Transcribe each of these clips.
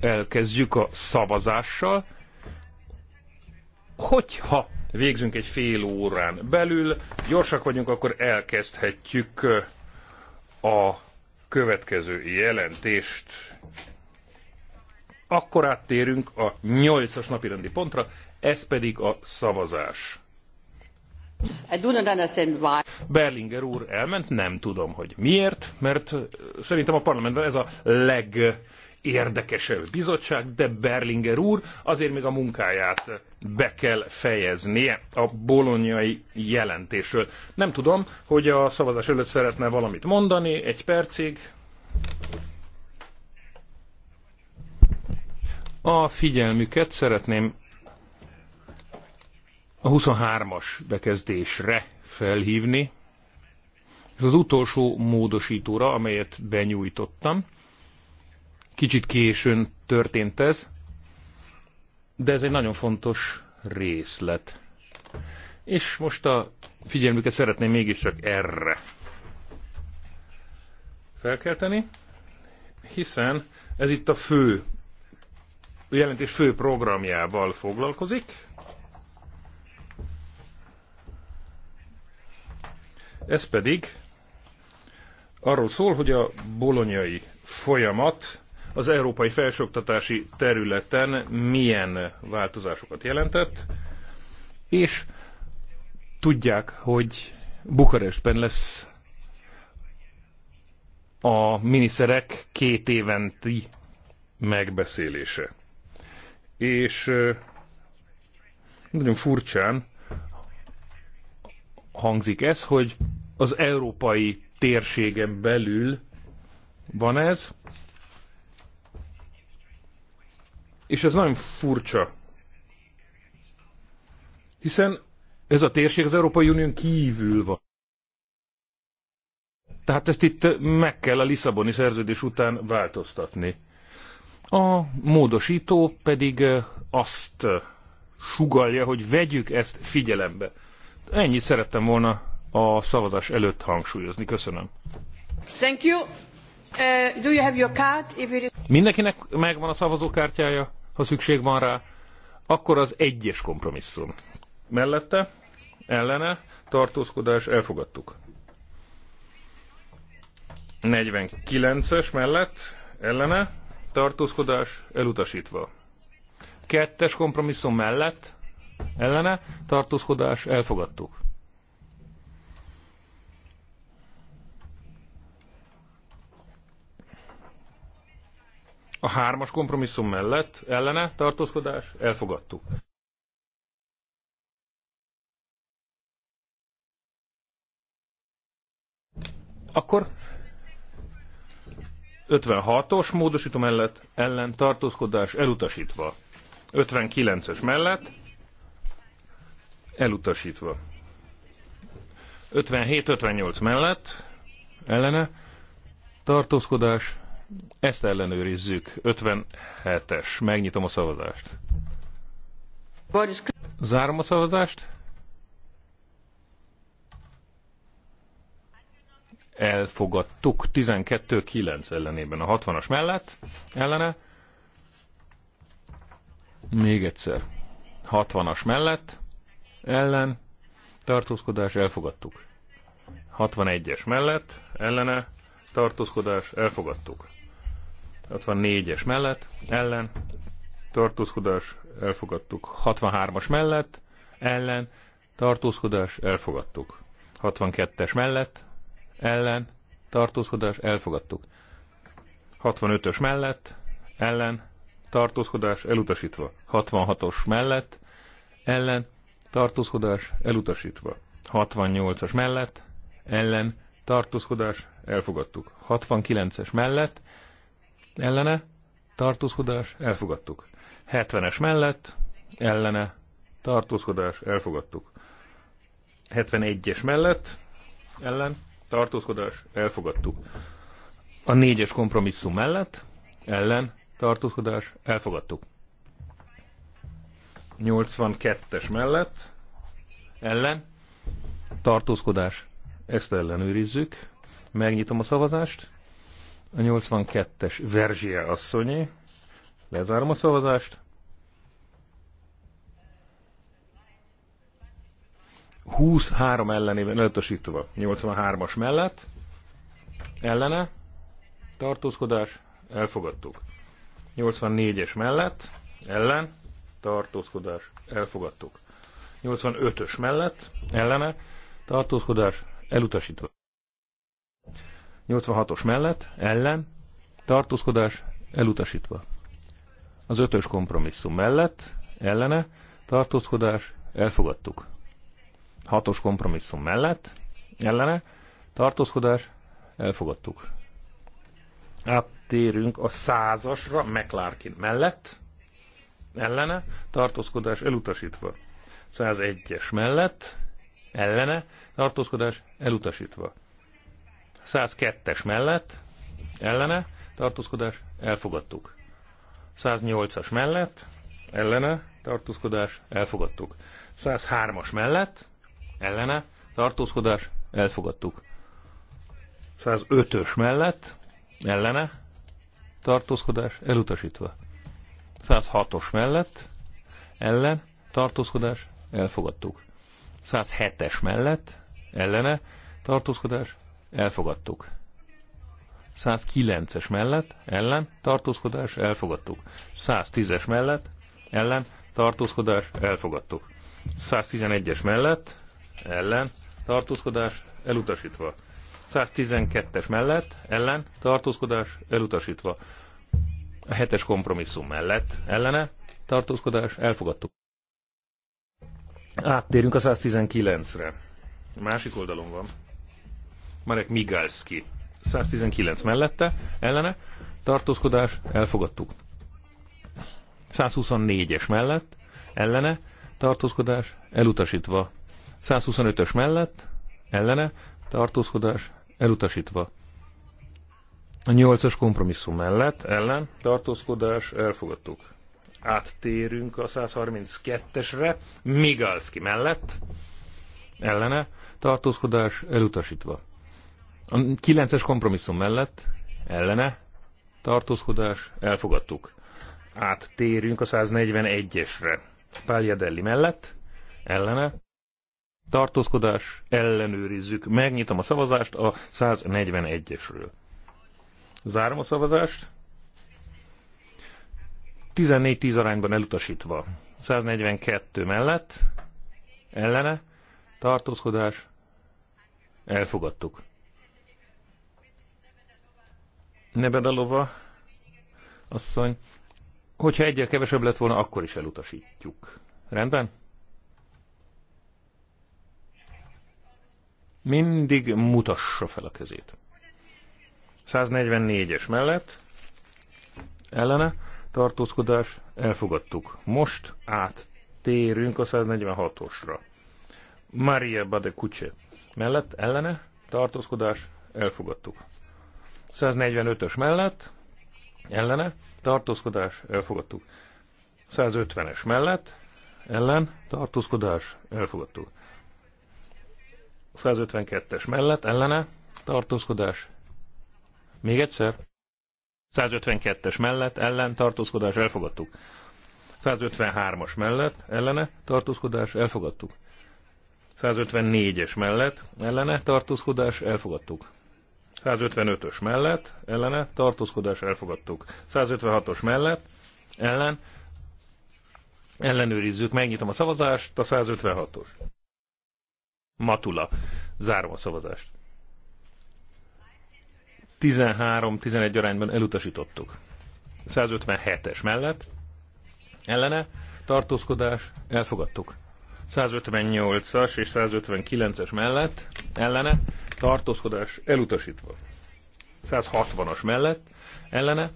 Elkezdjük a szavazással. Hogyha végzünk egy fél órán belül, gyorsak vagyunk, akkor elkezdhetjük a következő jelentést. Akkor áttérünk a nyolcas napirendi pontra, ez pedig a szavazás. I do not understand why. Berlinger úr elment, nem tudom, hogy miért, mert szerintem a parlamentben ez a legérdekesebb bizottság, de Berlinger úr azért még a munkáját be kell fejeznie a bolonyai jelentésről. Nem tudom, hogy a szavazás előtt szeretne valamit mondani, egy percig. A figyelmüket szeretném a 23-as bekezdésre felhívni. És az utolsó módosítóra, amelyet benyújtottam, kicsit későn történt ez, de ez egy nagyon fontos részlet. És most a figyelmüket szeretném mégiscsak erre felkelteni, hiszen ez itt a fő, a jelentés fő programjával foglalkozik. Ez pedig arról szól, hogy a bolonyai folyamat az európai felsőoktatási területen milyen változásokat jelentett, és tudják, hogy Bukarestben lesz a miniszerek két éventi megbeszélése. És nagyon furcsán hangzik ez, hogy az európai térségen belül van ez, és ez nagyon furcsa, hiszen ez a térség az Európai Unión kívül van. Tehát ezt itt meg kell a Lisszaboni szerződés után változtatni. A módosító pedig eh, azt sugalja, hogy vegyük ezt figyelembe. Ennyit szerettem volna a szavazás előtt hangsúlyozni. Köszönöm. Thank you. Uh, do you have your card? If it is... Mindenkinek megvan a szavazókártyája, ha szükség van rá. Akkor az egyes kompromisszum. Mellette, ellene, tartózkodás, elfogadtuk. 49-es mellett, ellene, tartózkodás, elutasítva. Kettes kompromisszum mellett, ellene, tartózkodás, elfogadtuk. A hármas kompromisszum mellett ellene tartózkodás elfogadtuk. Akkor 56-os módosító mellett ellen tartózkodás elutasítva. 59-es mellett elutasítva. 57-58 mellett ellene tartózkodás ezt ellenőrizzük. 57-es. Megnyitom a szavazást. Zárom a szavazást. Elfogadtuk 12-9 ellenében a 60-as mellett. Ellene. Még egyszer. 60-as mellett. Ellen. Tartózkodás. Elfogadtuk. 61-es mellett. Ellene. Tartózkodás. Elfogadtuk. 64-es mellett, ellen, tartózkodás, elfogadtuk. 63-as mellett, ellen, tartózkodás, elfogadtuk. 62-es mellett, ellen, tartózkodás, elfogadtuk. 65-ös mellett, ellen, tartózkodás, elutasítva. 66-os mellett, ellen, tartózkodás, elutasítva. 68-as mellett, ellen, tartózkodás, elfogadtuk. 69-es mellett, ellene, tartózkodás, elfogadtuk. 70-es mellett, ellene, tartózkodás, elfogadtuk. 71-es mellett, ellen, tartózkodás, elfogadtuk. A 4-es kompromisszum mellett, ellen, tartózkodás, elfogadtuk. 82-es mellett, ellen, tartózkodás, ezt ellenőrizzük. Megnyitom a szavazást. A 82-es Verzsie asszonyi. Lezárom a szavazást. 23 ellenében ötösítve. 83-as mellett. Ellene. Tartózkodás. Elfogadtuk. 84-es mellett. Ellen. Tartózkodás. Elfogadtuk. 85-ös mellett. Ellene. Tartózkodás. Elutasítva. 86-os mellett, ellen, tartózkodás elutasítva. Az ötös kompromisszum mellett, ellene, tartózkodás elfogadtuk. Hatos kompromisszum mellett, ellene, tartózkodás elfogadtuk. Áttérünk a százasra, McLarkin mellett, ellene, tartózkodás elutasítva. 101-es mellett, ellene, tartózkodás elutasítva. 102-es mellett, ellene, tartózkodás, elfogadtuk. 108-as mellett, ellene, tartózkodás, elfogadtuk. 103-as mellett, ellene, tartózkodás, elfogadtuk. 105-ös mellett, ellene, tartózkodás, elutasítva. 106-os mellett, ellen, tartózkodás, elfogadtuk. 107-es mellett, ellene, tartózkodás, elfogadtuk. 109-es mellett, ellen, tartózkodás, elfogadtuk. 110-es mellett, ellen, tartózkodás, elfogadtuk. 111-es mellett, ellen, tartózkodás, elutasítva. 112-es mellett, ellen, tartózkodás, elutasítva. A es kompromisszum mellett, ellene, tartózkodás, elfogadtuk. Áttérünk a 119-re. Másik oldalon van. Marek Migalski. 119 mellette, ellene, tartózkodás, elfogadtuk. 124-es mellett, ellene, tartózkodás, elutasítva. 125-ös mellett, ellene, tartózkodás, elutasítva. A 8-as kompromisszum mellett, ellen, tartózkodás, elfogadtuk. Áttérünk a 132-esre, Migalski mellett, ellene, tartózkodás, elutasítva. A 9-es kompromisszum mellett ellene tartózkodás elfogadtuk. Áttérünk a 141-esre. Pagliadelli mellett ellene tartózkodás ellenőrizzük. Megnyitom a szavazást a 141-esről. Zárom a szavazást. 14-10 arányban elutasítva. 142 mellett ellene tartózkodás elfogadtuk. Nebedalova asszony, hogyha egyel kevesebb lett volna, akkor is elutasítjuk. Rendben? Mindig mutassa fel a kezét. 144-es mellett ellene tartózkodás elfogadtuk. Most áttérünk a 146-osra. Maria Badekucse mellett ellene tartózkodás elfogadtuk. 145-ös mellett, ellene, tartózkodás, elfogadtuk. 150-es mellett, ellen, tartózkodás, elfogadtuk. 152-es mellett, ellene, tartózkodás. Még egyszer. 152-es mellett, ellen, tartózkodás, elfogadtuk. 153-as mellett, ellene, tartózkodás, elfogadtuk. 154-es mellett, ellene, tartózkodás, elfogadtuk. 155-ös mellett, ellene, tartózkodás elfogadtuk. 156-os mellett, ellen, ellenőrizzük, megnyitom a szavazást, a 156-os. Matula. Zárom a szavazást. 13-11 arányban elutasítottuk. 157-es mellett, ellene, tartózkodás, elfogadtuk. 158-as és 159-es mellett, ellene, tartózkodás elutasítva. 160-as mellett ellene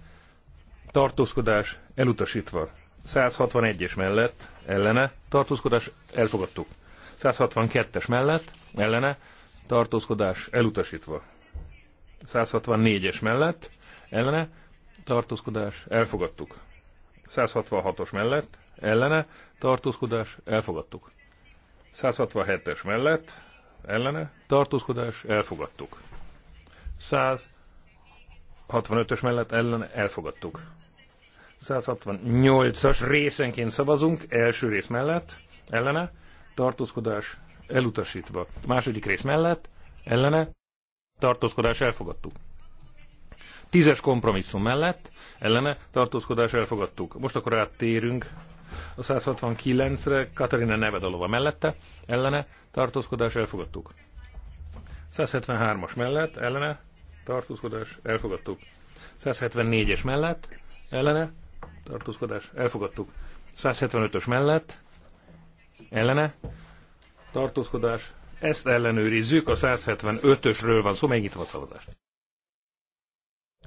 tartózkodás elutasítva. 161-es mellett ellene tartózkodás elfogadtuk. 162-es mellett ellene tartózkodás elutasítva. 164-es mellett ellene tartózkodás elfogadtuk. 166-os mellett ellene tartózkodás elfogadtuk. 167-es mellett ellene tartózkodás elfogadtuk. 165-ös mellett ellene elfogadtuk. 168-as részenként szavazunk, első rész mellett ellene tartózkodás elutasítva. Második rész mellett ellene tartózkodás elfogadtuk. Tízes kompromisszum mellett ellene tartózkodás elfogadtuk. Most akkor áttérünk a 169-re, Katarina Nevedalova mellette, ellene, tartózkodás elfogadtuk. 173-as mellett, ellene, tartózkodás elfogadtuk. 174-es mellett, ellene, tartózkodás elfogadtuk. 175-ös mellett, ellene, tartózkodás, ezt ellenőrizzük, a 175-ösről van szó, szóval megnyitva a szavazást.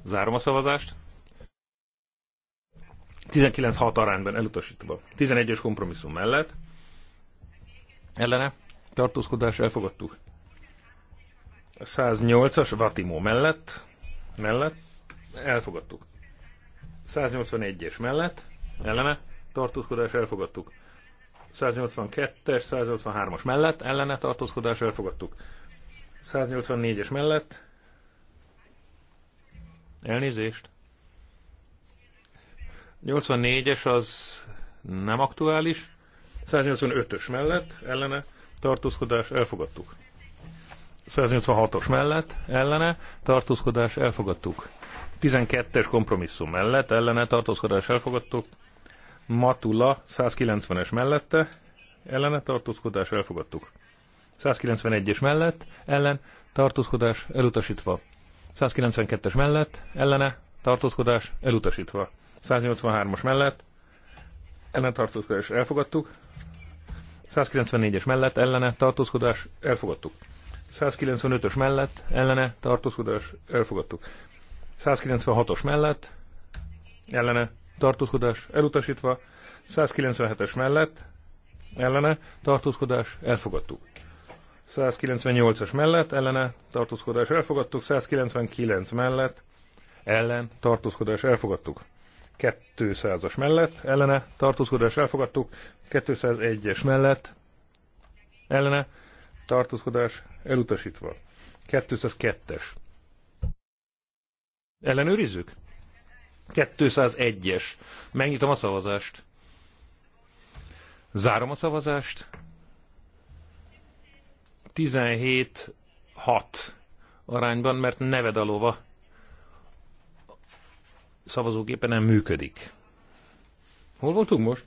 Zárom a szavazást. 19-6 arányban elutasítva. 11-es kompromisszum mellett. Ellene. Tartózkodás elfogadtuk. 108-as Vatimó mellett. Mellett. Elfogadtuk. 181-es mellett. Ellene. Tartózkodás elfogadtuk. 182-es, 183-as mellett. Ellene. Tartózkodás elfogadtuk. 184-es mellett. Elnézést. 84-es az nem aktuális. 185-ös mellett ellene tartózkodás elfogadtuk. 186-os mellett ellene tartózkodás elfogadtuk. 12-es kompromisszum mellett ellene tartózkodás elfogadtuk. Matula 190-es mellette ellene tartózkodás elfogadtuk. 191-es mellett ellen tartózkodás elutasítva. 192-es mellett ellene tartózkodás elutasítva. 183-as mellett ellen tartózkodás elfogadtuk. 194-es mellett ellene tartózkodás elfogadtuk. 195-ös mellett ellene tartózkodás elfogadtuk. 196-os mellett ellene tartózkodás elutasítva. 197-es mellett ellene tartózkodás elfogadtuk. 198-as mellett ellene tartózkodás elfogadtuk, 199 mellett ellen tartózkodás elfogadtuk. 200-as mellett, ellene tartózkodás elfogadtuk, 201-es mellett, ellene tartózkodás elutasítva. 202-es. Ellenőrizzük? 201-es. Megnyitom a szavazást. Zárom a szavazást. 17-6 arányban, mert neved a lova szavazógépe nem működik. Hol voltunk most?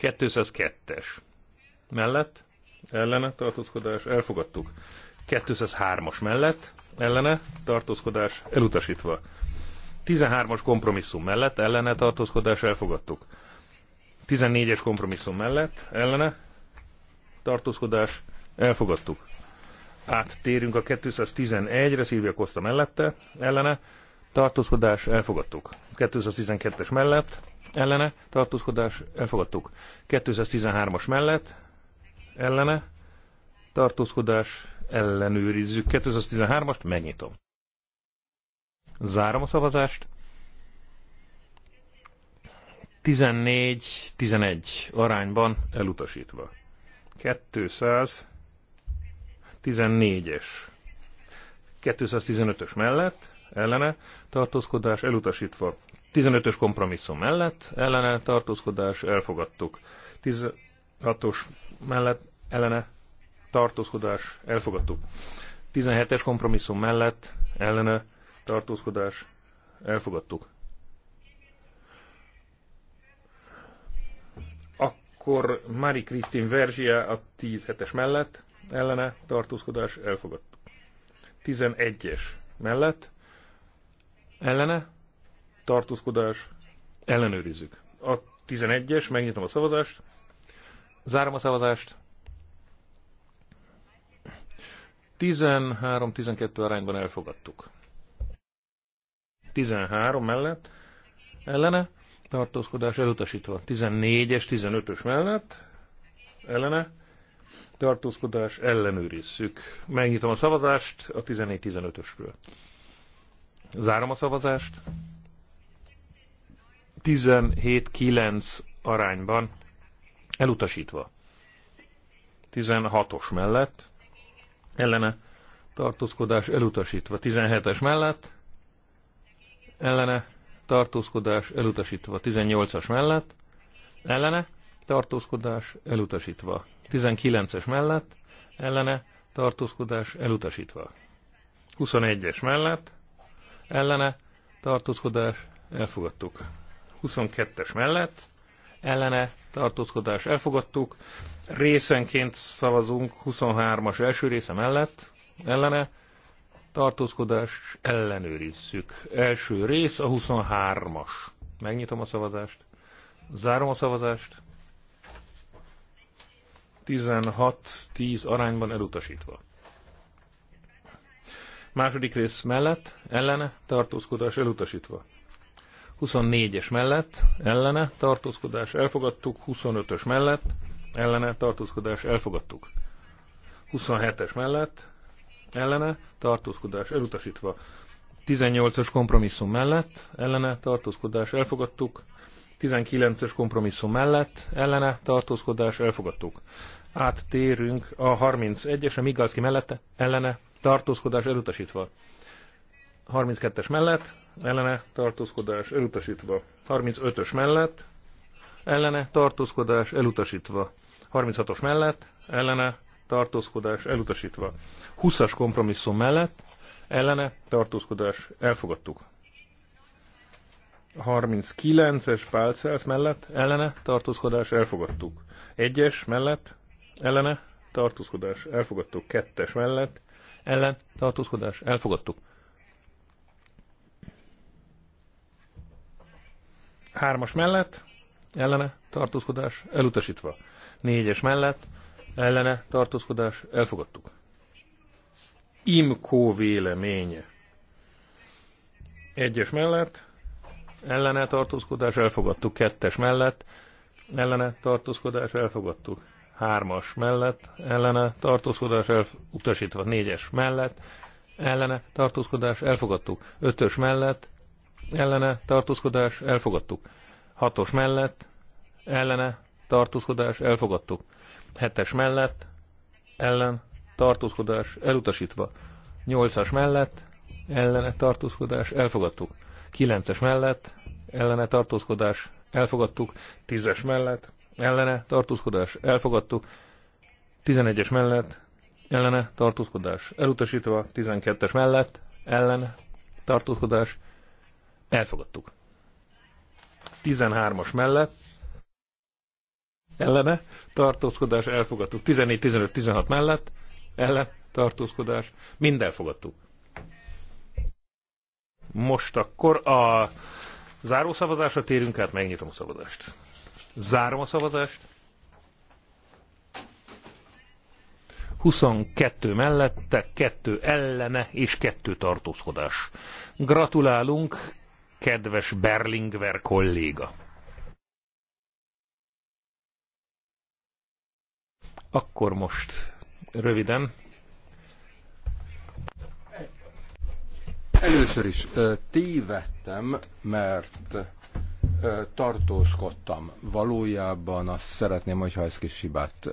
202-es. Mellett, ellene, tartózkodás, elfogadtuk. 203-as mellett, ellene, tartózkodás, elutasítva. 13-as kompromisszum mellett, ellene, tartózkodás, elfogadtuk. 14-es kompromisszum mellett, ellene, tartózkodás, elfogadtuk áttérünk a 211-re, Szilvia Koszta mellette, ellene, tartózkodás, elfogadtuk. 212-es mellett, ellene, tartózkodás, elfogadtuk. 213-as mellett, ellene, tartózkodás, ellenőrizzük. 213-ast megnyitom. Zárom a szavazást. 14-11 arányban elutasítva. 200 14-es. 215-ös mellett, ellene, tartózkodás elutasítva. 15-ös kompromisszum mellett, ellene, tartózkodás elfogadtuk. 16-os mellett, ellene, tartózkodás elfogadtuk. 17-es kompromisszum mellett, ellene, tartózkodás elfogadtuk. Akkor Marie-Christine Verzsia a 17-es mellett, ellene tartózkodás elfogadtuk. 11-es mellett ellene tartózkodás ellenőrizzük. A 11-es, megnyitom a szavazást, zárom a szavazást. 13-12 arányban elfogadtuk. 13 mellett ellene, tartózkodás elutasítva. 14-es, 15-ös mellett ellene, tartózkodás, ellenőrizzük. Megnyitom a szavazást a 14-15-ösről. Zárom a szavazást. 17-9 arányban elutasítva. 16-os mellett ellene tartózkodás elutasítva. 17-es mellett ellene tartózkodás elutasítva. 18-as mellett ellene tartózkodás elutasítva. 19-es mellett ellene tartózkodás elutasítva. 21-es mellett ellene tartózkodás elfogadtuk. 22-es mellett ellene tartózkodás elfogadtuk. Részenként szavazunk 23-as első része mellett ellene tartózkodás ellenőrizzük. Első rész a 23-as. Megnyitom a szavazást. Zárom a szavazást. 16-10 arányban elutasítva. Második rész mellett, ellene, tartózkodás elutasítva. 24-es mellett, ellene, tartózkodás elfogadtuk, 25-ös mellett, ellene, tartózkodás elfogadtuk. 27-es mellett, ellene, tartózkodás elutasítva. 18-as kompromisszum mellett, ellene, tartózkodás elfogadtuk. 19-es kompromisszum mellett, ellene, tartózkodás elfogadtuk áttérünk a 31 es a Migalszki mellette, ellene, tartózkodás elutasítva. 32-es mellett, ellene, tartózkodás elutasítva. 35-ös mellett, ellene, tartózkodás elutasítva. 36-os mellett, ellene, tartózkodás elutasítva. 20-as kompromisszum mellett, ellene, tartózkodás elfogadtuk. 39-es pálcelsz mellett, ellene, tartózkodás elfogadtuk. 1-es mellett, ellene, tartózkodás, elfogadtuk. Kettes mellett, ellen, tartózkodás, elfogadtuk. Hármas mellett, ellene, tartózkodás, elutasítva. Négyes mellett, ellene, tartózkodás, elfogadtuk. Imkó véleménye. Egyes mellett, ellene tartózkodás, elfogadtuk. Kettes mellett, ellene tartózkodás, elfogadtuk hármas mellett ellene tartózkodás elutasítva, négyes mellett ellene tartózkodás elfogadtuk, ötös mellett ellene tartózkodás elfogadtuk, hatos mellett ellene tartózkodás elfogadtuk, hetes mellett ellen tartózkodás elutasítva, nyolcas mellett ellene tartózkodás elfogadtuk, kilences mellett ellene tartózkodás elfogadtuk, tízes mellett ellene tartózkodás elfogadtuk, 11-es mellett ellene tartózkodás elutasítva, 12-es mellett ellen tartózkodás elfogadtuk. 13-as mellett ellene tartózkodás elfogadtuk. 14-15-16 mellett ellen tartózkodás mind elfogadtuk. Most akkor a zárószavazásra térünk át, megnyitom a szavazást. Zárom a szavazást. 22 mellette, 2 ellene és 2 tartózkodás. Gratulálunk, kedves Berlingver kolléga! Akkor most röviden. Először is tévedtem, mert tartózkodtam. Valójában azt szeretném, hogyha ezt kis hibát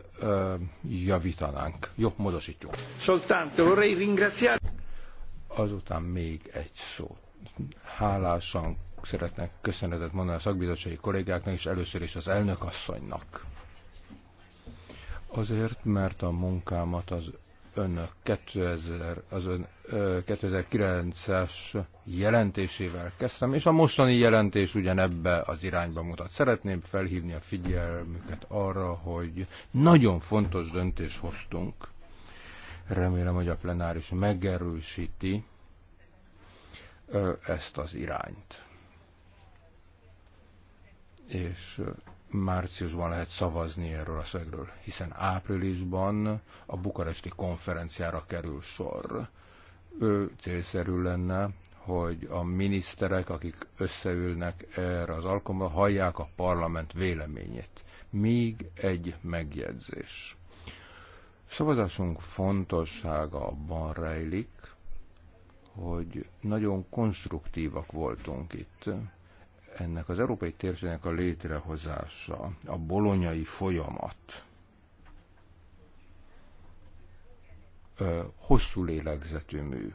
javítanánk. Jó, módosítjuk. Soltanto vorrei ringraziare. Azután még egy szó. Hálásan szeretnék köszönetet mondani a szakbizottsági kollégáknak, és először is az elnök asszonynak. Azért, mert a munkámat az önök 2000, az ön 2009-es jelentésével kezdtem, és a mostani jelentés ugyanebbe az irányba mutat. Szeretném felhívni a figyelmüket arra, hogy nagyon fontos döntés hoztunk. Remélem, hogy a plenáris megerősíti ezt az irányt. És márciusban lehet szavazni erről a szegről, hiszen áprilisban a bukaresti konferenciára kerül sor. Ő célszerű lenne, hogy a miniszterek, akik összeülnek erre az alkalomra, hallják a parlament véleményét. Még egy megjegyzés. Szavazásunk fontossága abban rejlik, hogy nagyon konstruktívak voltunk itt ennek az európai térségnek a létrehozása, a bolonyai folyamat hosszú lélegzetű mű,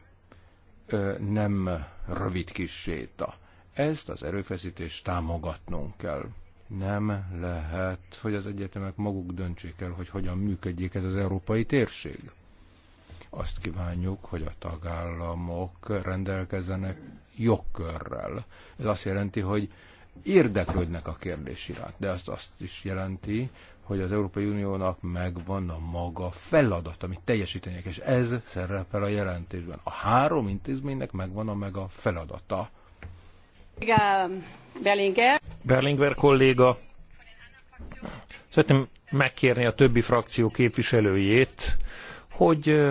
nem rövid kis séta. Ezt az erőfeszítést támogatnunk kell. Nem lehet, hogy az egyetemek maguk döntsék el, hogy hogyan működjék ez az európai térség. Azt kívánjuk, hogy a tagállamok rendelkezzenek jogkörrel. Ez azt jelenti, hogy érdeklődnek a kérdés iránt, de azt azt is jelenti, hogy az Európai Uniónak megvan a maga feladat, amit teljesítenek, és ez szerepel a jelentésben. A három intézménynek megvan a meg a feladata. Berlinger. Berlinger kolléga, szeretném megkérni a többi frakció képviselőjét, hogy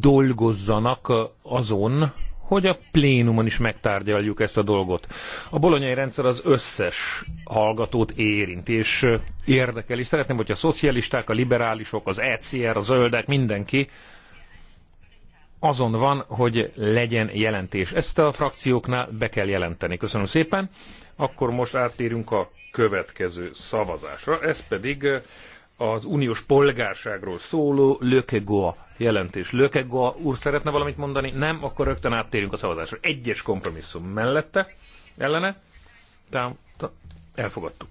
dolgozzanak azon, hogy a plénumon is megtárgyaljuk ezt a dolgot. A bolonyai rendszer az összes hallgatót érint, és érdekel, és szeretném, hogy a szocialisták, a liberálisok, az ECR, a zöldek, mindenki azon van, hogy legyen jelentés. Ezt a frakcióknál be kell jelenteni. Köszönöm szépen. Akkor most áttérünk a következő szavazásra. Ez pedig az uniós polgárságról szóló Lökegoa jelentés. Lökegoa úr szeretne valamit mondani? Nem? Akkor rögtön áttérünk a szavazásra. Egyes kompromisszum mellette, ellene, tám, tám, elfogadtuk.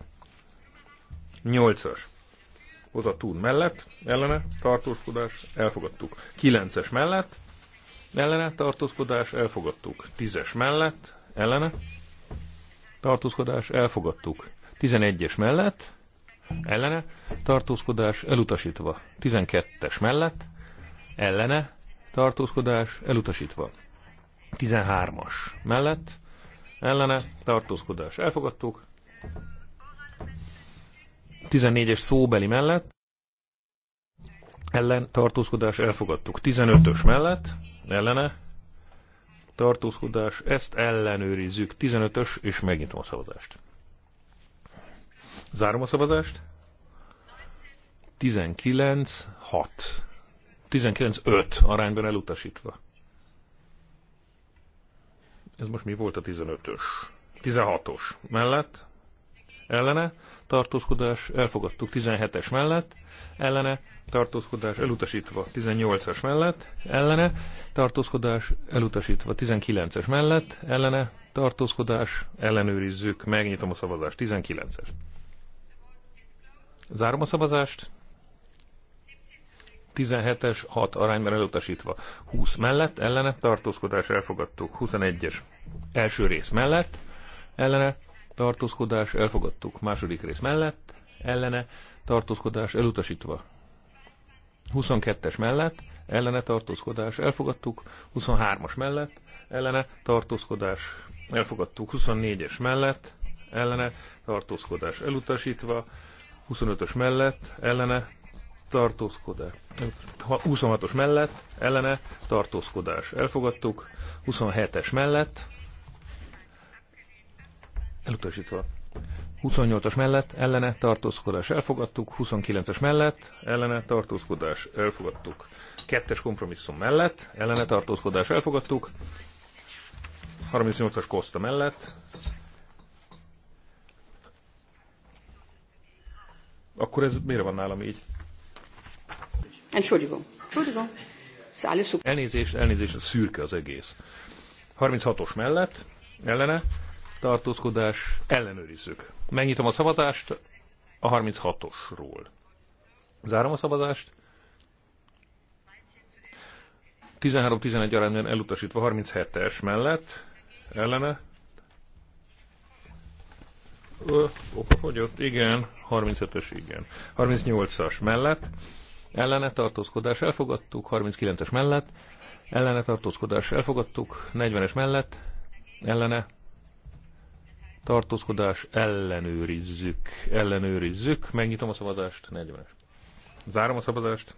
Nyolcas. Oda túl mellett, ellene, tartózkodás, elfogadtuk. Kilences mellett, ellene, tartózkodás, elfogadtuk. Tízes mellett, ellene, tartózkodás, elfogadtuk. Tizenegyes mellett, ellene, tartózkodás elutasítva. 12-es mellett, ellene, tartózkodás elutasítva. 13-as mellett, ellene, tartózkodás elfogadtuk. 14-es szóbeli mellett, ellen tartózkodás elfogadtuk. 15-ös mellett, ellene, tartózkodás, ezt ellenőrizzük. 15-ös, és megnyitom a szavazást. Zárom a szavazást. 19-6. 19-5 arányban elutasítva. Ez most mi volt a 15-ös? 16-os mellett, ellene, tartózkodás, elfogadtuk 17-es mellett, ellene, tartózkodás, elutasítva 18-as mellett, ellene, tartózkodás, elutasítva 19-es mellett, ellene, tartózkodás, ellenőrizzük, megnyitom a szavazást, 19-es. Zárom a szavazást. 17-es 6 arányban elutasítva. 20 mellett, ellene, tartózkodás elfogadtuk. 21-es első rész mellett, ellene, tartózkodás elfogadtuk. Második rész mellett, ellene, tartózkodás elutasítva. 22-es mellett, ellene tartózkodás elfogadtuk, 23-as mellett, ellene tartózkodás elfogadtuk, 24-es mellett, ellene tartózkodás elutasítva, 25-ös mellett ellene tartózkodás. 26-os mellett ellene tartózkodás. Elfogadtuk. 27-es mellett elutasítva. 28-as mellett ellene tartózkodás elfogadtuk, 29-es mellett ellene tartózkodás elfogadtuk, 2-es kompromisszum mellett ellene tartózkodás elfogadtuk, 38-as Koszta mellett Akkor ez miért van nálam így? Entschuldigung. Entschuldigung. Elnézést, elnézést, szürke az egész. 36-os mellett, ellene, tartózkodás, ellenőrizzük. Megnyitom a szavazást a 36-osról. Zárom a szavazást. 13-11 arányban elutasítva 37-es mellett, ellene, hogy ott igen. 35-ös, igen. 38-as mellett. Ellene tartózkodás elfogadtuk. 39-es mellett. Ellene tartózkodás elfogadtuk. 40-es mellett. Ellene tartózkodás ellenőrizzük. Ellenőrizzük. Megnyitom a szavazást. 40-es. Zárom a szavazást.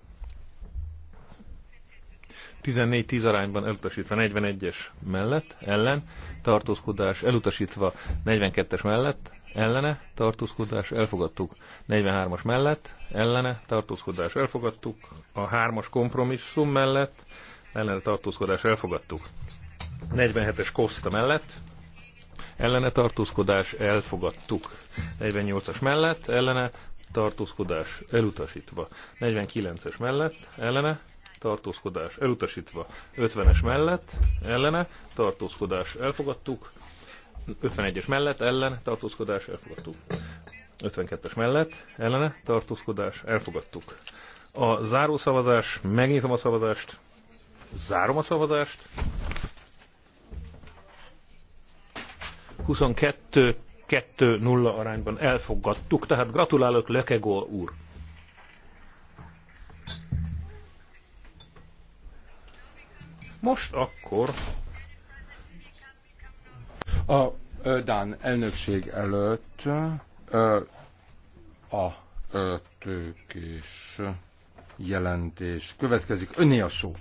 14-10 arányban elutasítva 41-es mellett, ellen, tartózkodás elutasítva 42-es mellett, ellene tartózkodás elfogadtuk. 43-as mellett ellene tartózkodás elfogadtuk. A 3-as kompromisszum mellett ellene tartózkodás elfogadtuk. 47-es koszta mellett ellene tartózkodás elfogadtuk. 48-as mellett ellene tartózkodás elutasítva. 49-es mellett ellene tartózkodás elutasítva. 50-es mellett ellene tartózkodás elfogadtuk. 51-es mellett ellen tartózkodás elfogadtuk. 52-es mellett ellene tartózkodás elfogadtuk. A záró szavazás, megnyitom a szavazást, zárom a szavazást. 22-2-0 arányban elfogadtuk, tehát gratulálok Lökegó úr. Most akkor a Dán elnökség előtt a tőkés jelentés következik. Önné a szó.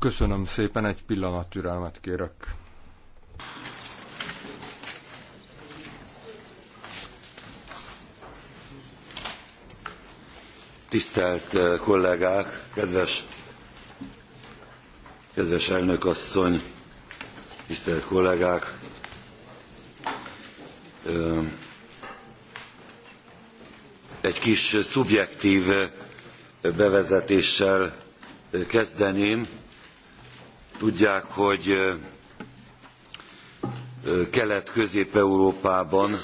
Köszönöm szépen, egy pillanat türelmet kérek. Tisztelt eh, kollégák, kedves, kedves elnök asszony, tisztelt kollégák! Egy kis eh, szubjektív eh, bevezetéssel kezdeném. Tudják, hogy Kelet-Közép-Európában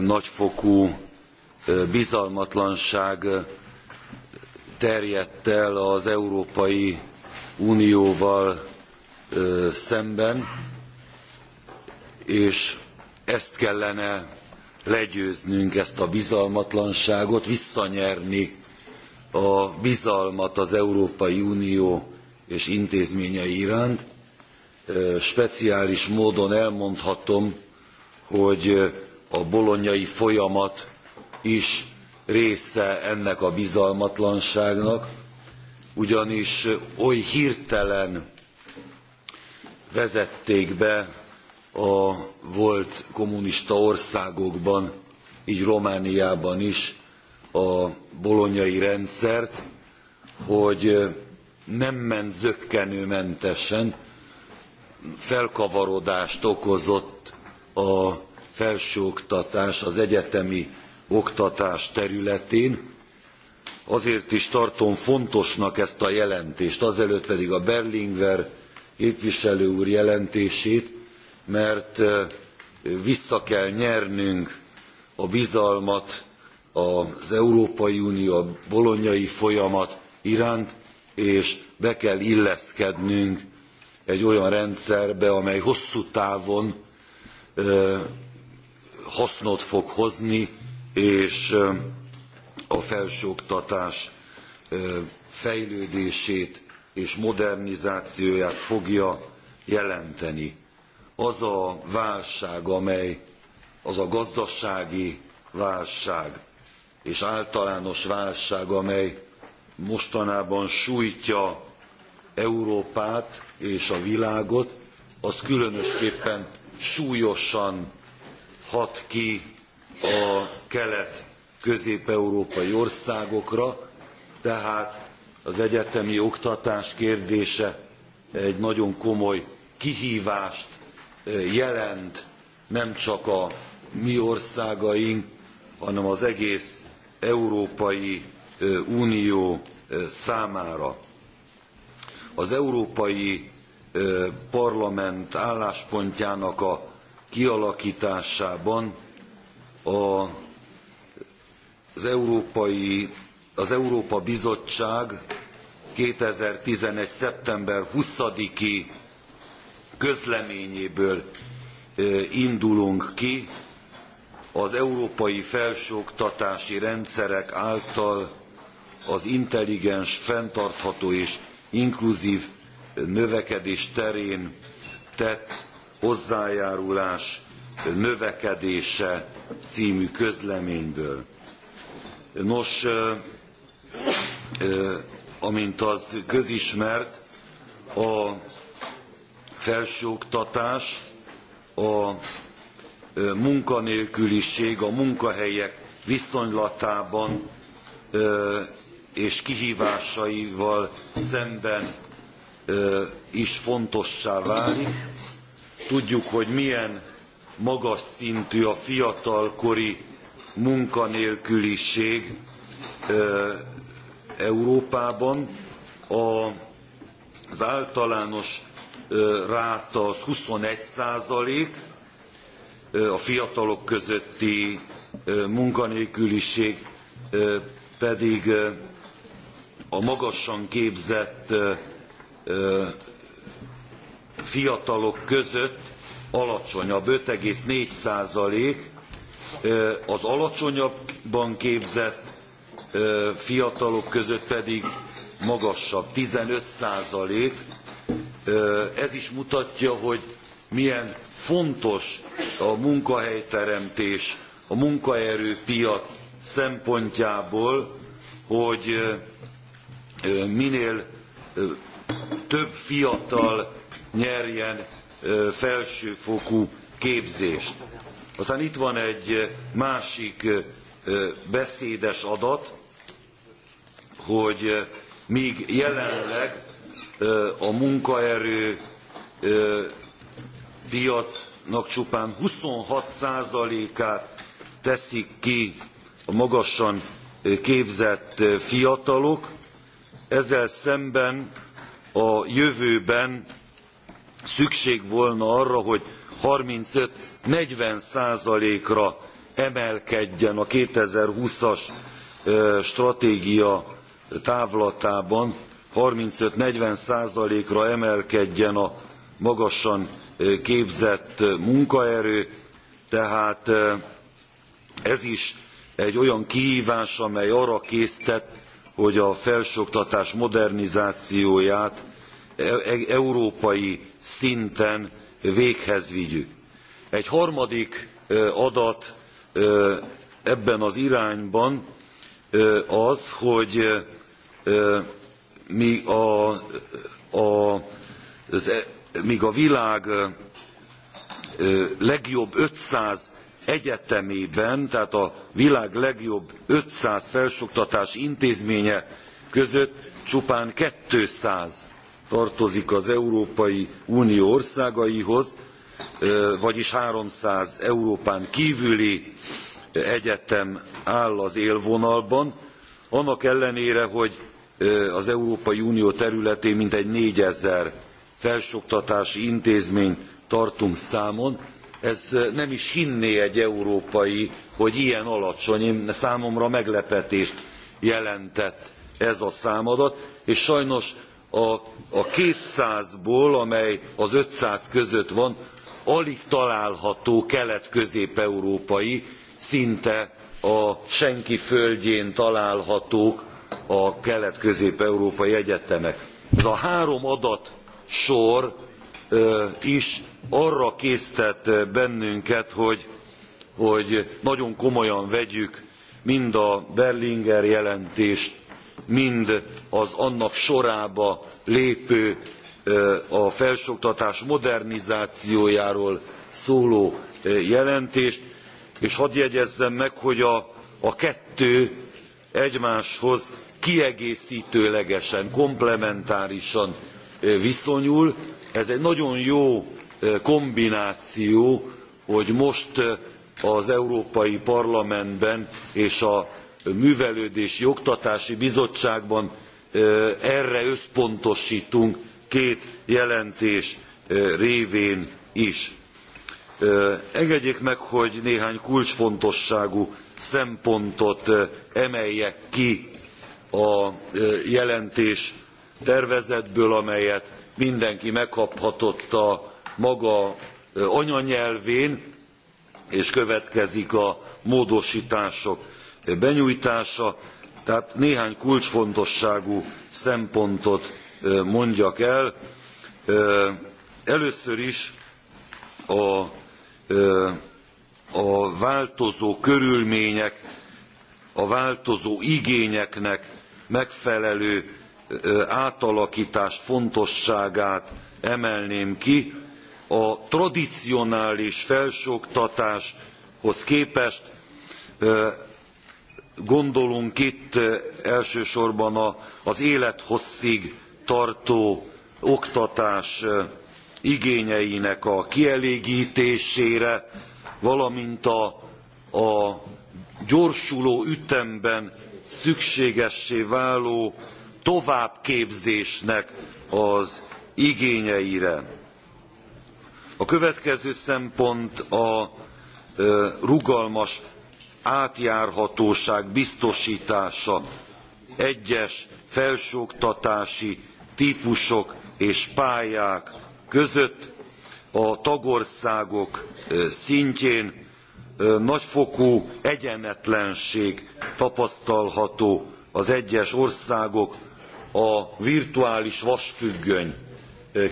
nagyfokú bizalmatlanság terjedt el az Európai Unióval szemben, és ezt kellene legyőznünk, ezt a bizalmatlanságot, visszanyerni a bizalmat az Európai Unió és intézményei iránt. Speciális módon elmondhatom, hogy a bolonyai folyamat is része ennek a bizalmatlanságnak, ugyanis oly hirtelen vezették be a volt kommunista országokban, így Romániában is a Bolognai rendszert, hogy nem ment zökkenőmentesen, felkavarodást okozott a felsőoktatás, az egyetemi oktatás területén. Azért is tartom fontosnak ezt a jelentést, azelőtt pedig a berlinguer képviselő úr jelentését, mert vissza kell nyernünk a bizalmat az Európai Unió a bolonyai folyamat iránt, és be kell illeszkednünk egy olyan rendszerbe, amely hosszú távon hasznot fog hozni, és a felsőoktatás fejlődését és modernizációját fogja jelenteni. Az a válság, amely az a gazdasági válság, és általános válság, amely mostanában sújtja Európát és a világot, az különösképpen súlyosan hat ki a kelet-közép-európai országokra, tehát az egyetemi oktatás kérdése egy nagyon komoly kihívást eh, jelent nem csak a mi országaink, hanem az egész Európai Unió számára. Az Európai Parlament álláspontjának a kialaktásában az az, Európai, az Európa Bizottság 2011. szeptember twenty i közleményéből indulunk ki, az európai felsőoktatási rendszerek által az intelligens, fenntartható és inkluzív növekedés terén tett hozzájárulás növekedése című közleményből. Nos, amint az közismert, a felsőoktatás a munkanélküliség a munkahelyek viszonylatában és kihvásaival szemben is fontossá válik. Tudjuk, hogy milyen magas szintű a fiatalkori munkanélküliség Európában. Az általános ráta az 21 százalék, a fiatalok közötti munkanélküliség pedig a magasan képzett fiatalok között alacsonyabb, 5,4 százalék, az alacsonyabban képzett fiatalok között pedig magasabb, 15 százalék. Ez is mutatja, hogy milyen fontos a munkahelyteremtés, a munkaerőpiac szempontjából, hogy minél több fiatal nyerjen felsőfokú képzést. Aztán itt van egy másik beszédes adat, hogy míg jelenleg a munkaerő piacnak csupán 26%-át teszik ki a magasan képzett fiatalok, ezzel szemben a jövőben szükség volna arra, hogy 35-40 ra emelkedjen a 2020-as stratégia távlatában 35-40 ra emelkedjen a magasan képzett munkaerő, tehát ez is egy olyan kihvás amely arra késztet, hogy a felsőoktatás modernizációját e, e, európai szinten véghez vigyük. Egy harmadik adat ebben az irányban az, hogy mi a, a, az e, míg a világ legjobb 500 egyetemében, tehát a világ legjobb 500 felsőoktatási intézménye között csupán 200 tartozik az Európai Unió országaihoz, vagyis 300 Európán kívüli egyetem áll az élvonalban, annak ellenére, hogy az Európai Unió területén mintegy 4000 felsőoktatási intézményt tartunk számon ez nem is hinné egy európai hogy ilyen alacsony számomra meglepetést jelentett ez a számadat és sajnos a, a 200-ból, amely az 500 között van, alig található kelet-közép-európai, szinte a senki földjén találhatók a kelet-közép-európai egyetemek. Ez a három adat sor is arra késztet bennünket, hogy, hogy nagyon komolyan vegyük mind a Berlinger jelentést, mind az annak sorába lépő a felsőoktatás modernizációjáról szóló jelentést, és hadd jegyezzem meg, hogy a, a kettő egymáshoz kiegésztőlegesen komplementárisan viszonyul. Ez egy nagyon jó kombináció, hogy most az Európai Parlamentben és a Művelődési Oktatási Bizottságban erre összpontosítunk két jelentés révén is. Engedjék meg, hogy néhány kulcsfontosságú szempontot emeljek ki a jelentés tervezetből, amelyet mindenki megkaphatott a maga anyanyelvén, és következik a módostások benyújtása. Tehát néhány kulcsfontosságú szempontot mondjak el. Először is a, a változó körülmények, a változó igényeknek megfelelő átalaktás fontosságát emelném ki a tradicionális felsőoktatáshoz képest gondolunk itt elsősorban az élethosszig tartó oktatás igényeinek a kielégtésére valamint a, a gyorsuló ütemben szükségessé váló továbbképzésnek az igényeire. A következő szempont a rugalmas átjárhatóság biztostása egyes felsőoktatási típusok és pályák között a tagországok szintjén nagyfokú egyenetlenség tapasztalható az egyes országok a virtuális vasfüggöny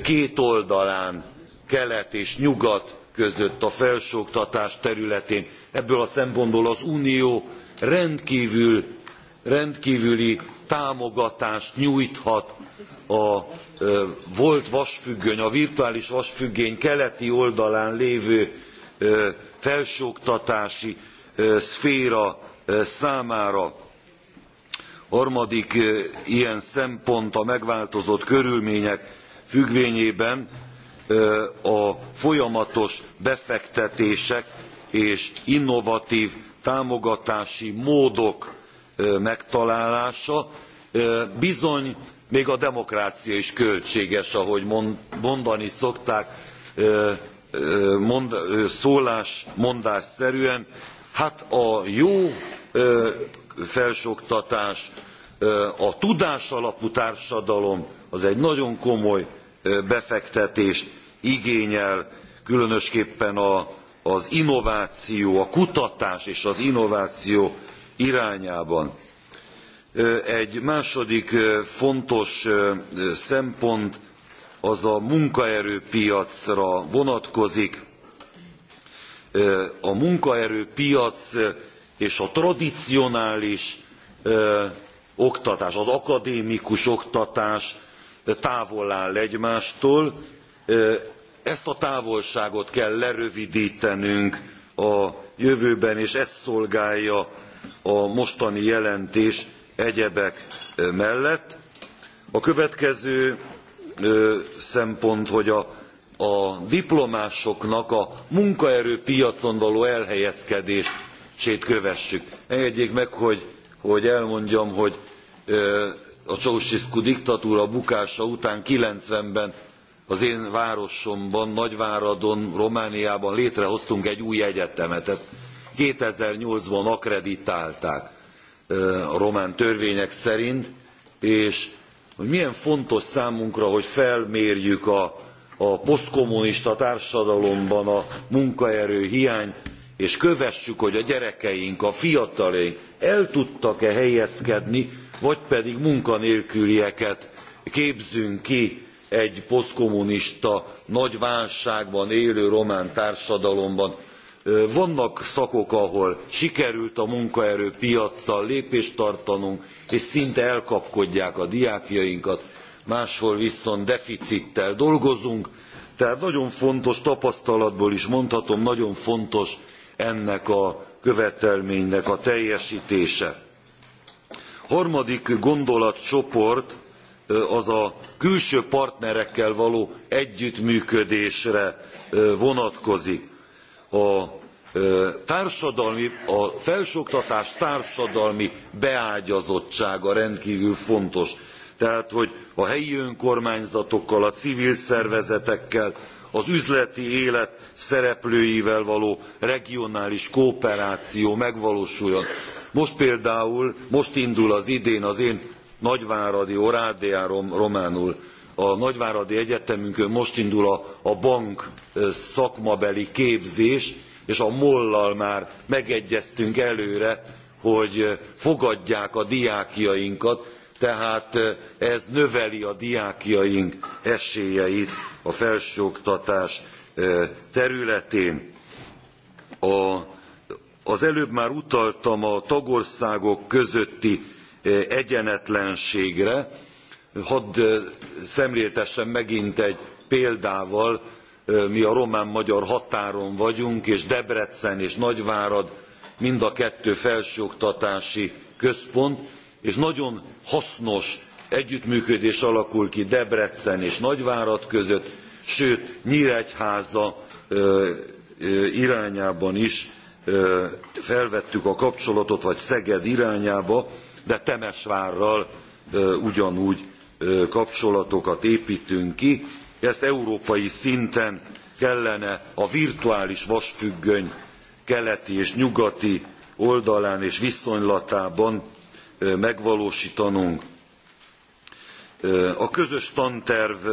két oldalán kelet és nyugat között a felsőoktatás területén ebből a szempontból az unió rendkvüli támogatást nyújthat a volt vasfüggöny a virtuális vasfüggöny keleti oldalán lévő felsőoktatási szféra számára Harmadik ilyen szempont a megváltozott körülmények függvényében a folyamatos befektetések és innovatív támogatási módok megtalálása. Bizony még a demokrácia is költséges, ahogy mondani szokták mond, szólás mondásszerűen. Hát a jó felsőoktatás a tudásalapú társadalom az egy nagyon komoly befektetést igényel különösképpen a, az innováció a kutatás és az innováció irányában. egy második fontos szempont az a munkaerőpiacra vonatkozik. a munkaerőpiac és a tradicionális oktatás az akadémikus oktatás távol áll egymástól ezt a távolságot kell lerövidtenünk a jövőben és ezt szolgálja a mostani jelentés egyebek mellett. a következő szempont hogy a, a diplomásoknak a munkaerőpiacon való elhelyezkedést sét kövessük. Engedjék meg, hogy, hogy elmondjam, hogy a Ceausescu diktatúra bukása után 90-ben az én városomban, Nagyváradon, Romániában létrehoztunk egy új egyetemet. Ezt 2008-ban akreditálták a román törvények szerint, és hogy milyen fontos számunkra, hogy felmérjük a, a posztkommunista társadalomban a munkaerő hiány és kövessük, hogy a gyerekeink, a fiataljaink el tudtak-e helyezkedni, vagy pedig munkanélkülieket képzünk ki egy posztkommunista, nagy válságban élő román társadalomban. Vannak szakok, ahol sikerült a munkaerőpiaccal lépést tartanunk, és szinte elkapkodják a diákjainkat, máshol viszont deficittel dolgozunk, tehát nagyon fontos tapasztalatból is mondhatom nagyon fontos ennek a követelménynek a teljesítése. Harmadik gondolatcsoport az a külső partnerekkel való együttműködésre vonatkozik. A, társadalmi, a felsőoktatás társadalmi beágyazottsága rendkívül fontos tehát hogy a helyi önkormányzatokkal a civil szervezetekkel az üzleti élet szereplőivel való regionális kooperáció megvalósuljon. most például most indul az idén az én nagyváradi oradea románul a nagyváradi egyetemünkön most indul a, a bank szakmabeli képzés és a mollal már megegyeztünk előre hogy fogadják a diákjainkat tehát ez növeli a diákjaink esélyeit a felsőoktatás területén. az előbb már utaltam a tagországok közötti egyenetlenségre hadd szemléltessem megint egy példával mi a román magyar határon vagyunk és debrecen és nagyvárad mind a kettő felsőoktatási központ és nagyon hasznos együttműködés alakul ki debrecen és nagyvárad között sőt nyregyháza irányában is felvettük a kapcsolatot vagy szeged irányába de temesvárral ugyanúgy kapcsolatokat éptünk ki ezt európai szinten kellene a virtuális vasfüggöny keleti és nyugati oldalán és viszonylatában megvalósítanunk. A közös tanterv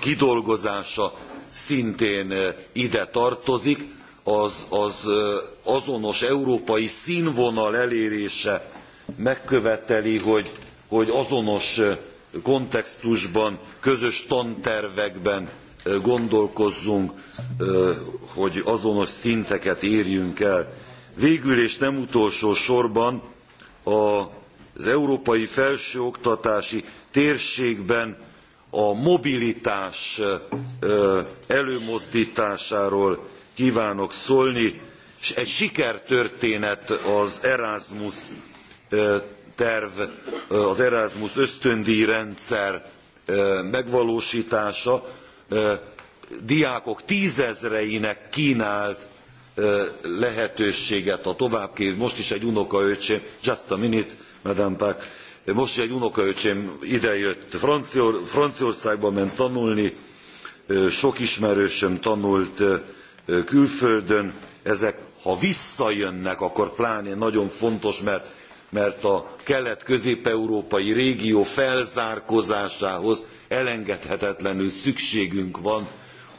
kidolgozása szintén ide tartozik, az, az azonos európai színvonal elérése megköveteli, hogy, hogy azonos kontextusban, közös tantervekben gondolkozzunk, hogy azonos szinteket érjünk el. Végül és nem utolsó sorban az európai felsőoktatási térségben a mobilitás előmozdtásáról kvánok szólni s egy sikertörténet az erasmus terv az erasmus ösztöndjrendszer megvalóstása diákok tzezreinek knált lehetőséget a továbbképzés. Most is egy unokaöcsém, just a minute, Madame Pack, most is egy unokaöcsém idejött, Franciaországba ment tanulni, sok ismerősöm tanult külföldön, ezek ha visszajönnek, akkor pláne nagyon fontos, mert, mert a kelet-közép-európai régió felzárkózásához elengedhetetlenül szükségünk van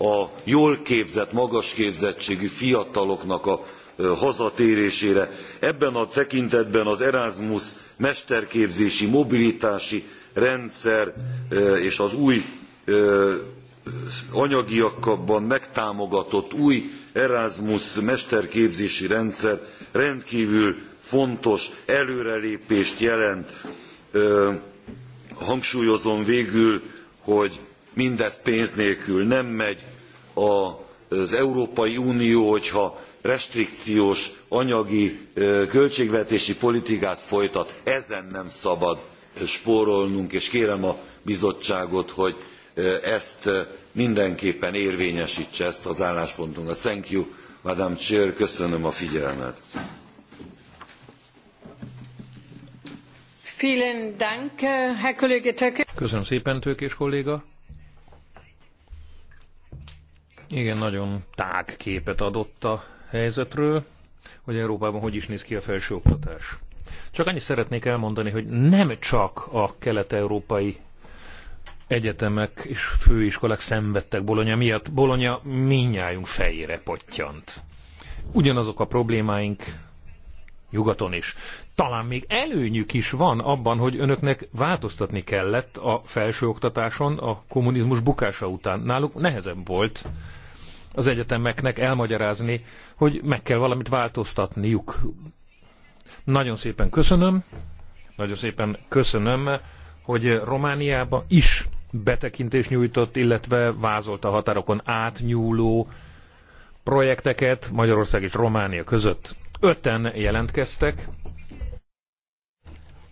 a jól képzett magas képzettségű fiataloknak a hazatérésére. ebben a tekintetben az erasmus mesterképzési mobilitási rendszer és az új anyagiakban megtámogatott új erasmus mesterképzési rendszer rendkvül fontos előrelépést jelent. hangsúlyozom végül hogy mindez pénz nélkül nem megy az európai unió hogyha restrikciós anyagi költségvetési politikát folytat ezen nem szabad spórolnunk és kérem a bizottságot hogy ezt mindenképpen érvényestse ezt az álláspontunkat. thank you madam chair köszönöm a figyelmet. Köszönöm szépen, tőkés kolléga. Igen, nagyon tág képet adott a helyzetről, hogy Európában hogy is néz ki a felsőoktatás. Csak annyit szeretnék elmondani, hogy nem csak a kelet-európai egyetemek és főiskolák szenvedtek Bolonya miatt. Bolonya minnyájunk fejére pottyant. Ugyanazok a problémáink nyugaton is. Talán még előnyük is van abban, hogy önöknek változtatni kellett a felsőoktatáson a kommunizmus bukása után. Náluk nehezebb volt az egyetemeknek elmagyarázni, hogy meg kell valamit változtatniuk. Nagyon szépen köszönöm, nagyon szépen köszönöm, hogy Romániába is betekintést nyújtott, illetve vázolta a határokon átnyúló projekteket Magyarország és Románia között. Öten jelentkeztek,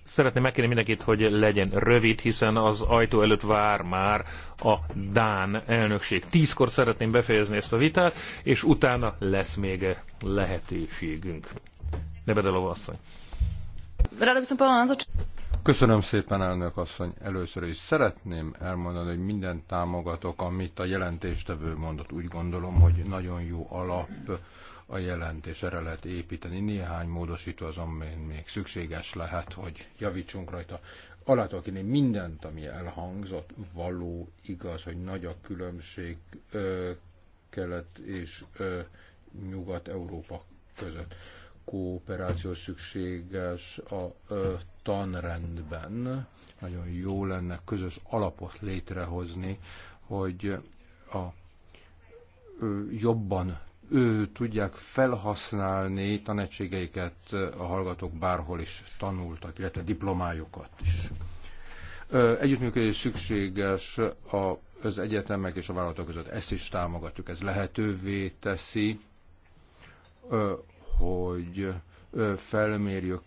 szeretném megkérni mindenkit, hogy legyen rövid, hiszen az ajtó előtt vár már a Dán elnökség. Tízkor szeretném befejezni ezt a vitát, és utána lesz még lehetőségünk. Nebedelova asszony. Köszönöm szépen, elnök asszony. Először is szeretném elmondani, hogy mindent támogatok, amit a jelentéstevő mondott. Úgy gondolom, hogy nagyon jó alap a jelentés erre lehet építeni. Néhány módosító az, amin még szükséges lehet, hogy javítsunk rajta. Alá tudok mindent, ami elhangzott, való, igaz, hogy nagy a különbség ö, kelet és ö, nyugat-európa között. Kooperáció szükséges a ö, tanrendben. Nagyon jó lenne közös alapot létrehozni, hogy a jobban ő, tudják felhasználni tanácségeiket a hallgatók bárhol is tanultak, illetve diplomájukat is. Együttműködés szükséges az egyetemek és a vállalatok között. Ezt is támogatjuk. Ez lehetővé teszi, hogy felmérjük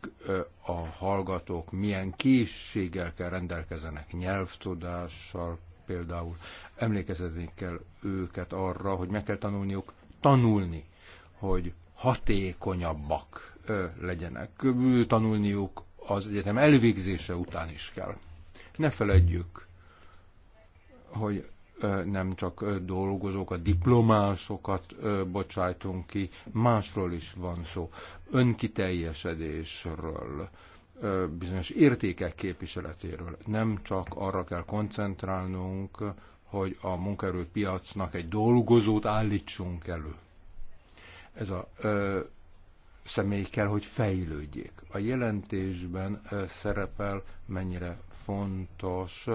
a hallgatók, milyen készséggel kell rendelkezenek, nyelvtudással például. Emlékezetni kell őket arra, hogy meg kell tanulniuk tanulni, hogy hatékonyabbak legyenek. Tanulniuk az egyetem elvégzése után is kell. Ne feledjük, hogy nem csak dolgozókat, diplomásokat bocsájtunk ki, másról is van szó. Önkiteljesedésről, bizonyos értékek képviseletéről. Nem csak arra kell koncentrálnunk, hogy a munkaerőpiacnak egy dolgozót állítsunk elő. Ez a ö, személy kell, hogy fejlődjék. A jelentésben ö, szerepel, mennyire fontos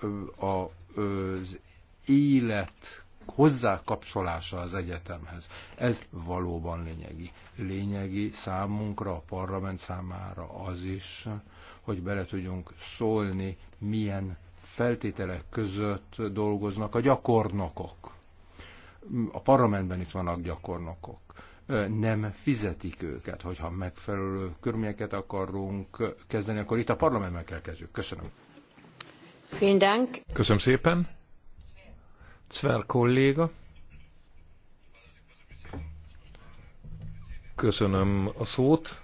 ö, a, ö, az élet hozzákapcsolása az egyetemhez. Ez valóban lényegi. Lényegi számunkra, a parlament számára az is, hogy bele tudjunk szólni, milyen feltételek között dolgoznak a gyakornokok. A parlamentben is vannak gyakornokok. Nem fizetik őket, hogyha megfelelő körményeket akarunk kezdeni, akkor itt a parlamentben kell kezdjük. Köszönöm. Köszönöm szépen. Cver kolléga. Köszönöm a szót.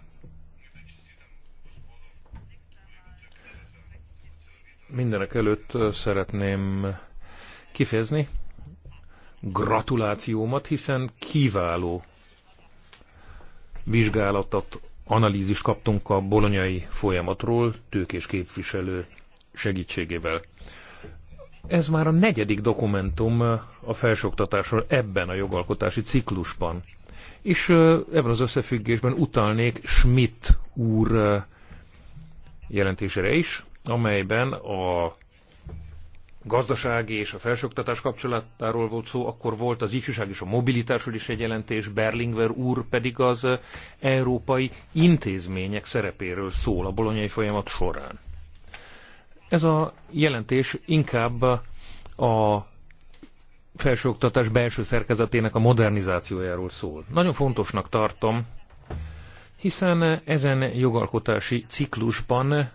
Mindenek előtt szeretném kifejezni gratulációmat, hiszen kiváló vizsgálatot, analízist kaptunk a bolonyai folyamatról tőkés képviselő segítségével. Ez már a negyedik dokumentum a felsőoktatásról ebben a jogalkotási ciklusban. És ebben az összefüggésben utalnék Schmidt úr jelentésére is, amelyben a gazdasági és a felsőoktatás kapcsolatáról volt szó, akkor volt az ifjúság és a mobilitásról is egy jelentés, Berlingwer úr pedig az európai intézmények szerepéről szól a bolonyai folyamat során. Ez a jelentés inkább a felsőoktatás belső szerkezetének a modernizációjáról szól. Nagyon fontosnak tartom, hiszen ezen jogalkotási ciklusban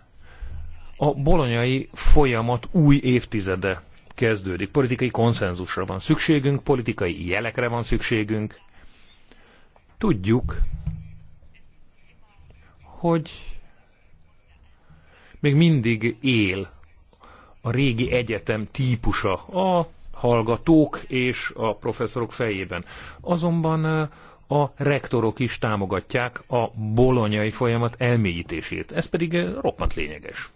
a bolonyai folyamat új évtizede kezdődik. Politikai konszenzusra van szükségünk, politikai jelekre van szükségünk. Tudjuk, hogy még mindig él a régi egyetem típusa a hallgatók és a professzorok fejében. Azonban a rektorok is támogatják a bolonyai folyamat elmélyítését. Ez pedig roppant lényeges.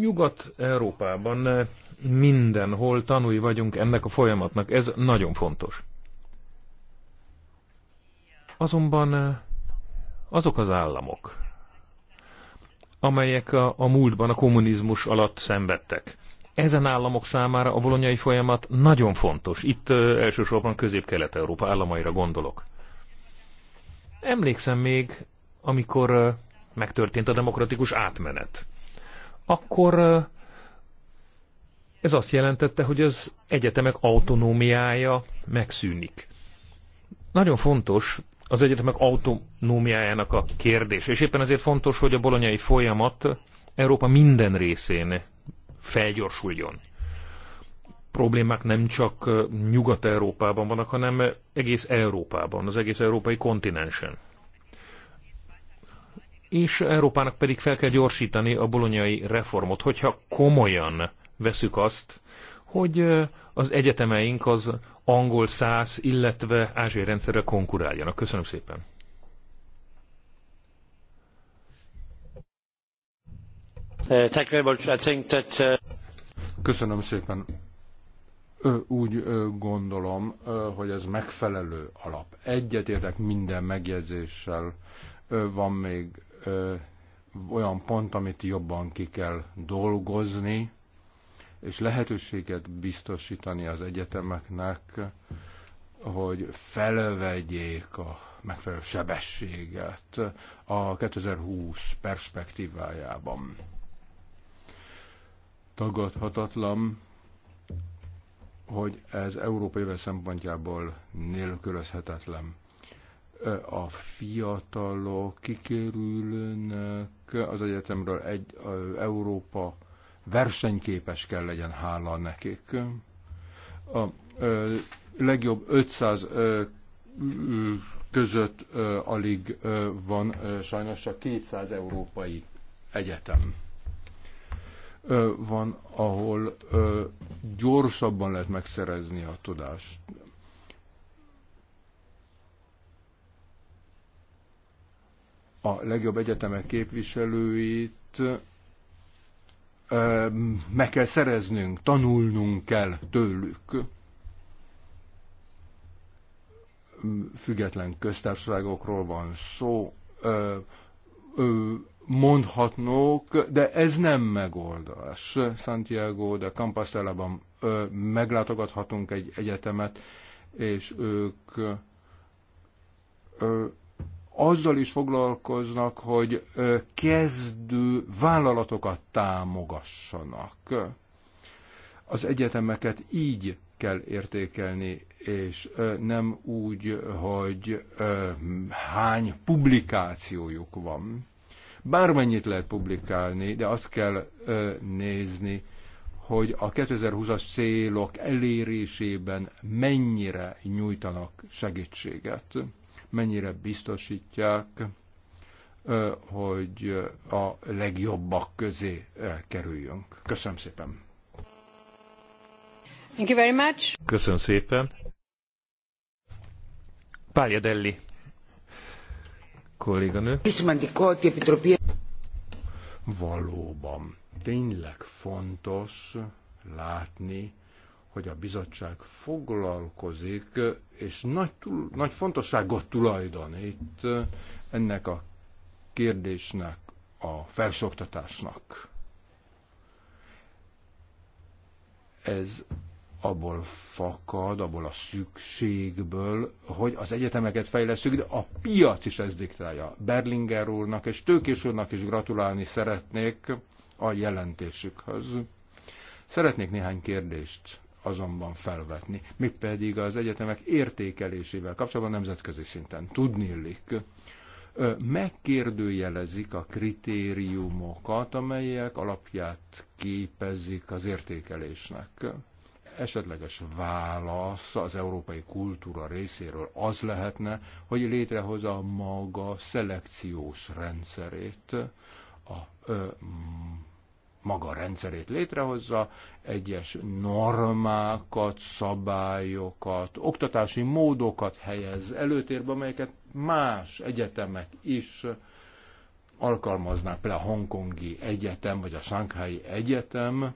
Nyugat-Európában mindenhol tanúi vagyunk ennek a folyamatnak, ez nagyon fontos. Azonban eh, azok az államok, amelyek a, a múltban a kommunizmus alatt szenvedtek, ezen államok számára a bolonyai folyamat nagyon fontos. Itt ö, eh, elsősorban Közép-Kelet-Európa államaira gondolok. Emlékszem még, amikor ö, eh, megtörtént a demokratikus átmenet akkor ez azt jelentette, hogy az egyetemek autonómiája megszűnik. Nagyon fontos az egyetemek autonómiájának a kérdése, és éppen ezért fontos, hogy a bolonyai folyamat Európa minden részén felgyorsuljon. Problémák nem csak Nyugat-Európában vannak, hanem egész Európában, az egész európai kontinensen és Európának pedig fel kell gyorsítani a bolonyai reformot, hogyha komolyan veszük azt, hogy az egyetemeink az angol száz, illetve ázsiai rendszerre konkuráljanak. Köszönöm szépen! Uh, uh, Köszönöm szépen. Úgy gondolom, hogy ez megfelelő alap. Egyetértek minden megjegyzéssel. Van még olyan pont, amit jobban ki kell dolgozni, és lehetőséget biztosítani az egyetemeknek, hogy felvegyék a megfelelő sebességet a 2020 perspektívájában. Tagadhatatlan, hogy ez Európa jövő szempontjából nélkülözhetetlen a fiatalok kikerülnek az egyetemről, egy, Európa versenyképes kell legyen, hála nekik. A legjobb 500 között alig van sajnos csak 200 európai egyetem. van, ahol gyorsabban lehet megszerezni a tudást. a legjobb egyetemek képviselőit meg kell szereznünk, tanulnunk kell tőlük. Független köztársaságokról van szó, mondhatnók, de ez nem megoldás. Santiago de Compostela-ban meglátogathatunk egy egyetemet, és ők azzal is foglalkoznak, hogy kezdő vállalatokat támogassanak. Az egyetemeket így kell értékelni, és nem úgy, hogy hány publikációjuk van. Bármennyit lehet publikálni, de azt kell nézni, hogy a 2020-as célok elérésében mennyire nyújtanak segítséget mennyire biztosítják, hogy a legjobbak közé kerüljünk. Köszönöm szépen! Thank you very much. Köszönöm szépen. Pálya Delli kolléganő. Valóban, tényleg fontos látni, hogy a bizottság foglalkozik, és nagy, túl, nagy fontosságot tulajdonít ennek a kérdésnek, a felsoktatásnak. Ez abból fakad, abból a szükségből, hogy az egyetemeket fejleszünk, de a piac is ezt diktálja. Berlinger úrnak és Tőkés úrnak is gratulálni szeretnék a jelentésükhöz. Szeretnék néhány kérdést azonban felvetni, pedig az egyetemek értékelésével kapcsolatban nemzetközi szinten. Tudni illik, megkérdőjelezik a kritériumokat, amelyek alapját képezik az értékelésnek. Esetleges válasz az európai kultúra részéről az lehetne, hogy létrehozza maga szelekciós rendszerét a ö, maga rendszerét létrehozza, egyes normákat, szabályokat, oktatási módokat helyez előtérbe, amelyeket más egyetemek is alkalmaznak, például a Hongkongi Egyetem, vagy a Sánkhái Egyetem,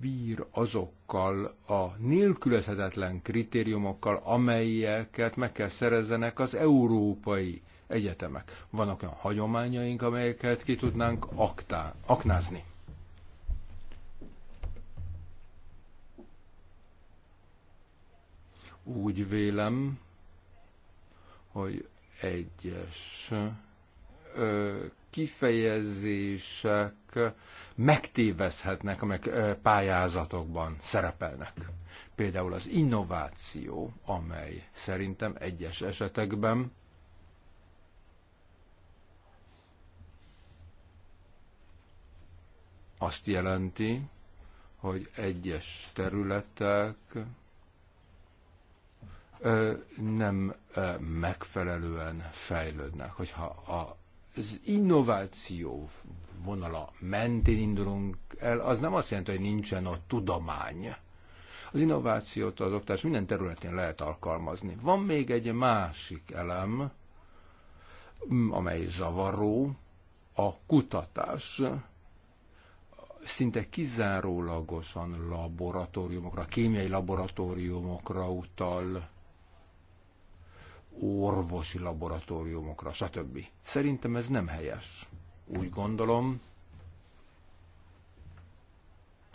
bír azokkal a nélkülözhetetlen kritériumokkal, amelyeket meg kell szerezzenek az európai egyetemek. Vannak olyan hagyományaink, amelyeket ki tudnánk aktá, aknázni. Úgy vélem, hogy egyes ö, kifejezések megtévezhetnek, amelyek ö, pályázatokban szerepelnek. Például az innováció, amely szerintem egyes esetekben azt jelenti, hogy egyes területek nem megfelelően fejlődnek. Hogyha az innováció vonala mentén indulunk el, az nem azt jelenti, hogy nincsen a tudomány. Az innovációt az oktatás minden területén lehet alkalmazni. Van még egy másik elem, amely zavaró, a kutatás szinte kizárólagosan laboratóriumokra, kémiai laboratóriumokra utal, orvosi laboratóriumokra, stb. Szerintem ez nem helyes. Úgy gondolom,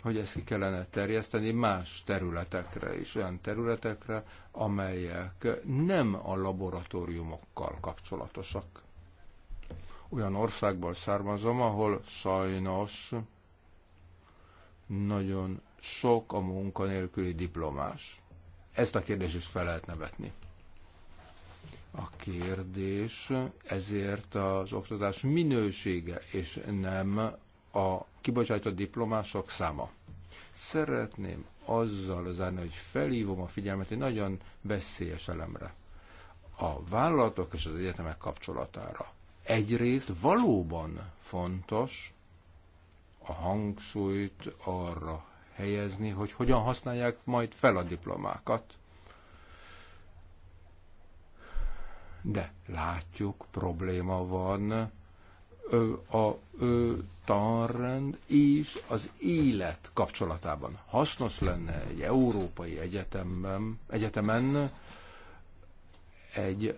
hogy ezt ki kellene terjeszteni más területekre is, olyan területekre, amelyek nem a laboratóriumokkal kapcsolatosak. Olyan országból származom, ahol sajnos nagyon sok a munkanélküli diplomás. Ezt a kérdést is fel lehet nevetni. A kérdés ezért az oktatás minősége, és nem a kibocsátott diplomások száma. Szeretném azzal zárni, hogy felhívom a figyelmet egy nagyon veszélyes elemre. A vállalatok és az egyetemek kapcsolatára. Egyrészt valóban fontos, a hangsúlyt arra helyezni, hogy hogyan használják majd fel a diplomákat. De látjuk, probléma van a tanrend és az élet kapcsolatában. Hasznos lenne egy európai egyetemben, egyetemen egy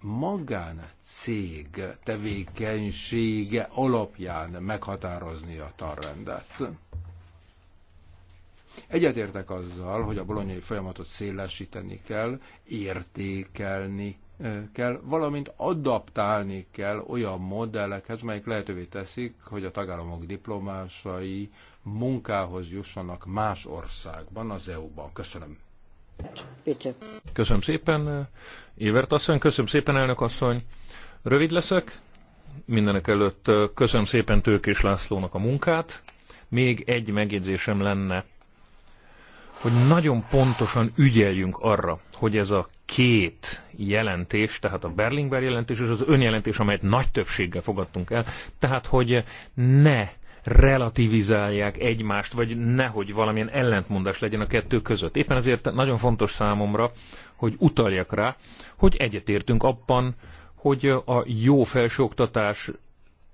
magán cég tevékenysége alapján meghatározni a tarrendet. Egyetértek azzal, hogy a bolonyai folyamatot szélesíteni kell, értékelni kell, valamint adaptálni kell olyan modellekhez, melyek lehetővé teszik, hogy a tagállamok diplomásai munkához jussanak más országban, az EU-ban. Köszönöm. Köszönöm szépen, Évert asszony, köszönöm szépen, elnök asszony. Rövid leszek. Mindenek előtt köszönöm szépen Tőkés Lászlónak a munkát. Még egy megjegyzésem lenne, hogy nagyon pontosan ügyeljünk arra, hogy ez a két jelentés, tehát a Berlingberg jelentés és az önjelentés, amelyet nagy többséggel fogadtunk el, tehát hogy ne relativizálják egymást, vagy nehogy valamilyen ellentmondás legyen a kettő között. Éppen ezért nagyon fontos számomra, hogy utaljak rá, hogy egyetértünk abban, hogy a jó felsőoktatás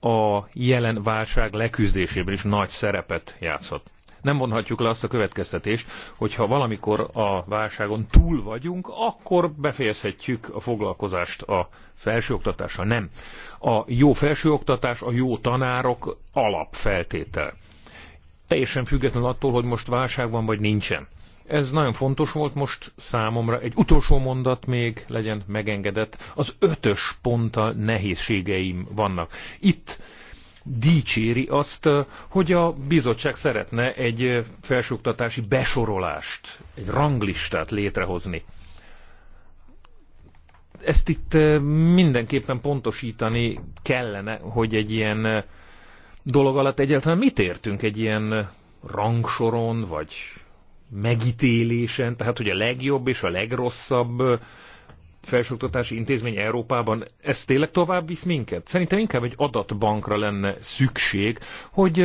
a jelen válság leküzdésében is nagy szerepet játszhat nem vonhatjuk le azt a következtetést, hogy ha valamikor a válságon túl vagyunk, akkor befejezhetjük a foglalkozást a felsőoktatással. Nem. A jó felsőoktatás, a jó tanárok alapfeltétel. Teljesen függetlenül attól, hogy most válság van vagy nincsen. Ez nagyon fontos volt most számomra. Egy utolsó mondat még legyen megengedett. Az ötös ponttal nehézségeim vannak. Itt dicséri azt, hogy a bizottság szeretne egy felsőoktatási besorolást, egy ranglistát létrehozni. Ezt itt mindenképpen pontosítani kellene, hogy egy ilyen dolog alatt egyáltalán mit értünk egy ilyen rangsoron, vagy megítélésen, tehát hogy a legjobb és a legrosszabb felsőoktatási intézmény Európában, ez tényleg tovább visz minket? Szerintem inkább egy adatbankra lenne szükség, hogy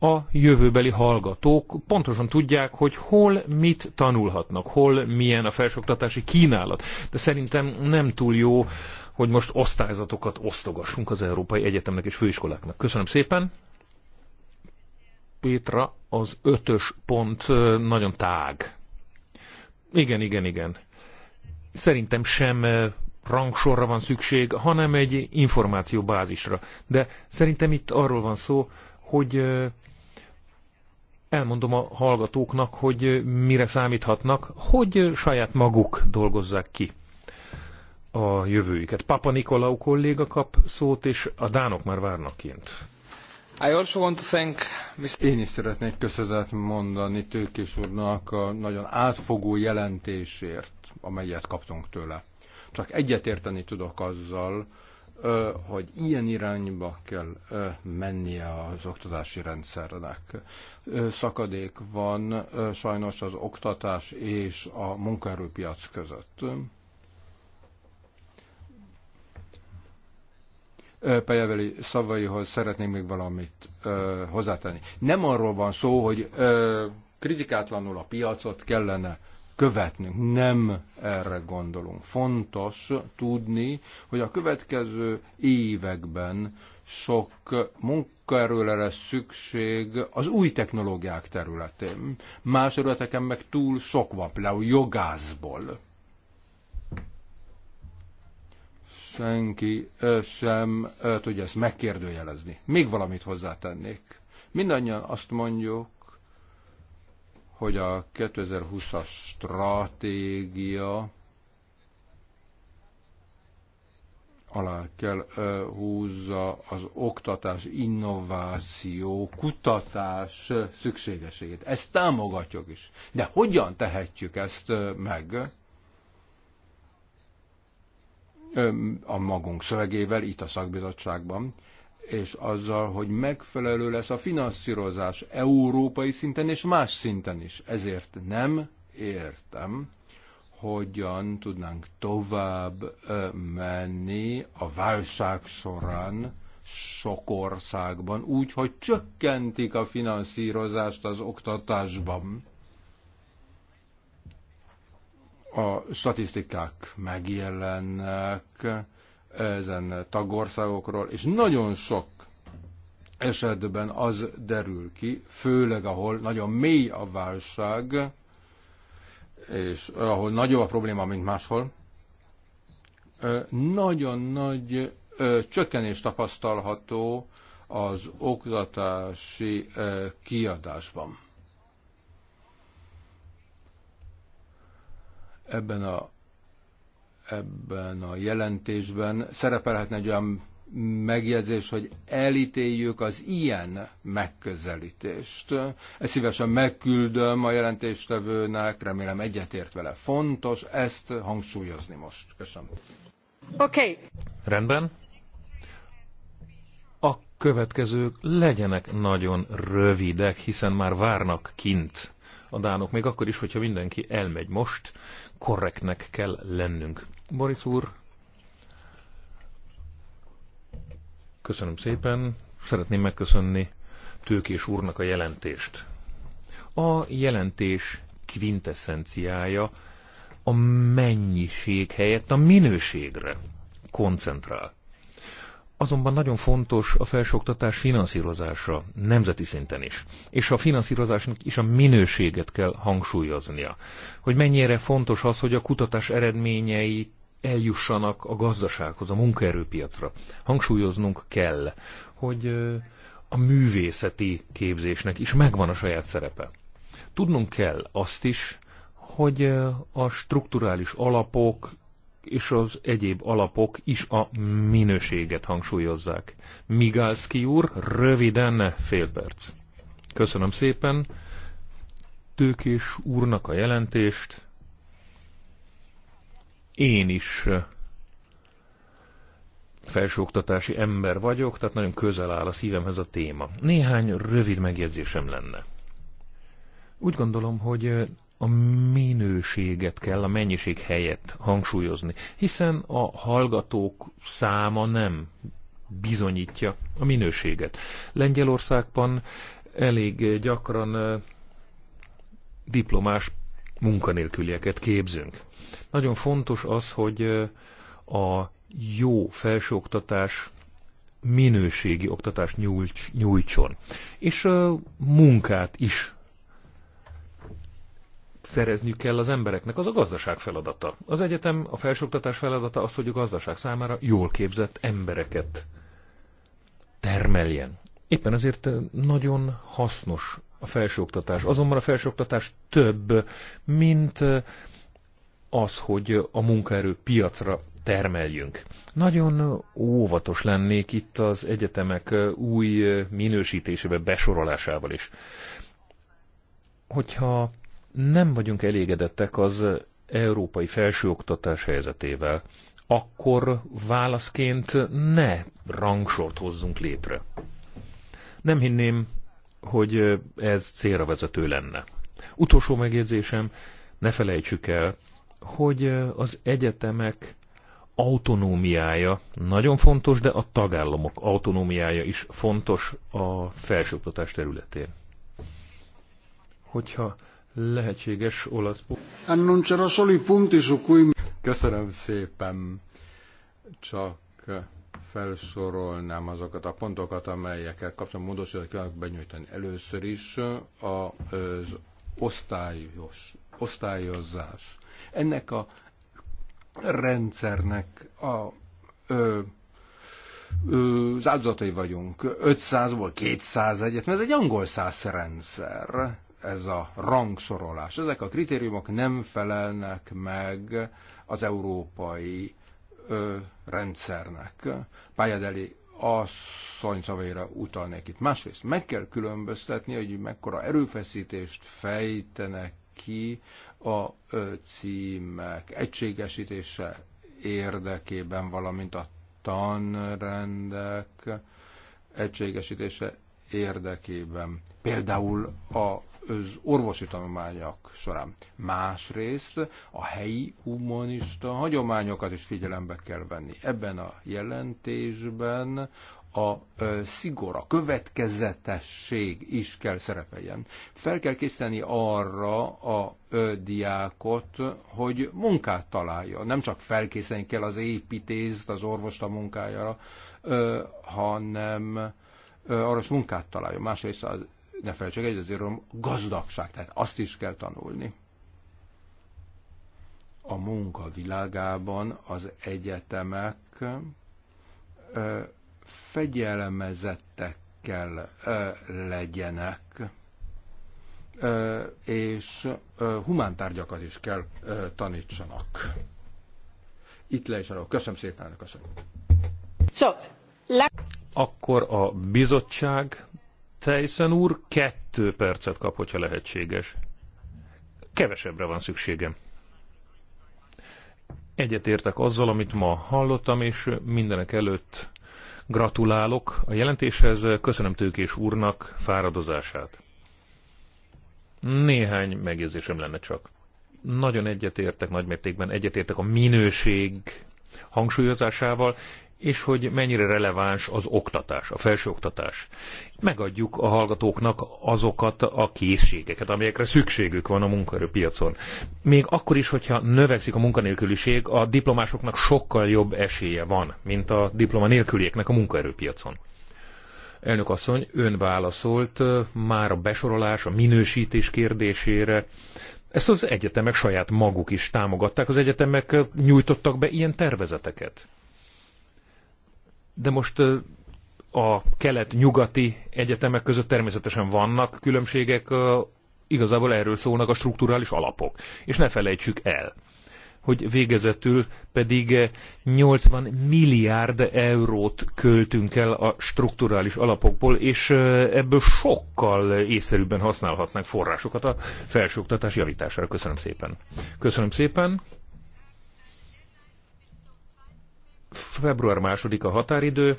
a jövőbeli hallgatók pontosan tudják, hogy hol mit tanulhatnak, hol milyen a felsőoktatási kínálat. De szerintem nem túl jó, hogy most osztályzatokat osztogassunk az Európai Egyetemnek és főiskoláknak. Köszönöm szépen! Pétra, az ötös pont nagyon tág. Igen, igen, igen szerintem sem eh, rangsorra van szükség, hanem egy információbázisra. De szerintem itt arról van szó, hogy eh, elmondom a hallgatóknak, hogy eh, mire számíthatnak, hogy saját maguk dolgozzák ki a jövőjüket. Papa Nikolau kolléga kap szót, és a dánok már várnak kint. Én is szeretnék köszönet mondani Tőkés úrnak a nagyon átfogó jelentésért, amelyet kaptunk tőle. Csak egyetérteni tudok azzal, hogy ilyen irányba kell mennie az oktatási rendszernek. Szakadék van sajnos az oktatás és a munkaerőpiac között Pejeveli szavaihoz szeretnék még valamit ö, hozzátenni. Nem arról van szó, hogy ö, kritikátlanul a piacot kellene követnünk. Nem erre gondolunk. Fontos tudni, hogy a következő években sok munkaerőre lesz szükség az új technológiák területén. Más területeken meg túl sok van, például jogászból senki sem tudja ezt megkérdőjelezni. Még valamit hozzátennék. Mindannyian azt mondjuk, hogy a 2020-as stratégia alá kell húzza az oktatás, innováció, kutatás szükségességét. Ezt támogatjuk is. De hogyan tehetjük ezt meg? a magunk szövegével itt a szakbizottságban, és azzal, hogy megfelelő lesz a finanszírozás európai szinten és más szinten is. Ezért nem értem, hogyan tudnánk tovább menni a válság során sok országban, úgy, hogy csökkentik a finanszírozást az oktatásban a statisztikák megjelennek ezen tagországokról, és nagyon sok esetben az derül ki, főleg ahol nagyon mély a válság, és ahol nagyobb a probléma, mint máshol, nagyon nagy csökkenés tapasztalható az oktatási kiadásban. Ebben a, ebben a jelentésben szerepelhetne egy olyan megjegyzés, hogy elítéljük az ilyen megközelítést. Ezt szívesen megküldöm a jelentéstevőnek, remélem egyetért vele. Fontos ezt hangsúlyozni most. Köszönöm. Oké. Okay. Rendben. A következők legyenek nagyon rövidek, hiszen már várnak kint a dánok, még akkor is, hogyha mindenki elmegy most, korrektnek kell lennünk. Boris úr, köszönöm szépen, szeretném megköszönni Tőkés úrnak a jelentést. A jelentés kvintesszenciája a mennyiség helyett a minőségre koncentrál. Azonban nagyon fontos a felsőoktatás finanszírozása nemzeti szinten is. És a finanszírozásnak is a minőséget kell hangsúlyoznia. Hogy mennyire fontos az, hogy a kutatás eredményei eljussanak a gazdasághoz, a munkaerőpiacra. Hangsúlyoznunk kell, hogy a művészeti képzésnek is megvan a saját szerepe. Tudnunk kell azt is, hogy a strukturális alapok és az egyéb alapok is a minőséget hangsúlyozzák. Migalski úr, röviden fél perc. Köszönöm szépen Tőkés úrnak a jelentést. Én is eh, felsőoktatási ember vagyok, tehát nagyon közel áll a szívemhez a téma. Néhány rövid megjegyzésem lenne. Úgy gondolom, hogy eh, a minőséget kell a mennyiség helyett hangsúlyozni, hiszen a hallgatók száma nem bizonyítja a minőséget. Lengyelországban elég gyakran diplomás munkanélkülieket képzünk. Nagyon fontos az, hogy a jó felsőoktatás minőségi oktatást nyújts, nyújtson, és munkát is szerezniük kell az embereknek, az a gazdaság feladata. Az egyetem, a felsőoktatás feladata az, hogy a gazdaság számára jól képzett embereket termeljen. Éppen ezért eh, nagyon hasznos a felsőoktatás. Azonban a felsőoktatás több, mint eh, az, hogy a munkaerő piacra termeljünk. Nagyon eh, óvatos lennék itt az egyetemek új minősítésébe besorolásával is. Hogyha nem vagyunk elégedettek az európai felsőoktatás helyzetével, akkor válaszként ne rangsort hozzunk létre. Nem hinném, hogy ez célra vezető lenne. Utolsó megjegyzésem, ne felejtsük el, hogy az egyetemek autonómiája nagyon fontos, de a tagállamok autonómiája is fontos a felsőoktatás területén. Hogyha lehetséges olasz. Köszönöm szépen. Csak felsorolnám azokat a pontokat, amelyekkel kapcsolatban módosítani kívánok benyújtani. Először is az osztályos, osztályozás. Ennek a rendszernek a ö, ö, az áldozatai vagyunk. 500-ból 200 egyet, mert ez egy angol száz rendszer ez a rangsorolás. Ezek a kritériumok nem felelnek meg az európai ö, rendszernek. Pályadeli asszony szavaira utalnék itt. Másrészt meg kell különböztetni, hogy mekkora erőfeszítést fejtenek ki a ö, címek egységesítése érdekében, valamint a tanrendek egységesítése érdekében. Például a az orvosi tanulmányok során. Másrészt a helyi humanista hagyományokat is figyelembe kell venni. Ebben a jelentésben a szigor, a következetesség is kell szerepeljen. Fel kell készíteni arra a diákot, hogy munkát találja. Nem csak felkészíteni kell az építést, az orvost a munkájára, hanem arra is munkát találja. Másrészt az ne felejtsük egy, az irodalom gazdagság, tehát azt is kell tanulni. A munka világában az egyetemek ö, fegyelmezettekkel ö, legyenek, ö, és ö, humántárgyakat is kell ö, tanítsanak. Itt le is arra. Köszönöm szépen, köszönöm. So, le- Akkor a bizottság Tyson úr kettő percet kap, hogyha lehetséges. Kevesebbre van szükségem. Egyetértek azzal, amit ma hallottam, és mindenek előtt gratulálok a jelentéshez, köszönöm Tőkés úrnak fáradozását. Néhány megjegyzésem lenne csak. Nagyon egyetértek, nagymértékben egyetértek a minőség hangsúlyozásával, és hogy mennyire releváns az oktatás, a felsőoktatás. Megadjuk a hallgatóknak azokat a készségeket, amelyekre szükségük van a munkaerőpiacon. Még akkor is, hogyha növekszik a munkanélküliség, a diplomásoknak sokkal jobb esélye van, mint a diploma nélkülieknek a munkaerőpiacon. Elnök asszony, ön válaszolt már a besorolás, a minősítés kérdésére. Ezt az egyetemek saját maguk is támogatták, az egyetemek nyújtottak be ilyen tervezeteket. De most a kelet-nyugati egyetemek között természetesen vannak különbségek, igazából erről szólnak a strukturális alapok. És ne felejtsük el, hogy végezetül pedig 80 milliárd eurót költünk el a strukturális alapokból, és ebből sokkal észszerűbben használhatnánk forrásokat a felsőoktatás javítására. Köszönöm szépen. Köszönöm szépen. február második a határidő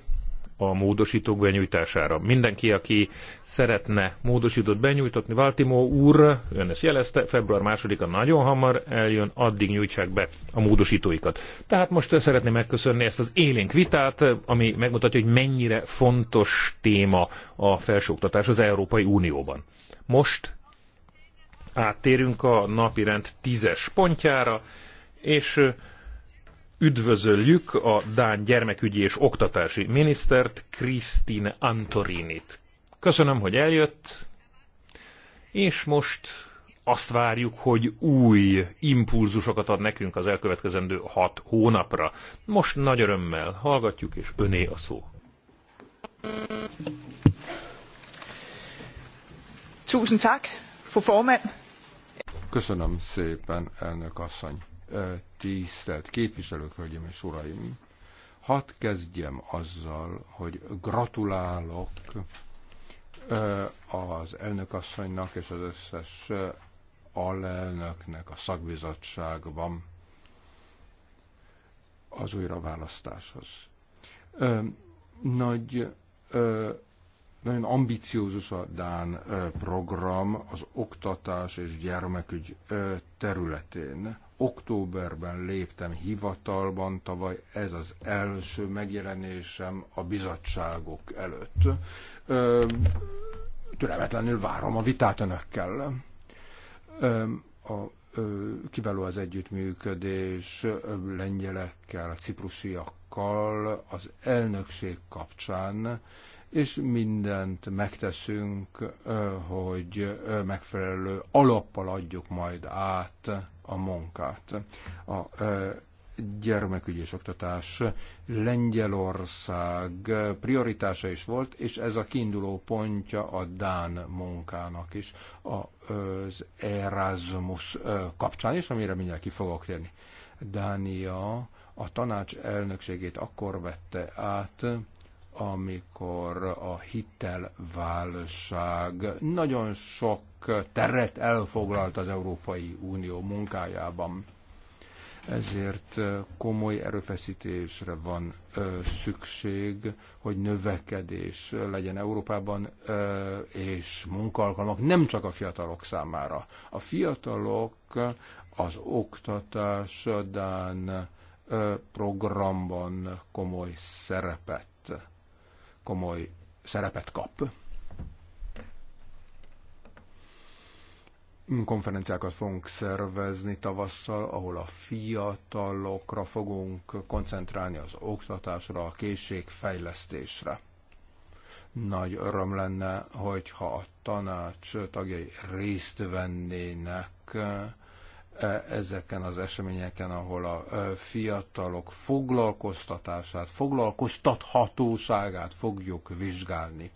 a módosítók benyújtására. Mindenki, aki szeretne módosítót benyújtatni, Valtimó úr, ön ezt jelezte, február másodika nagyon hamar eljön, addig nyújtsák be a módosítóikat. Tehát most szeretném megköszönni ezt az élénk vitát, ami megmutatja, hogy mennyire fontos téma a felsőoktatás az Európai Unióban. Most áttérünk a napirend tízes pontjára, és üdvözöljük a Dán gyermekügyi és oktatási minisztert, Krisztin Antorinit. Köszönöm, hogy eljött, és most azt várjuk, hogy új impulzusokat ad nekünk az elkövetkezendő hat hónapra. Most nagy örömmel hallgatjuk, és öné a szó. Tusen tak, fru formand. Köszönöm szépen, elnök asszony tisztelt képviselők, hölgyeim és uraim! Hadd kezdjem azzal, hogy gratulálok az elnökasszonynak és az összes alelnöknek a szakbizottságban az újraválasztáshoz. Nagy, nagyon ambiciózus a Dán program az oktatás és gyermekügy területén Októberben léptem hivatalban, tavaly ez az első megjelenésem a bizottságok előtt. Ö, türelmetlenül várom a vitát önökkel. Ö, a kiváló az együttműködés lengyelekkel, a ciprusiakkal, az elnökség kapcsán, és mindent megteszünk, hogy megfelelő alappal adjuk majd át a munkát. A gyermekügy és oktatás Lengyelország prioritása is volt, és ez a kiinduló pontja a Dán munkának is az Erasmus kapcsán is, amire mindjárt ki fogok térni. Dánia a tanács elnökségét akkor vette át, amikor a hitelválság nagyon sok teret elfoglalt az Európai Unió munkájában. Ezért komoly erőfeszítésre van szükség, hogy növekedés legyen Európában, és munkaalkalmak nem csak a fiatalok számára. A fiatalok az oktatásodán programban komoly szerepet komoly szerepet kap. Konferenciákat fogunk szervezni tavasszal, ahol a fiatalokra fogunk koncentrálni az oktatásra, a készségfejlesztésre. Nagy öröm lenne, hogyha a tanács tagjai részt vennének E, ezeken az eseményeken, ahol a e, fiatalok foglalkoztatását, foglalkoztathatóságát fogjuk vizsgálni.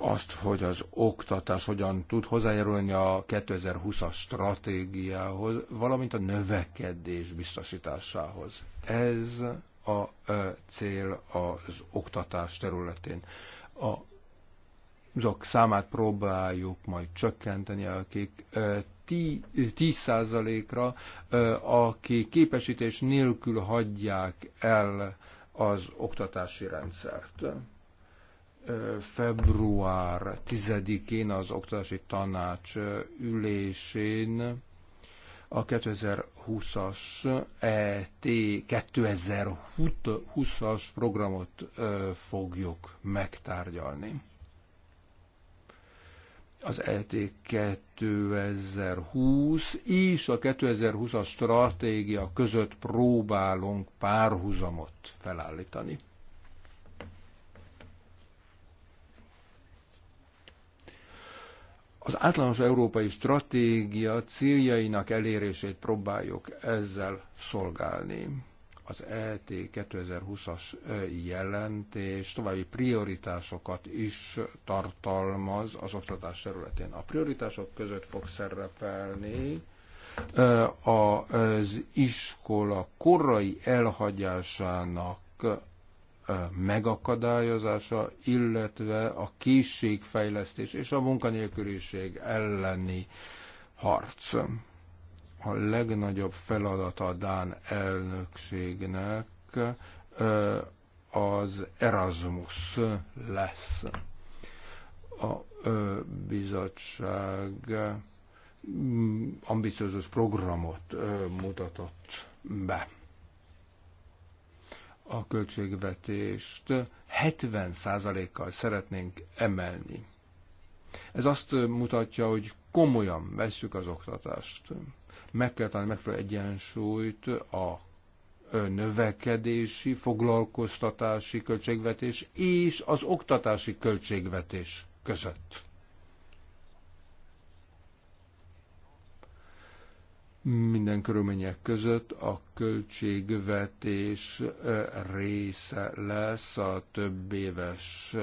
Azt, hogy az oktatás hogyan tud hozzájárulni a 2020-as stratégiához, valamint a növekedés biztosításához. Ez a e, cél az oktatás területén. A azok számát próbáljuk majd csökkenteni, akik 10%-ra, aki képesítés nélkül hagyják el az oktatási rendszert. Február 10-én az oktatási tanács ülésén a 2020-as ET 2020-as programot fogjuk megtárgyalni az ET 2020 és a 2020-as stratégia között próbálunk párhuzamot felállítani. Az általános európai stratégia céljainak elérését próbáljuk ezzel szolgálni. Az ET 2020-as jelentés további prioritásokat is tartalmaz az oktatás területén. A prioritások között fog szerepelni az iskola korai elhagyásának megakadályozása, illetve a készségfejlesztés és a munkanélküliség elleni harc a legnagyobb feladata a Dán elnökségnek az Erasmus lesz. A bizottság mm, ambiciózus programot mutatott be. A költségvetést 70%-kal szeretnénk emelni. Ez azt mutatja, hogy komolyan vesszük az oktatást. Meg kell találni megfelelő egyensúlyt a növekedési, foglalkoztatási költségvetés és az oktatási költségvetés között. minden körülmények között a költségvetés része lesz a több éves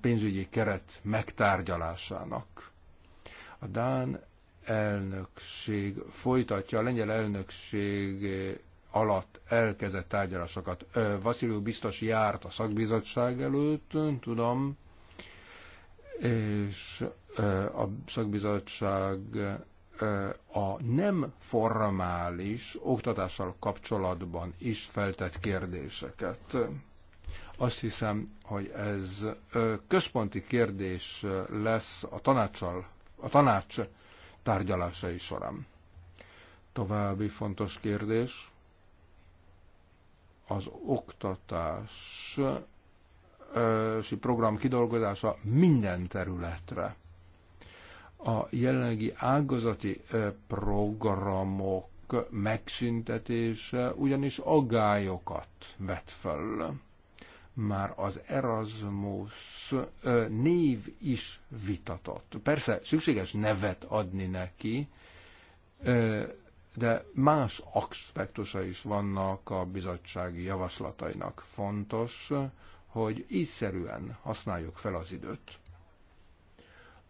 pénzügyi keret megtárgyalásának. A Dán elnökség folytatja a lengyel elnökség alatt elkezdett tárgyalásokat. Vasziliu biztos járt a szakbizottság előtt, tudom, és a szakbizottság a nem formális oktatással kapcsolatban is feltett kérdéseket. Azt hiszem, hogy ez központi kérdés lesz a tanácsal, a tanács tárgyalásai során. További fontos kérdés az oktatási program kidolgozása minden területre. A jelenlegi ágazati programok megszüntetése ugyanis agályokat vet föl már az Erasmus név is vitatott. Persze szükséges nevet adni neki, de más aspektusa is vannak a bizottsági javaslatainak. Fontos, hogy ízszerűen használjuk fel az időt.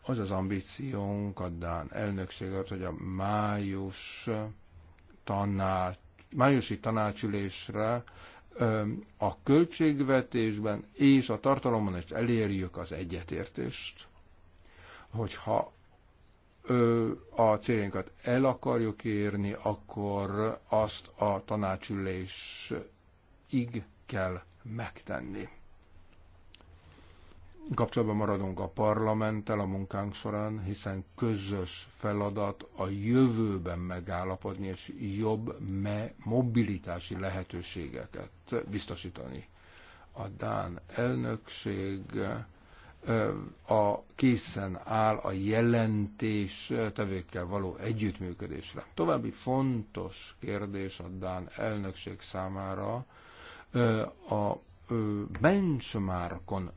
Az az ambíciónk a Dán elnökséget, hogy a május tanács, májusi tanácsülésre a költségvetésben és a tartalomban is elérjük az egyetértést. Hogyha a céljainkat el akarjuk érni, akkor azt a tanácsülésig kell megtenni kapcsolatban maradunk a parlamenttel a munkánk során, hiszen közös feladat a jövőben megállapodni és jobb me mobilitási lehetőségeket biztosítani. A Dán elnökség a készen áll a jelentés tevékkel való együttműködésre. További fontos kérdés a Dán elnökség számára a benchmarkon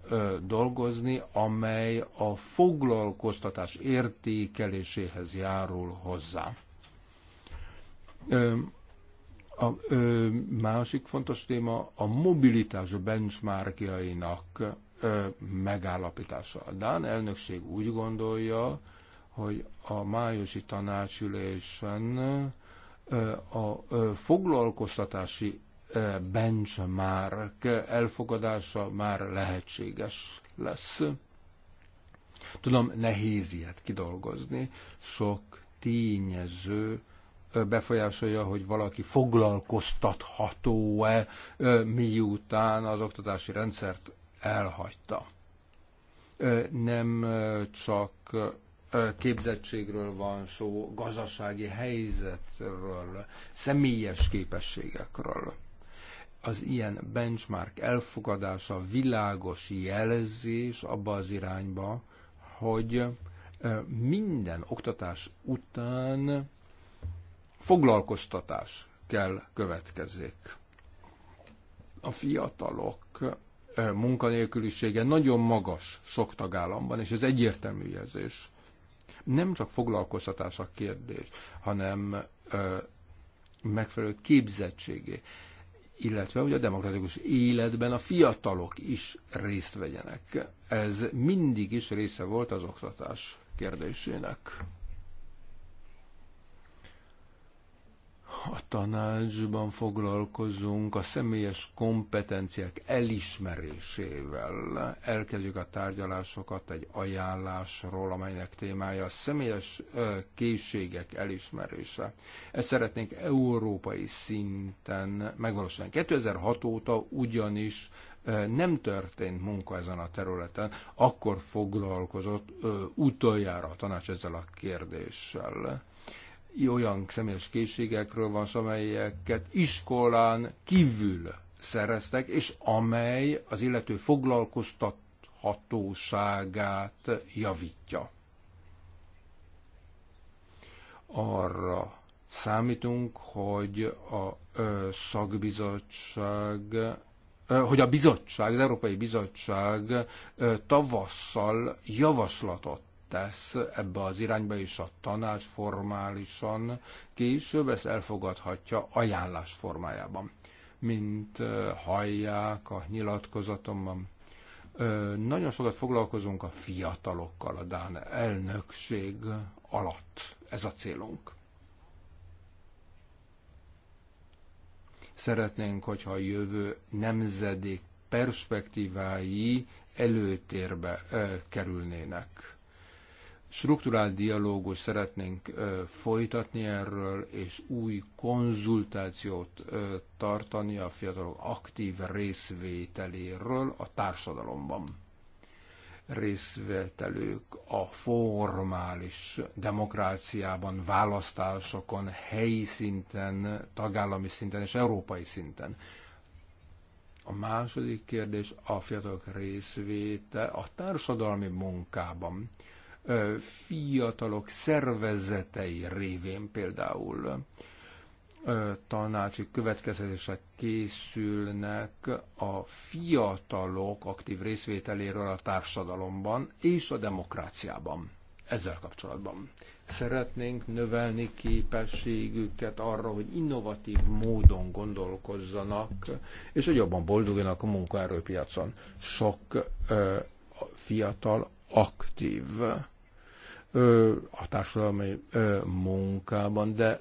dolgozni, amely a foglalkoztatás értékeléséhez járul hozzá. A másik fontos téma a mobilitás benchmarkjainak megállapítása. A Dán elnökség úgy gondolja, hogy a májusi tanácsülésen a foglalkoztatási benchmark elfogadása már lehetséges lesz. Tudom, nehéz ilyet kidolgozni, sok tényező befolyásolja, hogy valaki foglalkoztatható-e, miután az oktatási rendszert elhagyta. Nem csak képzettségről van szó, gazdasági helyzetről, személyes képességekről az ilyen benchmark elfogadása világos jelzés abba az irányba, hogy minden oktatás után foglalkoztatás kell következzék. A fiatalok munkanélkülisége nagyon magas sok tagállamban, és ez egyértelmű jelzés. Nem csak foglalkoztatás a kérdés, hanem megfelelő képzettségé illetve hogy a demokratikus életben a fiatalok is részt vegyenek. Ez mindig is része volt az oktatás kérdésének. a tanácsban foglalkozunk a személyes kompetenciák elismerésével. Elkezdjük a tárgyalásokat egy ajánlásról, amelynek témája a személyes készségek elismerése. Ezt szeretnénk európai szinten megvalósítani. 2006 óta ugyanis nem történt munka ezen a területen, akkor foglalkozott utoljára a tanács ezzel a kérdéssel olyan személyes készségekről van szó, amelyeket iskolán kívül szereztek, és amely az illető foglalkoztathatóságát javítja. Arra számítunk, hogy a szakbizottság hogy a bizottság, az Európai Bizottság tavasszal javaslatot tesz ebbe az irányba, és a tanács formálisan később ezt elfogadhatja ajánlás formájában. Mint hallják a nyilatkozatomban, nagyon sokat foglalkozunk a fiatalokkal a Dán elnökség alatt. Ez a célunk. Szeretnénk, hogyha a jövő nemzedék perspektívái előtérbe kerülnének. Strukturált dialógus szeretnénk folytatni erről, és új konzultációt tartani a fiatalok aktív részvételéről a társadalomban. Részvételők a formális demokráciában, választásokon, helyi szinten, tagállami szinten és európai szinten. A második kérdés a fiatalok részvétel a társadalmi munkában fiatalok szervezetei révén például tanácsi következtetések készülnek a fiatalok aktív részvételéről a társadalomban és a demokráciában. Ezzel kapcsolatban szeretnénk növelni képességüket arra, hogy innovatív módon gondolkozzanak, és hogy jobban boldogjanak a munkaerőpiacon. Sok ö, fiatal aktív a társadalmi munkában, de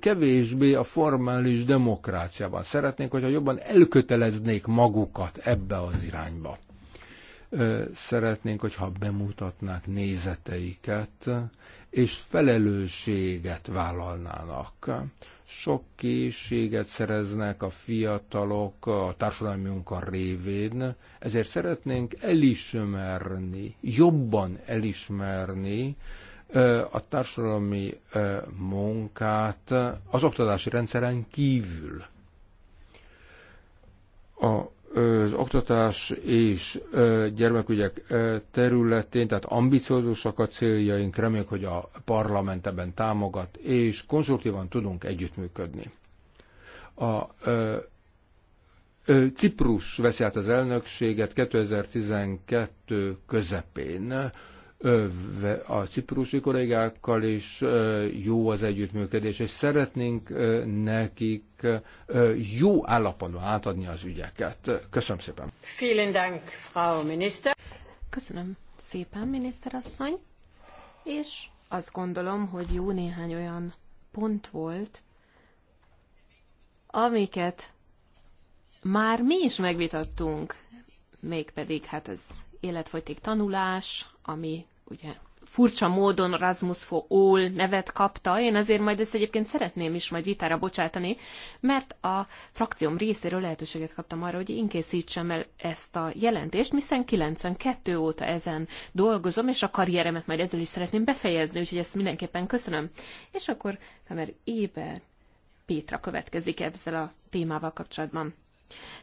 kevésbé a formális demokráciában. Szeretnénk, hogyha jobban elköteleznék magukat ebbe az irányba. Szeretnénk, hogyha bemutatnák nézeteiket, és felelősséget vállalnának sok készséget szereznek a fiatalok a társadalmi munka révén, ezért szeretnénk elismerni, jobban elismerni a társadalmi munkát az oktatási rendszeren kívül. A az oktatás és gyermekügyek területén, tehát ambiciózusak a céljaink, reméljük, hogy a parlament ebben támogat, és konstruktívan tudunk együttműködni. A Ciprus veszi át az elnökséget 2012 közepén a ciprusi kollégákkal is jó az együttműködés, és szeretnénk nekik jó állapotban átadni az ügyeket. Köszönöm szépen. Vielen Dank, Frau Minister. Köszönöm szépen, miniszterasszony. És azt gondolom, hogy jó néhány olyan pont volt, amiket már mi is megvitattunk, mégpedig hát az életfogytig tanulás, ami ugye furcsa módon Rasmus for All nevet kapta. Én azért majd ezt egyébként szeretném is majd vitára bocsátani, mert a frakcióm részéről lehetőséget kaptam arra, hogy én készítsem el ezt a jelentést, hiszen 92 óta ezen dolgozom, és a karrieremet majd ezzel is szeretném befejezni, úgyhogy ezt mindenképpen köszönöm. És akkor, mert éber Pétra következik ezzel a témával kapcsolatban.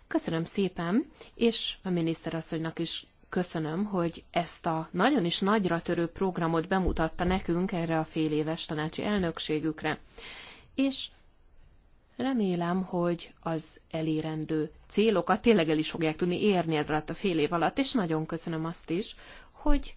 Köszönöm szépen, és a miniszterasszonynak is köszönöm, hogy ezt a nagyon is nagyra törő programot bemutatta nekünk erre a fél éves tanácsi elnökségükre. És remélem, hogy az elérendő célokat tényleg el is fogják tudni érni ez alatt a fél év alatt, és nagyon köszönöm azt is, hogy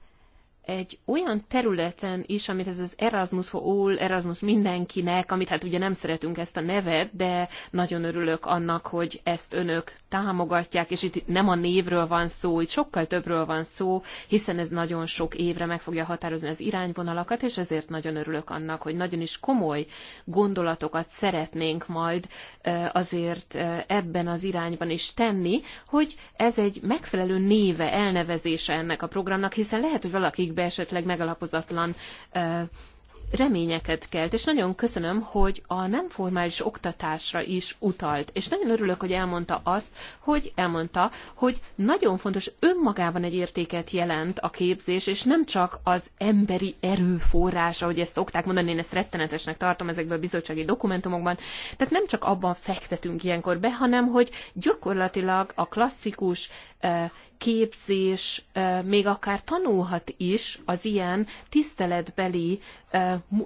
egy olyan területen is, amit ez az Erasmus for All, Erasmus mindenkinek, amit hát ugye nem szeretünk ezt a nevet, de nagyon örülök annak, hogy ezt önök támogatják, és itt nem a névről van szó, itt sokkal többről van szó, hiszen ez nagyon sok évre meg fogja határozni az irányvonalakat, és ezért nagyon örülök annak, hogy nagyon is komoly gondolatokat szeretnénk majd azért ebben az irányban is tenni, hogy ez egy megfelelő néve, elnevezése ennek a programnak, hiszen lehet, hogy valaki mértékben esetleg megalapozatlan reményeket kelt, és nagyon köszönöm, hogy a nem formális oktatásra is utalt. És nagyon örülök, hogy elmondta azt, hogy elmondta, hogy nagyon fontos önmagában egy értéket jelent a képzés, és nem csak az emberi erőforrás, ahogy ezt szokták mondani, én ezt rettenetesnek tartom ezekben a bizottsági dokumentumokban. Tehát nem csak abban fektetünk ilyenkor be, hanem hogy gyakorlatilag a klasszikus képzés, még akár tanulhat is az ilyen tiszteletbeli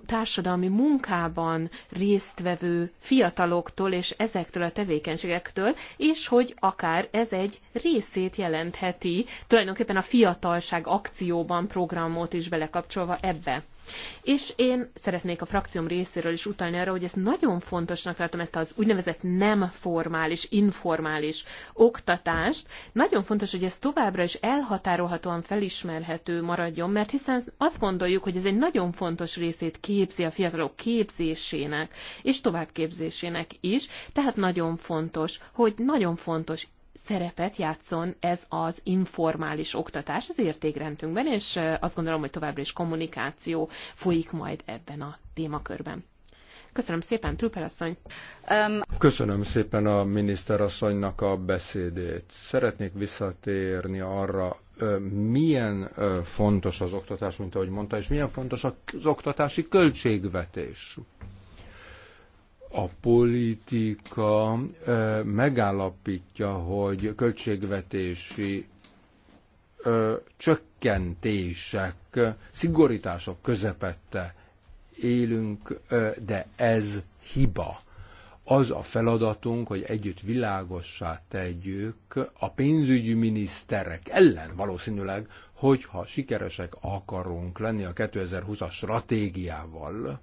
társadalmi munkában résztvevő fiataloktól és ezektől a tevékenységektől, és hogy akár ez egy részét jelentheti tulajdonképpen a fiatalság akcióban programot is belekapcsolva ebbe. És én szeretnék a frakcióm részéről is utalni arra, hogy ezt nagyon fontosnak tartom, ezt az úgynevezett nem formális, informális oktatást. Nagyon fontos, hogy ez továbbra is elhatárolhatóan felismerhető maradjon, mert hiszen azt gondoljuk, hogy ez egy nagyon fontos részét képzi a fiatalok képzésének és továbbképzésének is, tehát nagyon fontos, hogy nagyon fontos szerepet játszon ez az informális oktatás az értékrendünkben, és azt gondolom, hogy továbbra is kommunikáció folyik majd ebben a témakörben. Köszönöm szépen, Trüper asszony. Um... Köszönöm szépen a miniszterasszonynak a beszédét. Szeretnék visszatérni arra, milyen fontos az oktatás, mint ahogy mondta, és milyen fontos az oktatási költségvetés a politika megállapítja, hogy költségvetési csökkentések, szigorítások közepette élünk, de ez hiba. Az a feladatunk, hogy együtt világossá tegyük a pénzügyi miniszterek ellen valószínűleg, hogyha sikeresek akarunk lenni a 2020-as stratégiával,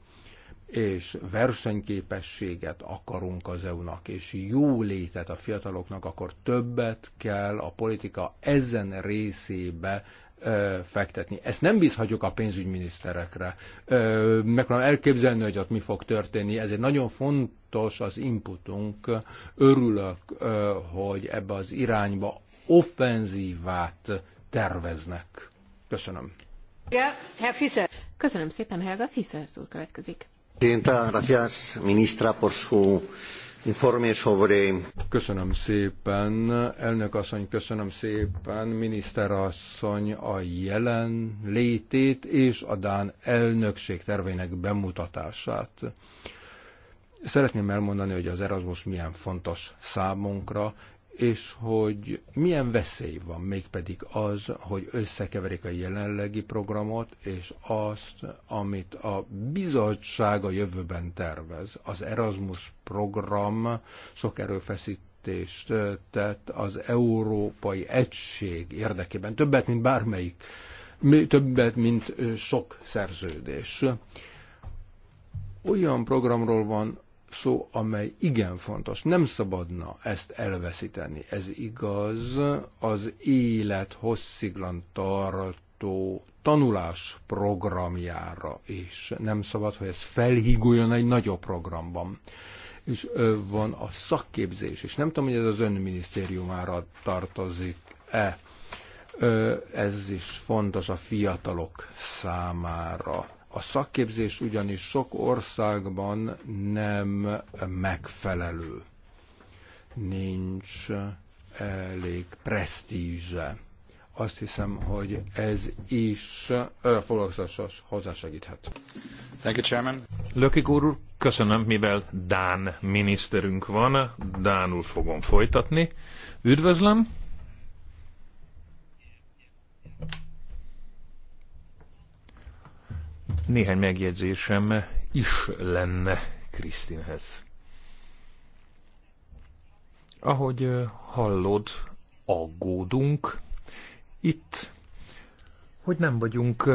és versenyképességet akarunk az EU-nak, és jó létet a fiataloknak, akkor többet kell a politika ezen részébe ö, fektetni. Ezt nem bízhatjuk a pénzügyminiszterekre. Ö, meg tudom elképzelni, hogy ott mi fog történni. Ez egy nagyon fontos az inputunk. Örülök, ö, hogy ebbe az irányba offenzívát terveznek. Köszönöm. Köszönöm szépen, Helga Fiszersz következik. Köszönöm szépen, elnök asszony, köszönöm szépen, miniszter asszony a jelen létét és a Dán elnökség terveinek bemutatását. Szeretném elmondani, hogy az Erasmus milyen fontos számunkra, és hogy milyen veszély van mégpedig az, hogy összekeverik a jelenlegi programot, és azt, amit a bizottság a jövőben tervez. Az Erasmus program sok erőfeszítést tett az európai egység érdekében, többet, mint bármelyik, többet, mint sok szerződés. Olyan programról van szó, amely igen fontos. Nem szabadna ezt elveszíteni. Ez igaz az élet hossziglan tartó tanulás programjára is. Nem szabad, hogy ez felhíguljon egy nagyobb programban. És van a szakképzés, és nem tudom, hogy ez az önminisztériumára tartozik-e. Ez is fontos a fiatalok számára a szakképzés ugyanis sok országban nem megfelelő. Nincs elég presztízse. Azt hiszem, hogy ez is foglalkozáshoz hozzásegíthet. Thank you, Chairman. Lökik úr, köszönöm, mivel Dán miniszterünk van, Dánul fogom folytatni. Üdvözlöm! Néhány megjegyzésem is lenne Krisztinhez. Ahogy hallod, aggódunk itt, hogy nem vagyunk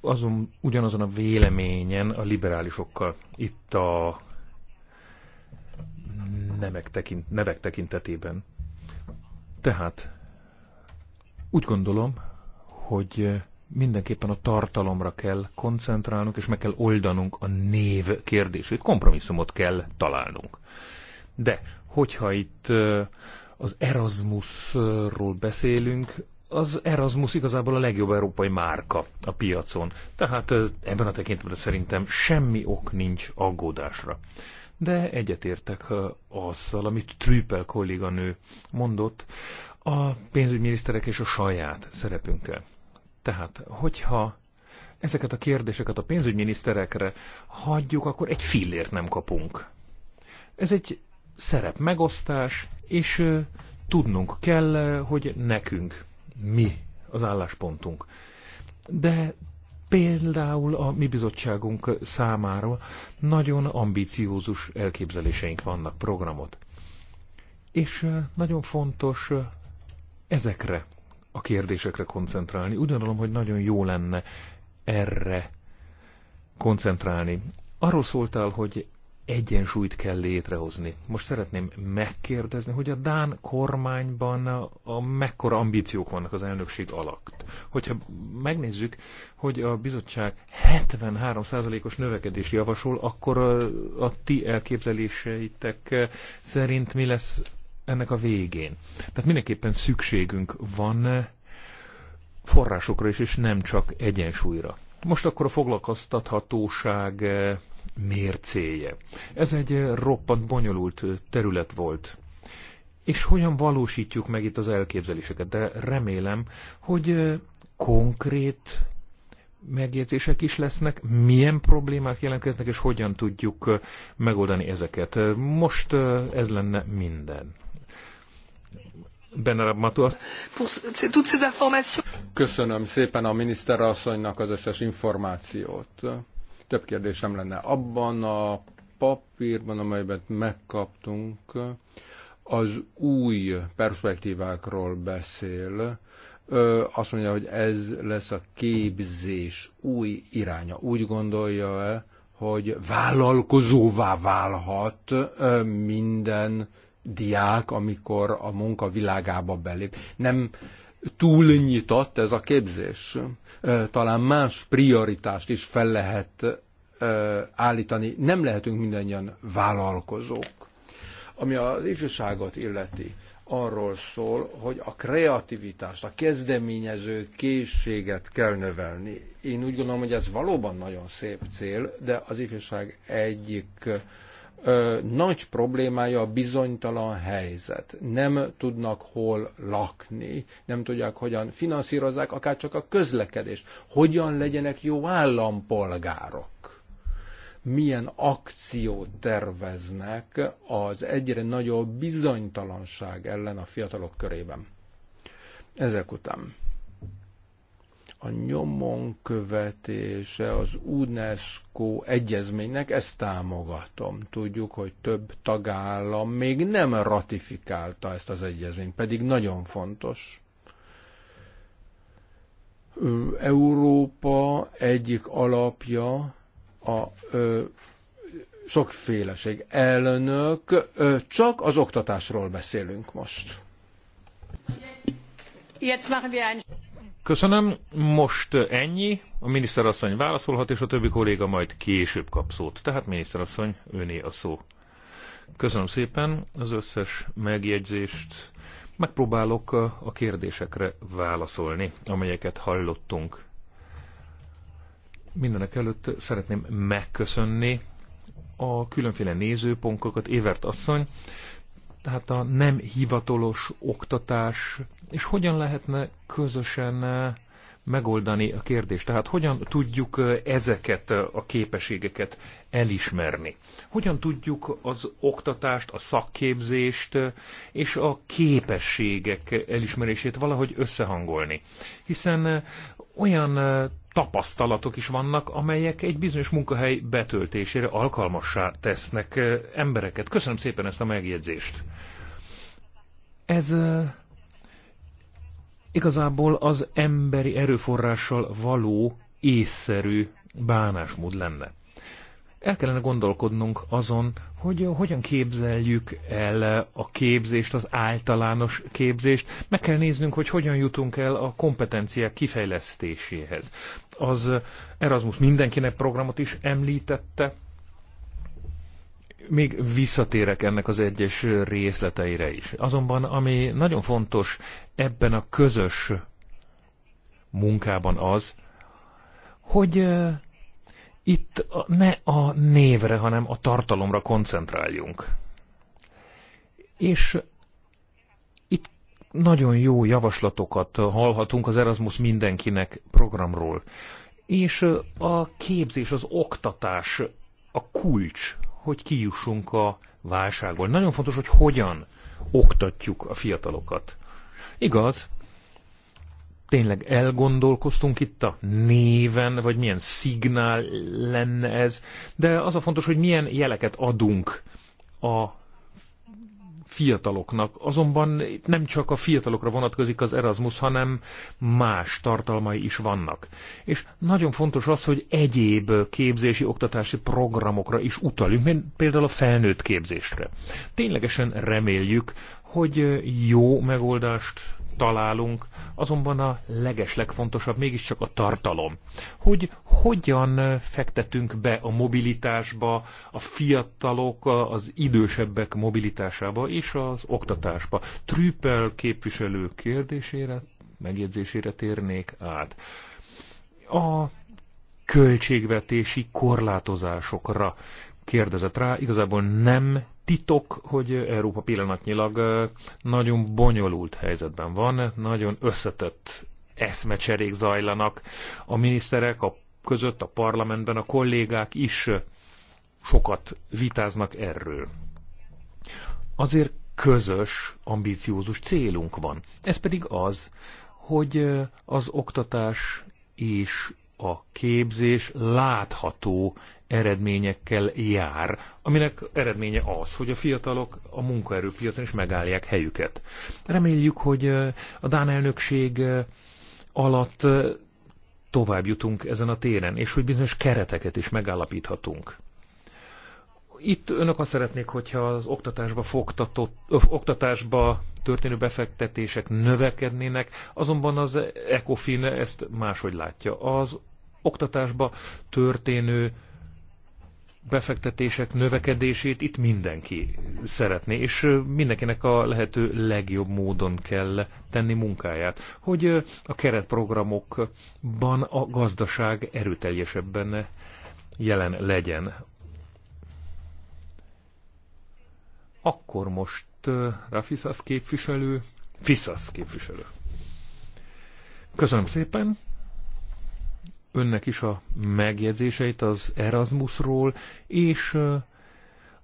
azon, ugyanazon a véleményen a liberálisokkal. Itt a nemek tekint, nevek tekintetében. Tehát úgy gondolom, hogy mindenképpen a tartalomra kell koncentrálnunk, és meg kell oldanunk a név kérdését, kompromisszumot kell találnunk. De, hogyha itt az Erasmusról beszélünk, az Erasmus igazából a legjobb európai márka a piacon. Tehát ebben a tekintetben szerintem semmi ok nincs aggódásra. De egyetértek azzal, amit Trüppel kolléganő mondott, a pénzügyminiszterek és a saját szerepünkkel. Tehát, hogyha ezeket a kérdéseket a pénzügyminiszterekre hagyjuk, akkor egy fillért nem kapunk. Ez egy szerep megosztás, és tudnunk kell, hogy nekünk mi az álláspontunk. De például a mi bizottságunk számára nagyon ambiciózus elképzeléseink vannak, programot. És nagyon fontos ezekre a kérdésekre koncentrálni. Úgy gondolom, hogy nagyon jó lenne erre koncentrálni. Arról szóltál, hogy egyensúlyt kell létrehozni. Most szeretném megkérdezni, hogy a Dán kormányban a, a mekkora ambíciók vannak az elnökség alatt. Hogyha megnézzük, hogy a bizottság 73%-os növekedés javasol, akkor a, a ti elképzeléseitek szerint mi lesz ennek a végén. Tehát mindenképpen szükségünk van forrásokra is, és nem csak egyensúlyra. Most akkor a foglalkoztathatóság eh, mércéje. Ez egy eh, roppant bonyolult eh, terület volt. És hogyan valósítjuk meg itt az elképzeléseket? De remélem, hogy konkrét megjegyzések is lesznek, milyen problémák jelentkeznek, és hogyan tudjuk megoldani ezeket. Most ez lenne minden. Benarab Matu. Köszönöm szépen a miniszterasszonynak az összes információt. Több kérdésem lenne. Abban a papírban, amelyben megkaptunk, az új perspektívákról beszél, azt mondja, hogy ez lesz a képzés új iránya. Úgy gondolja-e, hogy vállalkozóvá válhat minden diák, amikor a munka világába belép. Nem túl nyitott ez a képzés. Talán más prioritást is fel lehet állítani. Nem lehetünk mindannyian vállalkozók. Ami az ifjúságot illeti, arról szól, hogy a kreativitást, a kezdeményező készséget kell növelni. Én úgy gondolom, hogy ez valóban nagyon szép cél, de az ifjúság egyik ö, nagy problémája a bizonytalan helyzet. Nem tudnak hol lakni, nem tudják, hogyan finanszírozzák akár csak a közlekedést, hogyan legyenek jó állampolgárok, milyen akciót terveznek az egyre nagyobb bizonytalanság ellen a fiatalok körében. Ezek után a nyomon követése az UNESCO egyezménynek, ezt támogatom. Tudjuk, hogy több tagállam még nem ratifikálta ezt az egyezményt, pedig nagyon fontos. Európa egyik alapja a ö, sokféleség. Elnök, ö, csak az oktatásról beszélünk most. Jetzt machen wir einen Köszönöm. Most ennyi. A miniszterasszony válaszolhat, és a többi kolléga majd később kap szót. Tehát miniszterasszony, öné a szó. Köszönöm szépen az összes megjegyzést. Megpróbálok a kérdésekre válaszolni, amelyeket hallottunk. Mindenek előtt szeretném megköszönni a különféle nézőpontokat. Évert asszony tehát a nem hivatalos oktatás, és hogyan lehetne közösen eh, megoldani a kérdést. Tehát hogyan tudjuk eh, ezeket eh, a képességeket elismerni? Hogyan tudjuk az oktatást, a szakképzést és a képességek elismerését valahogy összehangolni? Hiszen olyan tapasztalatok is vannak, amelyek egy bizonyos munkahely betöltésére alkalmassá tesznek embereket. Köszönöm szépen ezt a megjegyzést. Ez igazából az emberi erőforrással való észszerű bánásmód lenne el kellene gondolkodnunk azon, hogy hogyan képzeljük el a képzést, az általános képzést. Meg kell néznünk, hogy hogyan jutunk el a kompetenciák kifejlesztéséhez. Az Erasmus mindenkinek programot is említette. Még visszatérek ennek az egyes részleteire is. Azonban, ami nagyon fontos ebben a közös munkában az, hogy itt ne a névre, hanem a tartalomra koncentráljunk. És itt nagyon jó javaslatokat hallhatunk az Erasmus mindenkinek programról. És a képzés, az oktatás a kulcs, hogy kijussunk a válságból. Nagyon fontos, hogy hogyan oktatjuk a fiatalokat. Igaz, tényleg elgondolkoztunk itt a néven, vagy milyen szignál lenne ez, de az a fontos, hogy milyen jeleket adunk a fiataloknak. Azonban itt nem csak a fiatalokra vonatkozik az Erasmus, hanem más tartalmai is vannak. És nagyon fontos az, hogy egyéb képzési, oktatási programokra is utaljunk, például a felnőtt képzésre. Ténylegesen reméljük, hogy jó megoldást találunk, azonban a legeslegfontosabb mégiscsak a tartalom. Hogy hogyan fektetünk be a mobilitásba, a fiatalok, az idősebbek mobilitásába és az oktatásba. Trüppel képviselő kérdésére, megjegyzésére térnék át. A költségvetési korlátozásokra kérdezett rá, igazából nem titok, hogy Európa pillanatnyilag nagyon bonyolult helyzetben van, nagyon összetett eszmecserék zajlanak a miniszterek a között, a parlamentben, a kollégák is sokat vitáznak erről. Azért közös, ambíciózus célunk van. Ez pedig az, hogy az oktatás és a képzés látható eredményekkel jár, aminek eredménye az, hogy a fiatalok a munkaerőpiacon is megállják helyüket. Reméljük, hogy a Dán elnökség alatt tovább jutunk ezen a téren, és hogy bizonyos kereteket is megállapíthatunk. Itt önök azt szeretnék, hogyha az oktatásba, fogtatott, ö, oktatásba történő befektetések növekednének, azonban az ECOFIN ezt máshogy látja. Az oktatásba történő befektetések növekedését itt mindenki szeretné, és mindenkinek a lehető legjobb módon kell tenni munkáját, hogy a keretprogramokban a gazdaság erőteljesebben jelen legyen. Akkor most Rafisasz képviselő, Fisasz képviselő. Köszönöm szépen! önnek is a megjegyzéseit az Erasmusról, és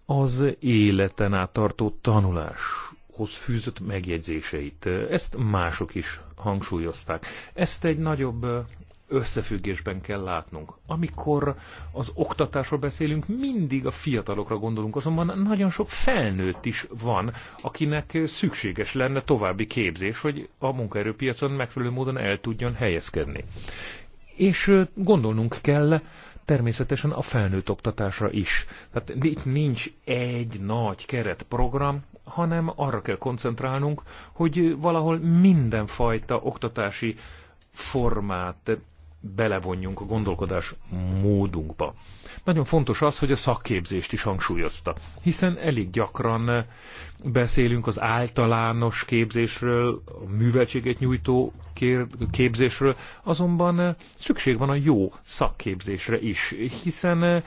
az életen át tartó tanuláshoz fűzött megjegyzéseit. Ezt mások is hangsúlyozták. Ezt egy nagyobb összefüggésben kell látnunk. Amikor az oktatásról beszélünk, mindig a fiatalokra gondolunk, azonban nagyon sok felnőtt is van, akinek szükséges lenne további képzés, hogy a munkaerőpiacon megfelelő módon el tudjon helyezkedni és gondolnunk kell természetesen a felnőtt oktatásra is. Tehát itt nincs egy nagy keretprogram, hanem arra kell koncentrálnunk, hogy valahol mindenfajta oktatási formát belevonjunk a gondolkodás módunkba. Nagyon fontos az, hogy a szakképzést is hangsúlyozta, hiszen elég gyakran beszélünk az általános képzésről, a műveltséget nyújtó képzésről, azonban szükség van a jó szakképzésre is, hiszen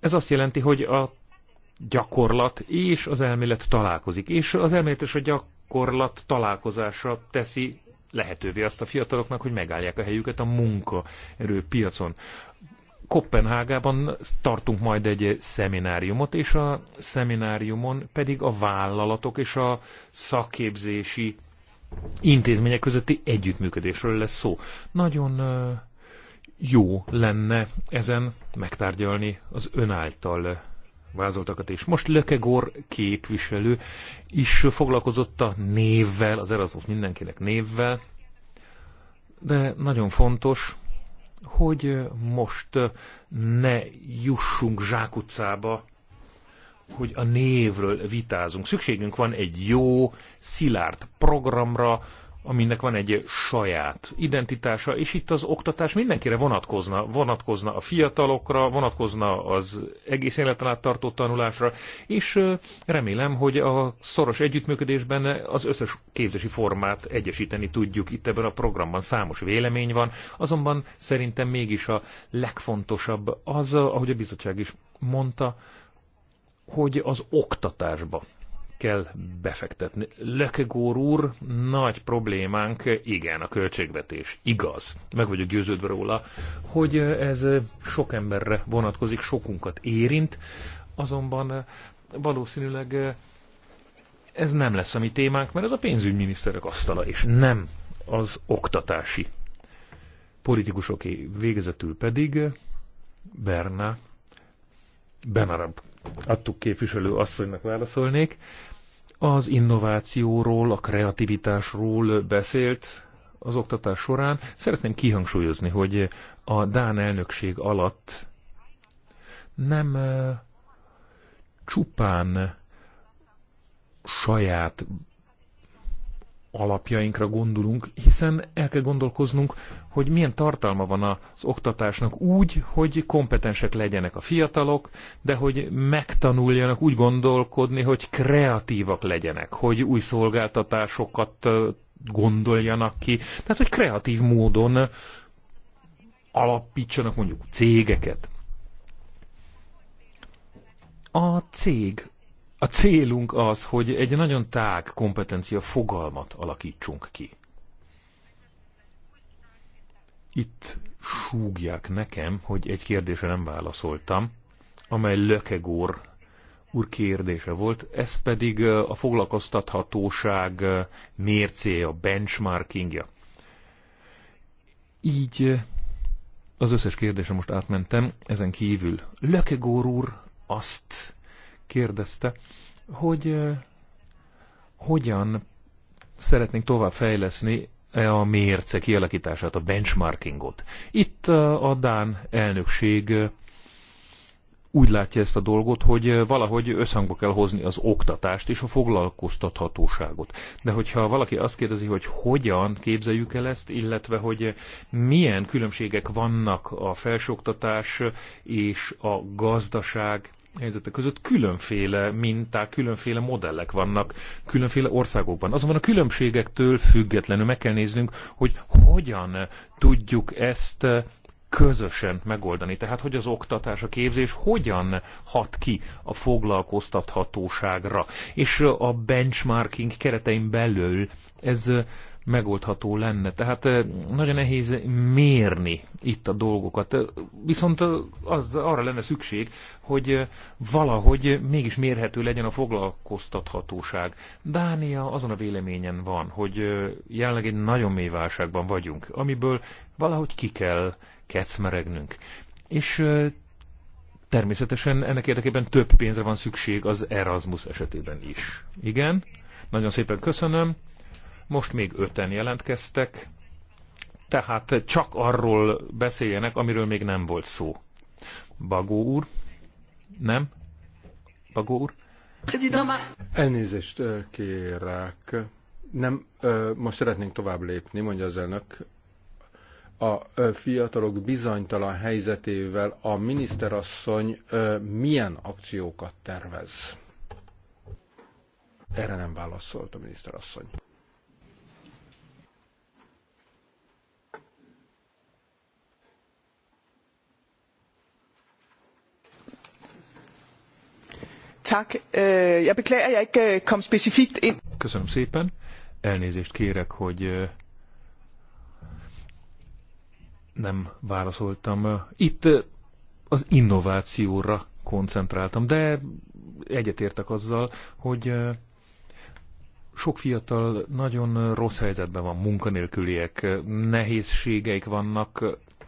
ez azt jelenti, hogy a gyakorlat és az elmélet találkozik, és az elmélet és a gyakorlat találkozása teszi lehetővé azt a fiataloknak, hogy megállják a helyüket a munkaerőpiacon. Kopenhágában tartunk majd egy szemináriumot, és a szemináriumon pedig a vállalatok és a szakképzési intézmények közötti együttműködésről lesz szó. Nagyon jó lenne ezen megtárgyalni az által vázoltakat, és most Lökegor képviselő is foglalkozott a névvel, az Erasmus mindenkinek névvel, de nagyon fontos, hogy most ne jussunk zsákutcába, hogy a névről vitázunk. Szükségünk van egy jó, szilárd programra, aminek van egy saját identitása, és itt az oktatás mindenkire vonatkozna. Vonatkozna a fiatalokra, vonatkozna az egész életen át tartó tanulásra, és remélem, hogy a szoros együttműködésben az összes képzési formát egyesíteni tudjuk. Itt ebben a programban számos vélemény van, azonban szerintem mégis a legfontosabb az, ahogy a bizottság is mondta, hogy az oktatásba kell befektetni. Lekegór úr, nagy problémánk, igen, a költségvetés. Igaz. Meg vagyok győződve róla, hogy ez sok emberre vonatkozik, sokunkat érint, azonban valószínűleg ez nem lesz a mi témánk, mert ez a pénzügyminiszterek asztala, és nem az oktatási politikusoké. Végezetül pedig Berna, Benarab adtuk képviselő asszonynak válaszolnék az innovációról, a kreativitásról beszélt az oktatás során. Szeretném kihangsúlyozni, hogy a Dán elnökség alatt nem eh, csupán saját alapjainkra gondolunk, hiszen el kell gondolkoznunk, hogy milyen tartalma van az oktatásnak úgy, hogy kompetensek legyenek a fiatalok, de hogy megtanuljanak úgy gondolkodni, hogy kreatívak legyenek, hogy új szolgáltatásokat gondoljanak ki, tehát hogy kreatív módon alapítsanak mondjuk cégeket. A cég a célunk az, hogy egy nagyon tág kompetencia fogalmat alakítsunk ki. Itt súgják nekem, hogy egy kérdésre nem válaszoltam, amely Lökegór úr kérdése volt, ez pedig a foglalkoztathatóság a benchmarkingja. Így az összes kérdésre most átmentem, ezen kívül Lökegór úr azt kérdezte, hogy hogyan szeretnénk tovább fejleszni e a mérce kialakítását, a benchmarkingot. Itt a Dán elnökség úgy látja ezt a dolgot, hogy valahogy összhangba kell hozni az oktatást és a foglalkoztathatóságot. De hogyha valaki azt kérdezi, hogy hogyan képzeljük el ezt, illetve hogy milyen különbségek vannak a felsőoktatás és a gazdaság helyzetek között különféle minták, különféle modellek vannak különféle országokban. Azonban a különbségektől függetlenül meg kell néznünk, hogy hogyan tudjuk ezt közösen megoldani. Tehát, hogy az oktatás, a képzés hogyan hat ki a foglalkoztathatóságra. És a benchmarking keretein belül ez megoldható lenne. Tehát eh, nagyon nehéz mérni itt a dolgokat. Eh, viszont eh, az, arra lenne szükség, hogy valahogy mégis mérhető legyen a foglalkoztathatóság. Dánia azon a véleményen van, hogy jelenleg egy nagyon mély válságban vagyunk, amiből valahogy ki kell kecmeregnünk. És természetesen ennek érdekében több pénzre van szükség az Erasmus esetében is. Igen? Nagyon szépen köszönöm. Most még öten jelentkeztek, tehát csak arról beszéljenek, amiről még nem volt szó. Bagó úr? Nem? Bagó úr? Elnézést kérek. Nem, most szeretnénk tovább lépni, mondja az elnök. A fiatalok bizonytalan helyzetével a miniszterasszony milyen akciókat tervez? Erre nem válaszolt a miniszterasszony. Tak. Øh, jeg beklager, jeg ikke øh, kom specifikt ind. Köszönöm szépen. Elnézést kérek, hogy nem válaszoltam. Itt az innovációra koncentráltam, de egyetértek azzal, hogy sok fiatal nagyon rossz helyzetben van, munkanélküliek, nehézségeik vannak,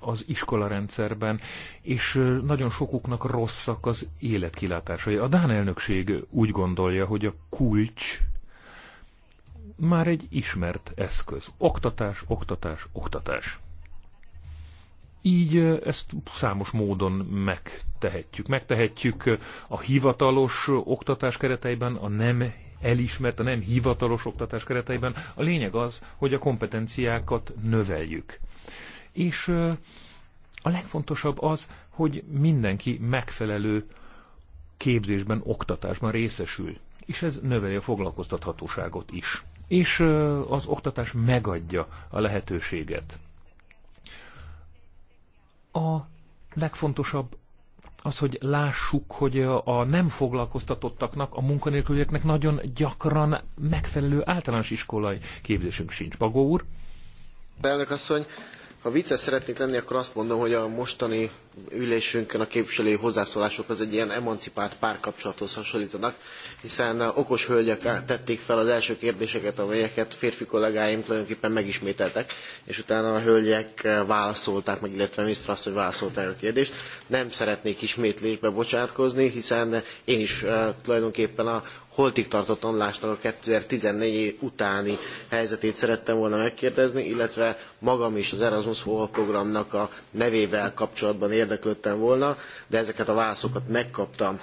az iskolarendszerben, és nagyon sokuknak rosszak az életkilátásai. A Dán elnökség úgy gondolja, hogy a kulcs már egy ismert eszköz. Oktatás, oktatás, oktatás. Így ezt számos módon megtehetjük. Megtehetjük a hivatalos oktatás kereteiben, a nem elismert, a nem hivatalos oktatás kereteiben. A lényeg az, hogy a kompetenciákat növeljük és a legfontosabb az, hogy mindenki megfelelő képzésben, oktatásban részesül, és ez növeli a foglalkoztathatóságot is. És az oktatás megadja a lehetőséget. A legfontosabb az, hogy lássuk, hogy a nem foglalkoztatottaknak, a munkanélkülieknek nagyon gyakran megfelelő általános iskolai képzésünk sincs. Bagó úr? Elnök asszony, ha vicces szeretnék lenni, akkor azt mondom, hogy a mostani ülésünkön a képviselői hozzászólások az egy ilyen emancipált párkapcsolathoz hasonlítanak, hiszen okos hölgyek tették fel az első kérdéseket, amelyeket férfi kollégáim tulajdonképpen megismételtek, és utána a hölgyek válaszolták meg, illetve Mr. azt, hogy válaszolták a kérdést. Nem szeretnék ismétlésbe bocsátkozni, hiszen én is eh, tulajdonképpen a holtig tartott Andlásnak a 2014 utáni helyzetét szerettem volna megkérdezni, illetve magam is az Erasmus for programnak a nevével kapcsolatban érdeklődtem volna, de ezeket a válaszokat megkaptam.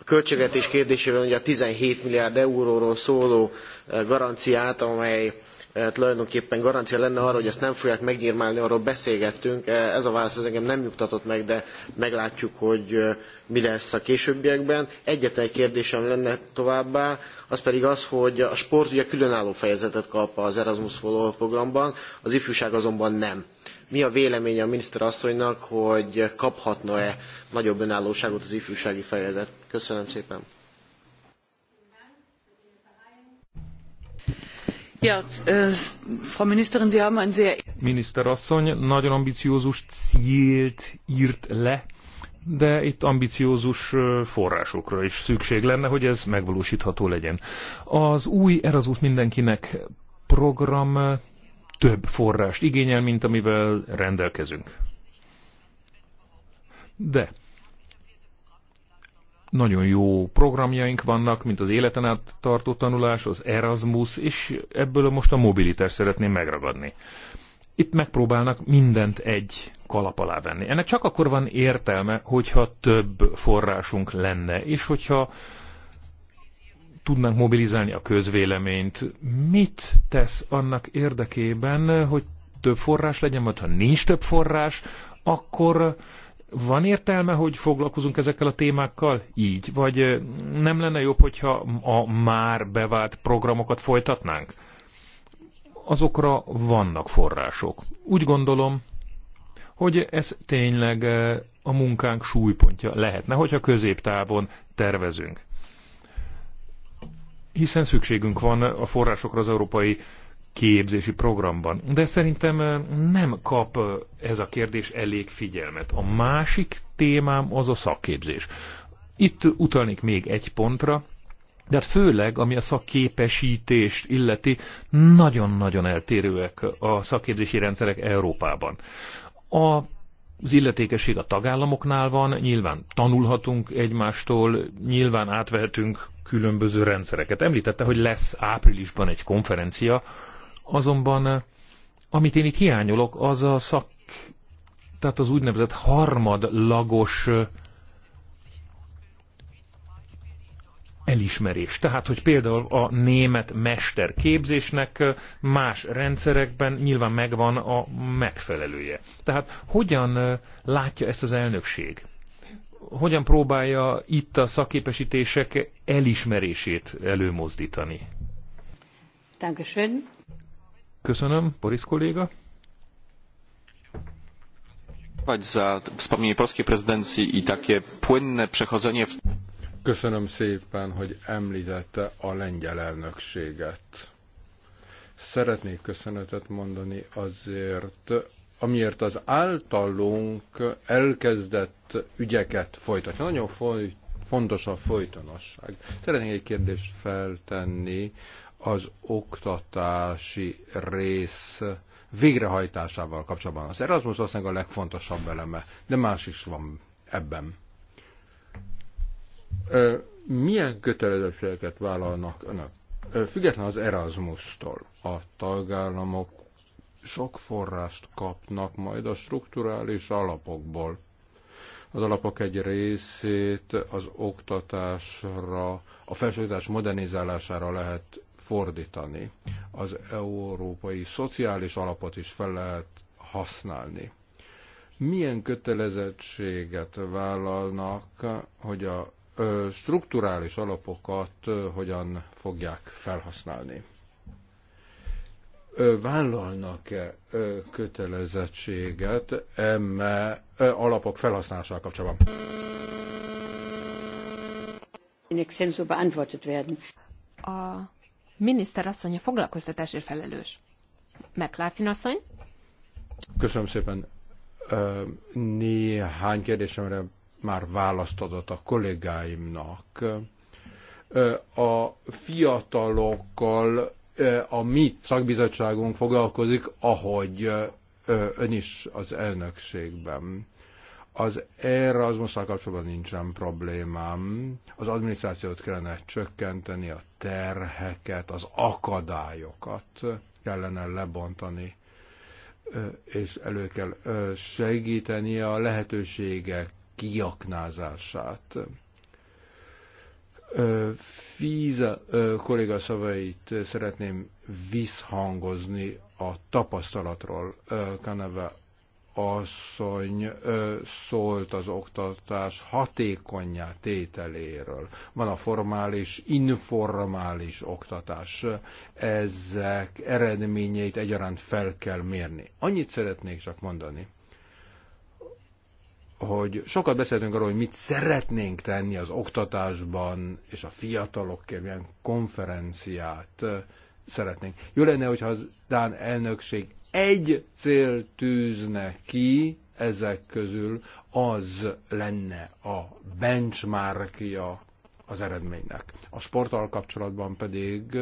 A költségvetés kérdésében ugye a 17 milliárd euróról szóló eh, garanciát, amely Eh, tulajdonképpen garancia lenne arra, hogy ezt nem fogják megnyírmálni, arról beszélgettünk. Eh, ez a válasz ez engem nem nyugtatott meg, de meglátjuk, hogy eh, mi lesz a későbbiekben. Egyetlen egy kérdésem lenne továbbá, az pedig az, hogy a sport ugye különálló fejezetet kap az Erasmus for programban, az ifjúság azonban nem. Mi a véleménye a miniszter asszonynak, hogy kaphatna-e nagyobb önállóságot az ifjúsági fejezet? Köszönöm szépen. Äh, Miniszter asszony, Miniszterasszony nagyon ambiciózus célt írt le, de itt ambiciózus forrásokra is szükség lenne, hogy ez megvalósítható legyen. Az új Erasmus mindenkinek program több forrást igényel, mint amivel rendelkezünk. De nagyon jó programjaink vannak, mint az életen át tartó tanulás, az Erasmus, és ebből most a mobilitást szeretném megragadni. Itt megpróbálnak mindent egy kalap alá venni. Ennek csak akkor van értelme, hogyha több forrásunk lenne, és hogyha tudnánk mobilizálni a közvéleményt. Mit tesz annak érdekében, hogy több forrás legyen, vagy ha nincs több forrás, akkor van értelme, hogy foglalkozunk ezekkel a témákkal így? Vagy nem lenne jobb, hogyha a már bevált programokat folytatnánk? Azokra vannak források. Úgy gondolom, hogy ez tényleg a munkánk súlypontja lehetne, hogyha középtávon tervezünk. Hiszen szükségünk van a forrásokra az Európai képzési programban. De szerintem nem kap ez a kérdés elég figyelmet. A másik témám az a szakképzés. Itt utalnék még egy pontra, de hát főleg, ami a szakképesítést illeti, nagyon-nagyon eltérőek a szakképzési rendszerek Európában. A az illetékesség a tagállamoknál van, nyilván tanulhatunk egymástól, nyilván átvehetünk különböző rendszereket. Említette, hogy lesz áprilisban egy konferencia, Azonban eh, amit én itt hiányolok, az a szak, tehát az úgynevezett harmadlagos eh, elismerés. Tehát, hogy például a német mesterképzésnek eh, más rendszerekben nyilván megvan a megfelelője. Tehát hogyan látja ezt az elnökség? Hogyan próbálja itt a szakképesítések elismerését előmozdítani? Köszönöm, Boris kolléga. za wspomnienie polskiej prezydencji i takie płynne przechodzenie w... Köszönöm szépen, hogy említette a lengyel elnökséget. Szeretnék köszönetet mondani azért, amiért az általunk elkezdett ügyeket folytatni. Nagyon foly, fontos a folytonosság. Szeretnék egy kérdést feltenni az oktatási rész végrehajtásával kapcsolatban. Az Erasmus aztán a legfontosabb eleme, de más is van ebben. Milyen kötelezettségeket vállalnak önök? Független az Erasmus-tól a tagállamok sok forrást kapnak majd a strukturális alapokból. Az alapok egy részét az oktatásra, a felsőoktatás modernizálására lehet fordítani. Az európai szociális alapot is fel lehet használni. Milyen kötelezettséget vállalnak, hogy a strukturális alapokat hogyan fogják felhasználni? vállalnak-e kötelezettséget eme alapok felhasználásával kapcsolatban? In extenso beantwortet werden. A miniszter asszony a foglalkoztatásért felelős. McLaughlin asszony? Köszönöm szépen. Néhány kérdésemre már választ adott a kollégáimnak. A fiatalokkal a mi szakbizottságunk foglalkozik, ahogy ön is az elnökségben az Erasmus-szal kapcsolatban nincsen problémám. Az adminisztrációt kellene csökkenteni, a terheket, az akadályokat kellene lebontani, és elő kell segíteni a lehetőségek kiaknázását. Fíza kolléga szavait szeretném visszhangozni a tapasztalatról. Kaneve asszony szólt az oktatás hatékonyá tételéről. Van a formális, informális oktatás. Ezek eredményeit egyaránt fel kell mérni. Annyit szeretnék csak mondani, hogy sokat beszéltünk arról, hogy mit szeretnénk tenni az oktatásban, és a fiatalokért ilyen konferenciát szeretnénk. Jó lenne, hogyha az Dán elnökség egy cél tűzne ki ezek közül, az lenne a benchmarkja az eredménynek. A sporttal kapcsolatban pedig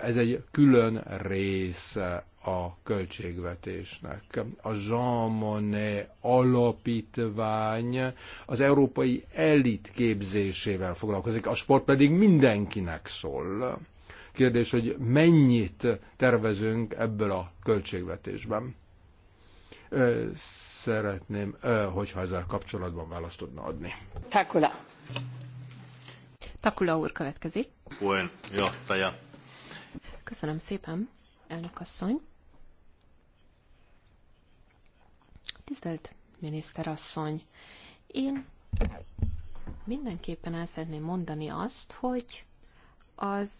ez egy külön része a költségvetésnek. A Jean Monnet alapítvány az európai elit képzésével foglalkozik, a sport pedig mindenkinek szól. Kérdés, hogy mennyit tervezünk ebből a költségvetésben. Szeretném, hogyha ezzel kapcsolatban választ tudna adni. Takula. Takula úr következik. Olyan, jó, teje. Köszönöm szépen, elnök asszony. Tisztelt miniszterasszony, én mindenképpen el szeretném mondani azt, hogy az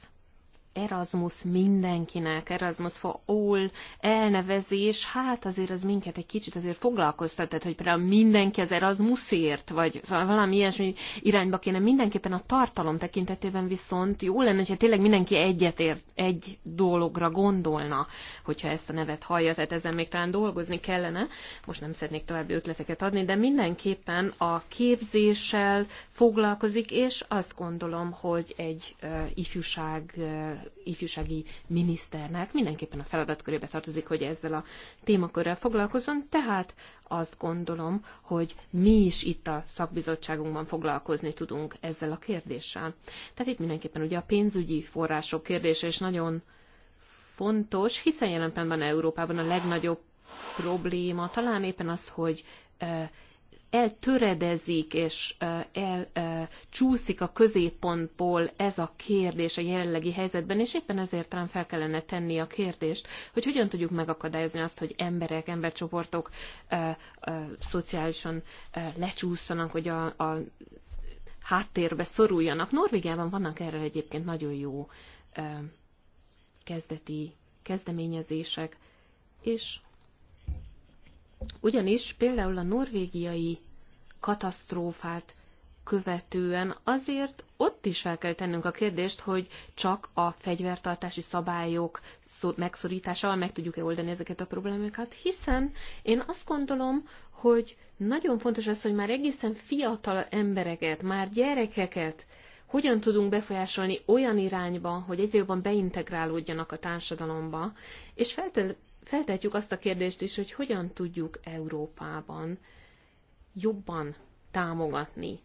Erasmus mindenkinek, Erasmus for all elnevezés, hát azért az minket egy kicsit azért foglalkoztat, hogy például mindenki az Erasmusért, vagy szóval valami ilyesmi irányba kéne mindenképpen a tartalom tekintetében viszont jó lenne, hogyha tényleg mindenki egyetért egy dologra gondolna, hogyha ezt a nevet hallja, tehát ezen még talán dolgozni kellene. Most nem szeretnék további ötleteket adni, de mindenképpen a képzéssel foglalkozik, és azt gondolom, hogy egy ifjúság ifjúsági miniszternek mindenképpen a feladatkörébe tartozik, hogy ezzel a témakörrel foglalkozzon, tehát azt gondolom, hogy mi is itt a szakbizottságunkban foglalkozni tudunk ezzel a kérdéssel. Tehát itt mindenképpen ugye a pénzügyi források kérdése is nagyon fontos, hiszen jelen pillanatban Európában a legnagyobb probléma talán éppen az, hogy eh, eltöredezik és elcsúszik a középpontból ez a kérdés a jelenlegi helyzetben, és éppen ezért talán fel kellene tenni a kérdést, hogy hogyan tudjuk megakadályozni azt, hogy emberek, embercsoportok szociálisan lecsúszanak, hogy a, a háttérbe szoruljanak. Norvégiában vannak erre egyébként nagyon jó kezdeti kezdeményezések, és ugyanis például a norvégiai katasztrófát követően azért ott is fel kell tennünk a kérdést, hogy csak a fegyvertartási szabályok megszorításával meg tudjuk-e oldani ezeket a problémákat, hiszen én azt gondolom, hogy nagyon fontos az, hogy már egészen fiatal embereket, már gyerekeket hogyan tudunk befolyásolni olyan irányba, hogy egyre jobban beintegrálódjanak a társadalomba, és feltel feltehetjük azt a kérdést is, hogy hogyan tudjuk Európában jobban támogatni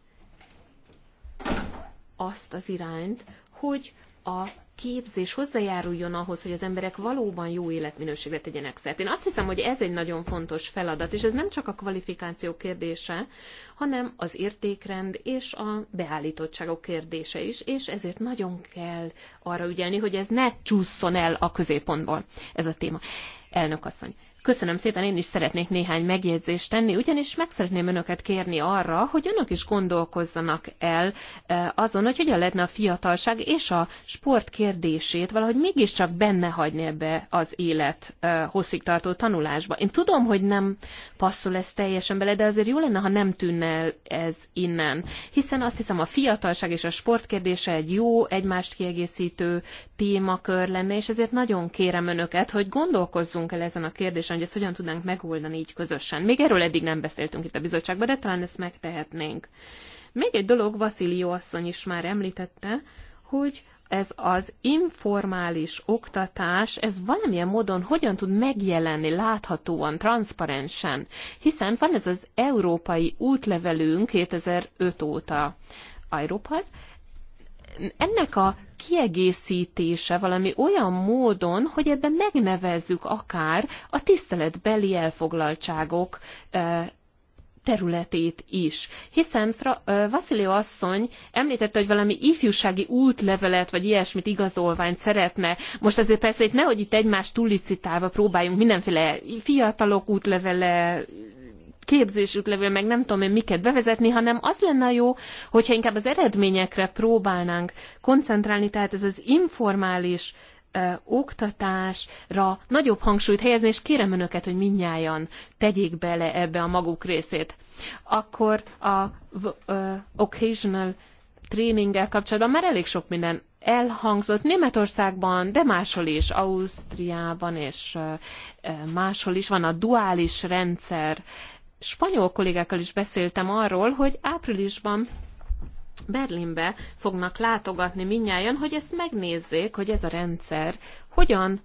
azt az irányt, hogy a képzés hozzájáruljon ahhoz, hogy az emberek valóban jó életminőséget tegyenek szert. Én azt hiszem, hogy ez egy nagyon fontos feladat, és ez nem csak a kvalifikáció kérdése, hanem az értékrend és a beállítottságok kérdése is, és ezért nagyon kell arra ügyelni, hogy ez ne csúszson el a középpontból ez a téma. Elnök asszony, Köszönöm szépen, én is szeretnék néhány megjegyzést tenni, ugyanis meg szeretném önöket kérni arra, hogy önök is gondolkozzanak el e, azon, hogy hogyan lehetne a fiatalság és a sport kérdését valahogy mégiscsak benne hagyni ebbe az élet e, hosszígtartó tanulásba. Én tudom, hogy nem passzol ez teljesen bele, de azért jó lenne, ha nem tűnne el ez innen. Hiszen azt hiszem a fiatalság és a sport kérdése egy jó, egymást kiegészítő témakör lenne, és ezért nagyon kérem önöket, hogy gondolkozzunk el ezen a kérdésen, hogy ezt hogyan tudnánk megoldani így közösen. Még erről eddig nem beszéltünk itt a bizottságban, de talán ezt megtehetnénk. Még egy dolog Vasilió asszony is már említette, hogy ez az informális oktatás, ez valamilyen módon hogyan tud megjelenni láthatóan, transzparensen, hiszen van ez az európai útlevelünk 2005 óta Európáz, ennek a kiegészítése valami olyan módon, hogy ebben megnevezzük akár a tiszteletbeli elfoglaltságok területét is. Hiszen Fra- Vasilio asszony említette, hogy valami ifjúsági útlevelet, vagy ilyesmit igazolványt szeretne. Most azért persze itt nehogy itt egymást túllicitálva próbáljunk mindenféle fiatalok útlevele, képzésük levő, meg nem tudom én miket bevezetni, hanem az lenne jó, hogyha inkább az eredményekre próbálnánk koncentrálni, tehát ez az informális ö, oktatásra nagyobb hangsúlyt helyezni, és kérem önöket, hogy minnyáján tegyék bele ebbe a maguk részét. Akkor a ö, occasional tréninggel kapcsolatban már elég sok minden elhangzott Németországban, de máshol is, Ausztriában és máshol is van a duális rendszer spanyol kollégákkal is beszéltem arról, hogy áprilisban Berlinbe fognak látogatni minnyáján, hogy ezt megnézzék, hogy ez a rendszer hogyan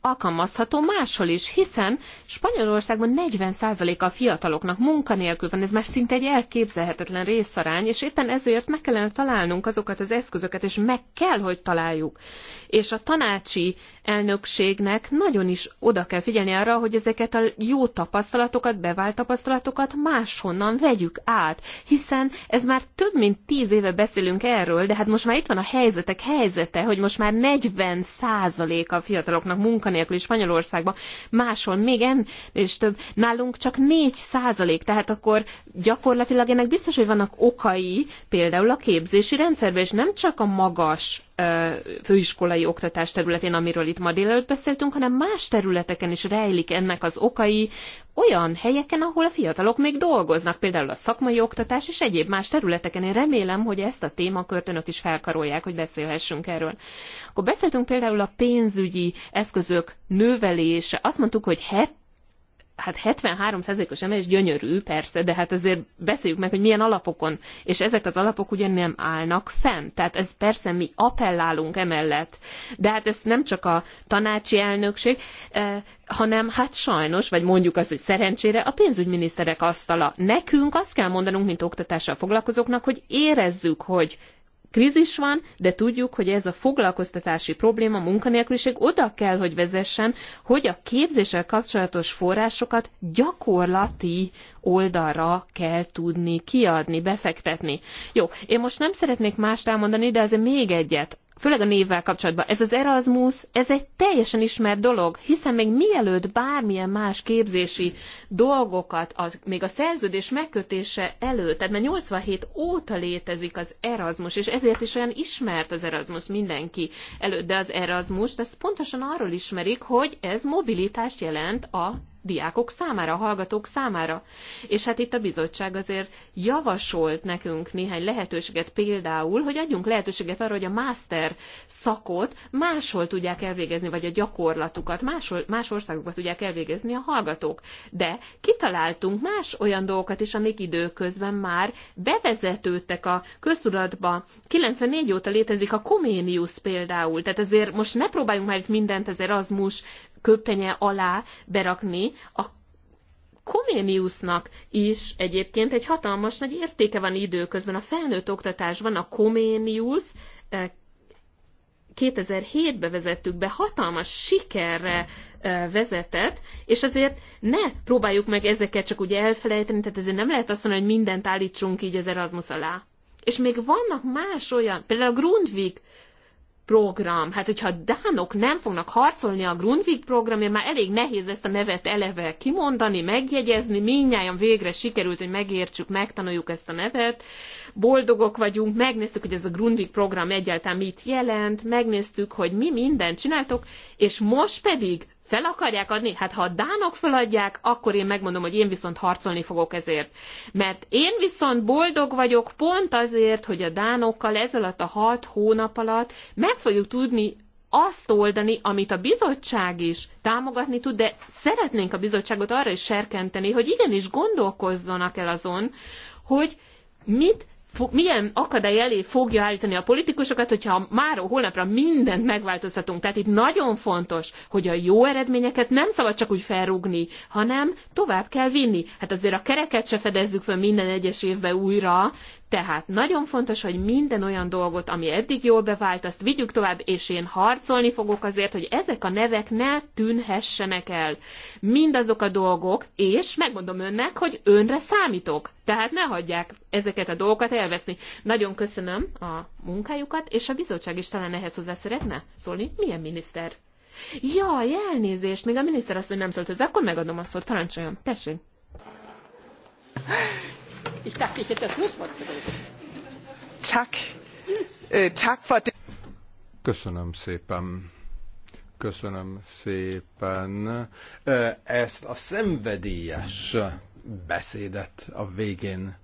alkalmazható máshol is, hiszen Spanyolországban 40% a fiataloknak munkanélkül van, ez már szinte egy elképzelhetetlen részarány, és éppen ezért meg kellene találnunk azokat az eszközöket, és meg kell, hogy találjuk. És a tanácsi elnökségnek nagyon is oda kell figyelni arra, hogy ezeket a jó tapasztalatokat, bevált tapasztalatokat máshonnan vegyük át, hiszen ez már több mint tíz éve beszélünk erről, de hát most már itt van a helyzetek helyzete, hogy most már 40 százalék a fiataloknak munkanélkül Spanyolországban, máshol még en és több, nálunk csak 4 százalék, tehát akkor gyakorlatilag ennek biztos, hogy vannak okai, például a képzési rendszerben, és nem csak a magas főiskolai oktatás területén, amiről itt ma délelőtt beszéltünk, hanem más területeken is rejlik ennek az okai, olyan helyeken, ahol a fiatalok még dolgoznak, például a szakmai oktatás és egyéb más területeken. Én remélem, hogy ezt a témakört önök is felkarolják, hogy beszélhessünk erről. Akkor beszéltünk például a pénzügyi eszközök növelése. Azt mondtuk, hogy hát 73%-os emelés gyönyörű, persze, de hát azért beszéljük meg, hogy milyen alapokon, és ezek az alapok ugyan nem állnak fenn. Tehát ez persze mi appellálunk emellett, de hát ez nem csak a tanácsi elnökség, eh, hanem hát sajnos, vagy mondjuk az hogy szerencsére a pénzügyminiszterek asztala. Nekünk azt kell mondanunk, mint oktatással foglalkozóknak, hogy érezzük, hogy krízis van, de tudjuk, hogy ez a foglalkoztatási probléma, munkanélküliség oda kell, hogy vezessen, hogy a képzéssel kapcsolatos forrásokat gyakorlati oldalra kell tudni kiadni, befektetni. Jó, én most nem szeretnék mást elmondani, de azért még egyet főleg a névvel kapcsolatban, ez az Erasmus, ez egy teljesen ismert dolog, hiszen még mielőtt bármilyen más képzési dolgokat, a, még a szerződés megkötése előtt, tehát már 87 óta létezik az Erasmus, és ezért is olyan ismert az Erasmus mindenki előtt, de az Erasmus, ezt pontosan arról ismerik, hogy ez mobilitást jelent a diákok számára, a hallgatók számára. És hát itt a bizottság azért javasolt nekünk néhány lehetőséget, például, hogy adjunk lehetőséget arra, hogy a master szakot máshol tudják elvégezni, vagy a gyakorlatukat máshol, más országokban tudják elvégezni a hallgatók. De kitaláltunk más olyan dolgokat is, amik időközben már bevezetődtek a köztudatba. 94 óta létezik a Comenius például, tehát ezért most ne próbáljunk már itt mindent az Erasmus köpenye alá berakni, a Koméniusnak is egyébként egy hatalmas nagy értéke van időközben. A felnőtt oktatásban a Koménius 2007-be eh, vezettük be, hatalmas sikerre eh, vezetett, és azért ne próbáljuk meg ezeket csak úgy elfelejteni, tehát ezért nem lehet azt mondani, hogy mindent állítsunk így az Erasmus alá. És még vannak más olyan, például a Grundvik program. Hát, hogyha a dánok nem fognak harcolni a Grundvik programért, már elég nehéz ezt a nevet eleve kimondani, megjegyezni, minnyáján végre sikerült, hogy megértsük, megtanuljuk ezt a nevet, boldogok vagyunk, megnéztük, hogy ez a Grundvik program egyáltalán mit jelent, megnéztük, hogy mi mindent csináltok, és most pedig fel akarják adni? Hát ha a dánok feladják, akkor én megmondom, hogy én viszont harcolni fogok ezért. Mert én viszont boldog vagyok pont azért, hogy a dánokkal ez alatt a hat hónap alatt meg fogjuk tudni azt oldani, amit a bizottság is támogatni tud, de szeretnénk a bizottságot arra is serkenteni, hogy igenis gondolkozzanak el azon, hogy mit milyen akadály elé fogja állítani a politikusokat, hogyha máról holnapra mindent megváltoztatunk. Tehát itt nagyon fontos, hogy a jó eredményeket nem szabad csak úgy felrúgni, hanem tovább kell vinni. Hát azért a kereket se fedezzük föl minden egyes évben újra, tehát nagyon fontos, hogy minden olyan dolgot, ami eddig jól bevált, azt vigyük tovább, és én harcolni fogok azért, hogy ezek a nevek ne tűnhessenek el. Mindazok a dolgok, és megmondom önnek, hogy önre számítok. Tehát ne hagyják ezeket a dolgokat elveszni. Nagyon köszönöm a munkájukat, és a bizottság is talán ehhez hozzá szeretne szólni. Milyen miniszter? Jaj, elnézést, még a miniszter azt, hogy nem szólt hozzá, akkor megadom a szót, parancsoljon. Tessék! Ich dachte, ich hätte das Schlusswort Köszönöm szépen. Köszönöm szépen ezt a szenvedélyes beszédet a végén.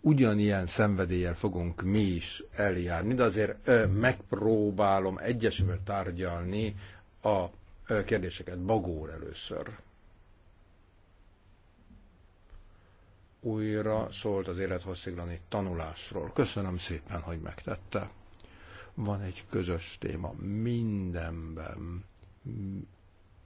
Ugyanilyen szenvedéllyel fogunk mi is eljárni, de azért megpróbálom egyesével tárgyalni a kérdéseket. Bagór először. újra szólt az élethosszíglani tanulásról. Köszönöm szépen, hogy megtette. Van egy közös téma mindenben.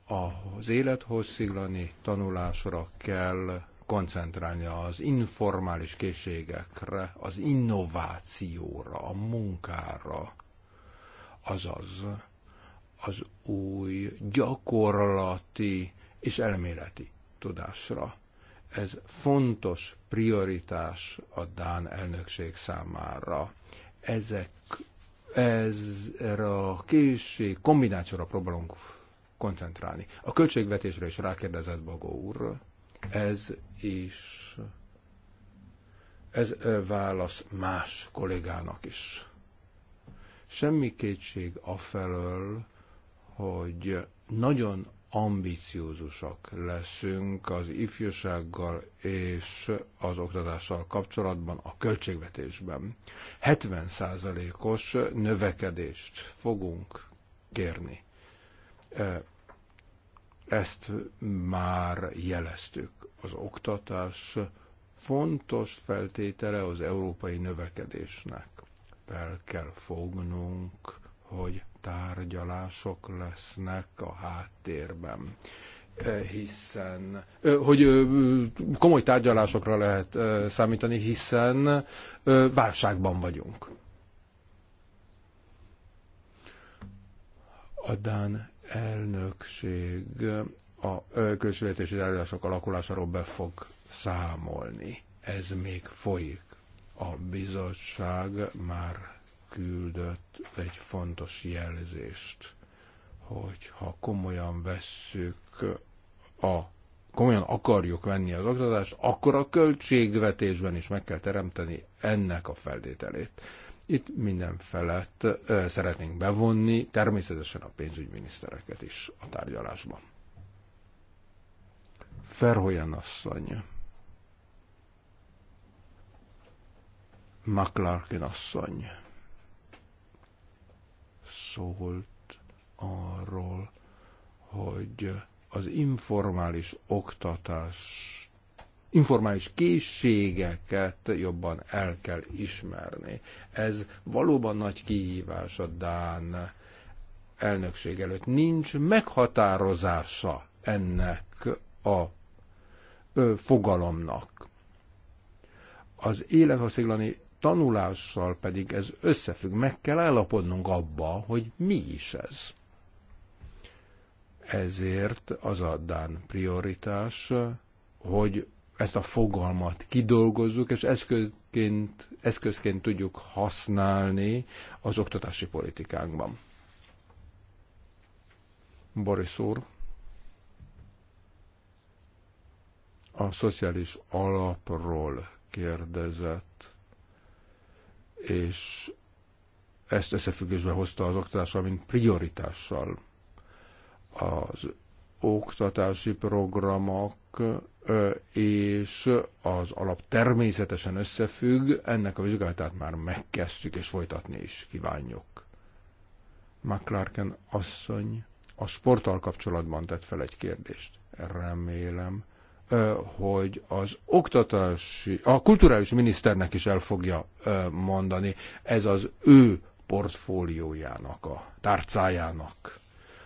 Az élethosszíglani tanulásra kell koncentrálni az informális készségekre, az innovációra, a munkára, azaz az új gyakorlati és elméleti tudásra. Ez fontos prioritás a Dán elnökség számára. Ezek, ez a készség kombinációra próbálunk koncentrálni. A költségvetésre is rákérdezett Bagó úr, ez is ez válasz más kollégának is. Semmi kétség afelől, hogy nagyon ambiciózusak leszünk az ifjúsággal és az oktatással kapcsolatban a költségvetésben. 70%-os növekedést fogunk kérni. E, ezt már jeleztük. Az oktatás fontos feltétele az európai növekedésnek. Fel kell fognunk, hogy tárgyalások lesznek a háttérben eh, hiszen eh, hogy eh, komoly tárgyalásokra lehet számítani, hiszen válságban vagyunk. A Dán elnökség a költségvetési tárgyalások alakulásáról be fog számolni. Ez még folyik. A bizottság már küldött egy fontos jelzést, hogy ha komolyan vesszük a komolyan akarjuk venni az oktatást, akkor a költségvetésben is meg kell teremteni ennek a feltételét. Itt minden felett szeretnénk bevonni természetesen a pénzügyminisztereket is a tárgyalásba. Ferholyan asszony. McClarkin asszony szólt arról, hogy az informális oktatás, informális készségeket jobban el kell ismerni. Ez valóban nagy kihívás a Dán elnökség előtt. Nincs meghatározása ennek a ö, fogalomnak. Az élethosszéglani tanulással pedig ez összefügg. Meg kell állapodnunk abba, hogy mi is ez. Ezért az a Dán prioritás, hogy ezt a fogalmat kidolgozzuk, és eszközként, eszközként tudjuk használni az oktatási politikánkban. Boris úr, a szociális alapról kérdezett és ezt összefüggésbe hozta az oktatással, mint prioritással. Az oktatási programok és az alap természetesen összefügg, ennek a vizsgálatát már megkezdtük és folytatni is kívánjuk. McClarken asszony a sporttal kapcsolatban tett fel egy kérdést. Remélem, hogy az oktatási, a kulturális miniszternek is el fogja mondani, ez az ő portfóliójának, a tárcájának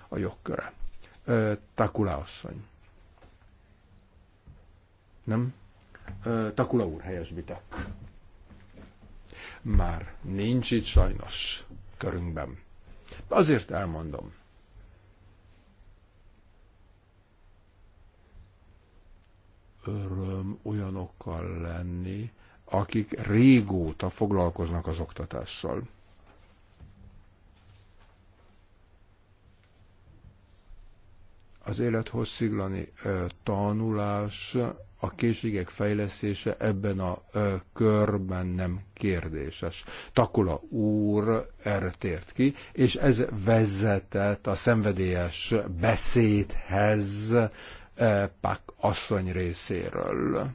a jogköre. Takula asszony. Nem? Takula úr, helyesbitek. Már nincs itt sajnos körünkben. Azért elmondom. öröm olyanokkal lenni, akik régóta foglalkoznak az oktatással. Az élet hosszíglani tanulás, a készségek fejlesztése ebben a körben nem kérdéses. Takula úr erre tért ki, és ez vezetett a szenvedélyes beszédhez, Eh, Pak asszony részéről.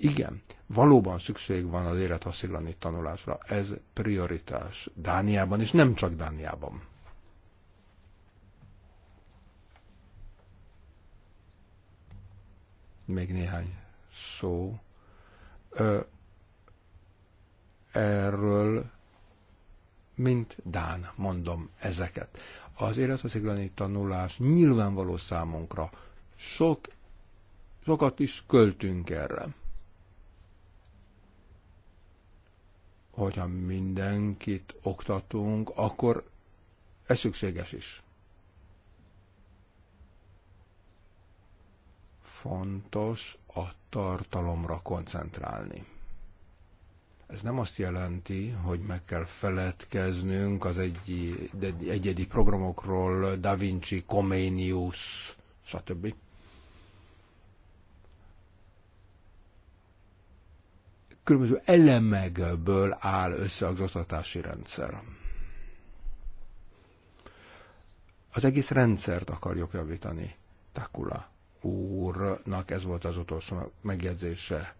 Igen, valóban szükség van az élethasszillani tanulásra. Ez prioritás Dániában, és nem csak Dániában. Még néhány szó. Ö, erről, mint Dán mondom ezeket. Az élethasszillani tanulás nyilvánvaló számunkra, sok, sokat is költünk erre. Hogyha mindenkit oktatunk, akkor ez szükséges is. Fontos a tartalomra koncentrálni. Ez nem azt jelenti, hogy meg kell feledkeznünk az egy, egyedi programokról, Da Vinci, Comenius, stb. különböző elemekből áll össze az oktatási rendszer. Az egész rendszert akarjuk javítani. Takula úrnak ez volt az utolsó megjegyzése.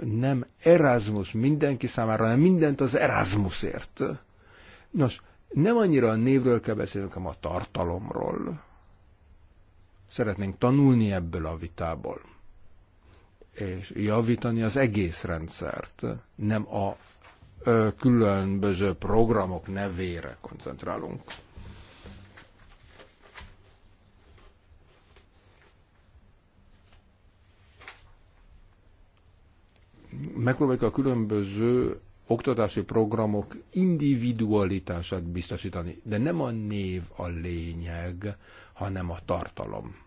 nem Erasmus mindenki számára, hanem mindent az Erasmusért. Nos, nem annyira a névről kell beszélnünk, hanem a tartalomról. Szeretnénk tanulni ebből a vitából és javítani az egész rendszert, nem a különböző programok nevére koncentrálunk. Megpróbáljuk a különböző oktatási programok individualitását biztosítani, de nem a név a lényeg, hanem a tartalom.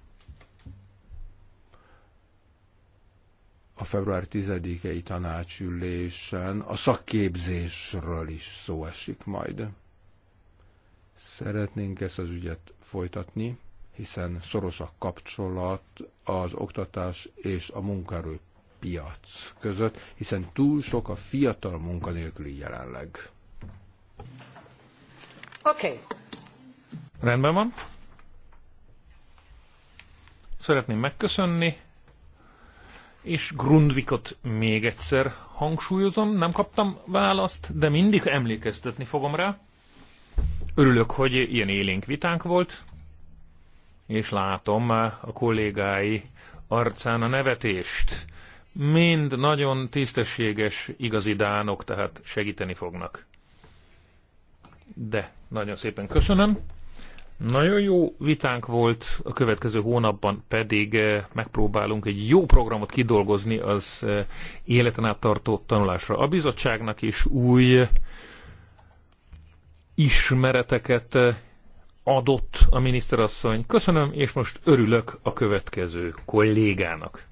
a február 10-i tanácsülésen a szakképzésről is szó esik majd. Szeretnénk ezt az ügyet folytatni, hiszen szoros a kapcsolat az oktatás és a munkaerőpiac piac között, hiszen túl sok a fiatal munkanélküli jelenleg. Oké. Okay. Rendben van. Szeretném megköszönni és Grundvikot még egyszer hangsúlyozom, nem kaptam választ, de mindig emlékeztetni fogom rá. Örülök, hogy ilyen élénk vitánk volt, és látom a kollégái arcán a nevetést. Mind nagyon tisztességes, igazi dánok, tehát segíteni fognak. De nagyon szépen köszönöm. Nagyon jó vitánk volt, a következő hónapban pedig eh, megpróbálunk egy jó programot kidolgozni az eh, életen át tartó tanulásra. A bizottságnak is új ismereteket eh, adott a miniszterasszony. Köszönöm, és most örülök a következő kollégának.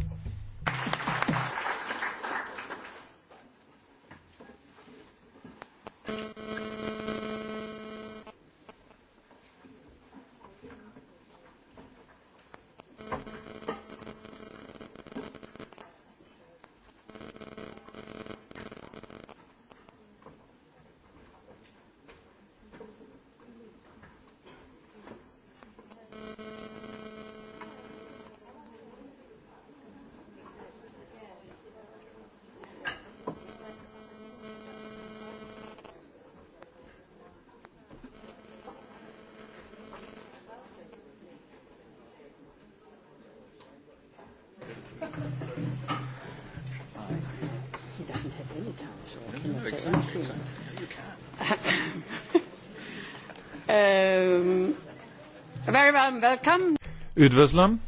Üdvözlöm!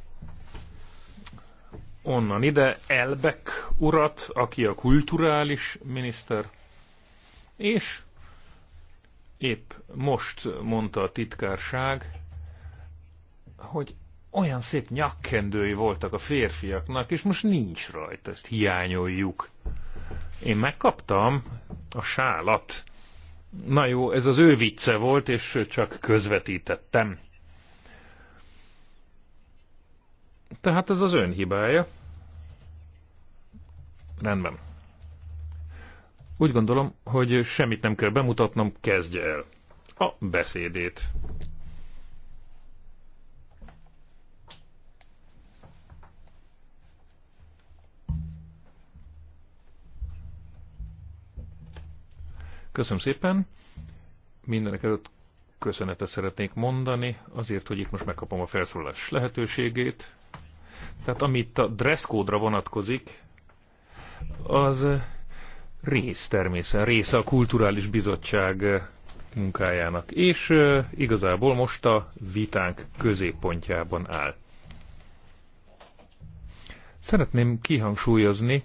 Onnan ide Elbek urat, aki a kulturális miniszter, és épp most mondta a titkárság, hogy olyan szép nyakkendői voltak a férfiaknak, és most nincs rajta, ezt hiányoljuk. Én megkaptam a sálat. Na jó, ez az ő vicce volt, és csak közvetítettem. Tehát ez az ön hibája. Rendben. Úgy gondolom, hogy semmit nem kell bemutatnom, kezdje el a beszédét. Köszönöm szépen. Mindenek előtt köszönetet szeretnék mondani azért, hogy itt most megkapom a felszólalás lehetőségét. Tehát amit a dresszkódra vonatkozik, az rész természetesen, része a Kulturális Bizottság munkájának. És igazából most a vitánk középpontjában áll. Szeretném kihangsúlyozni,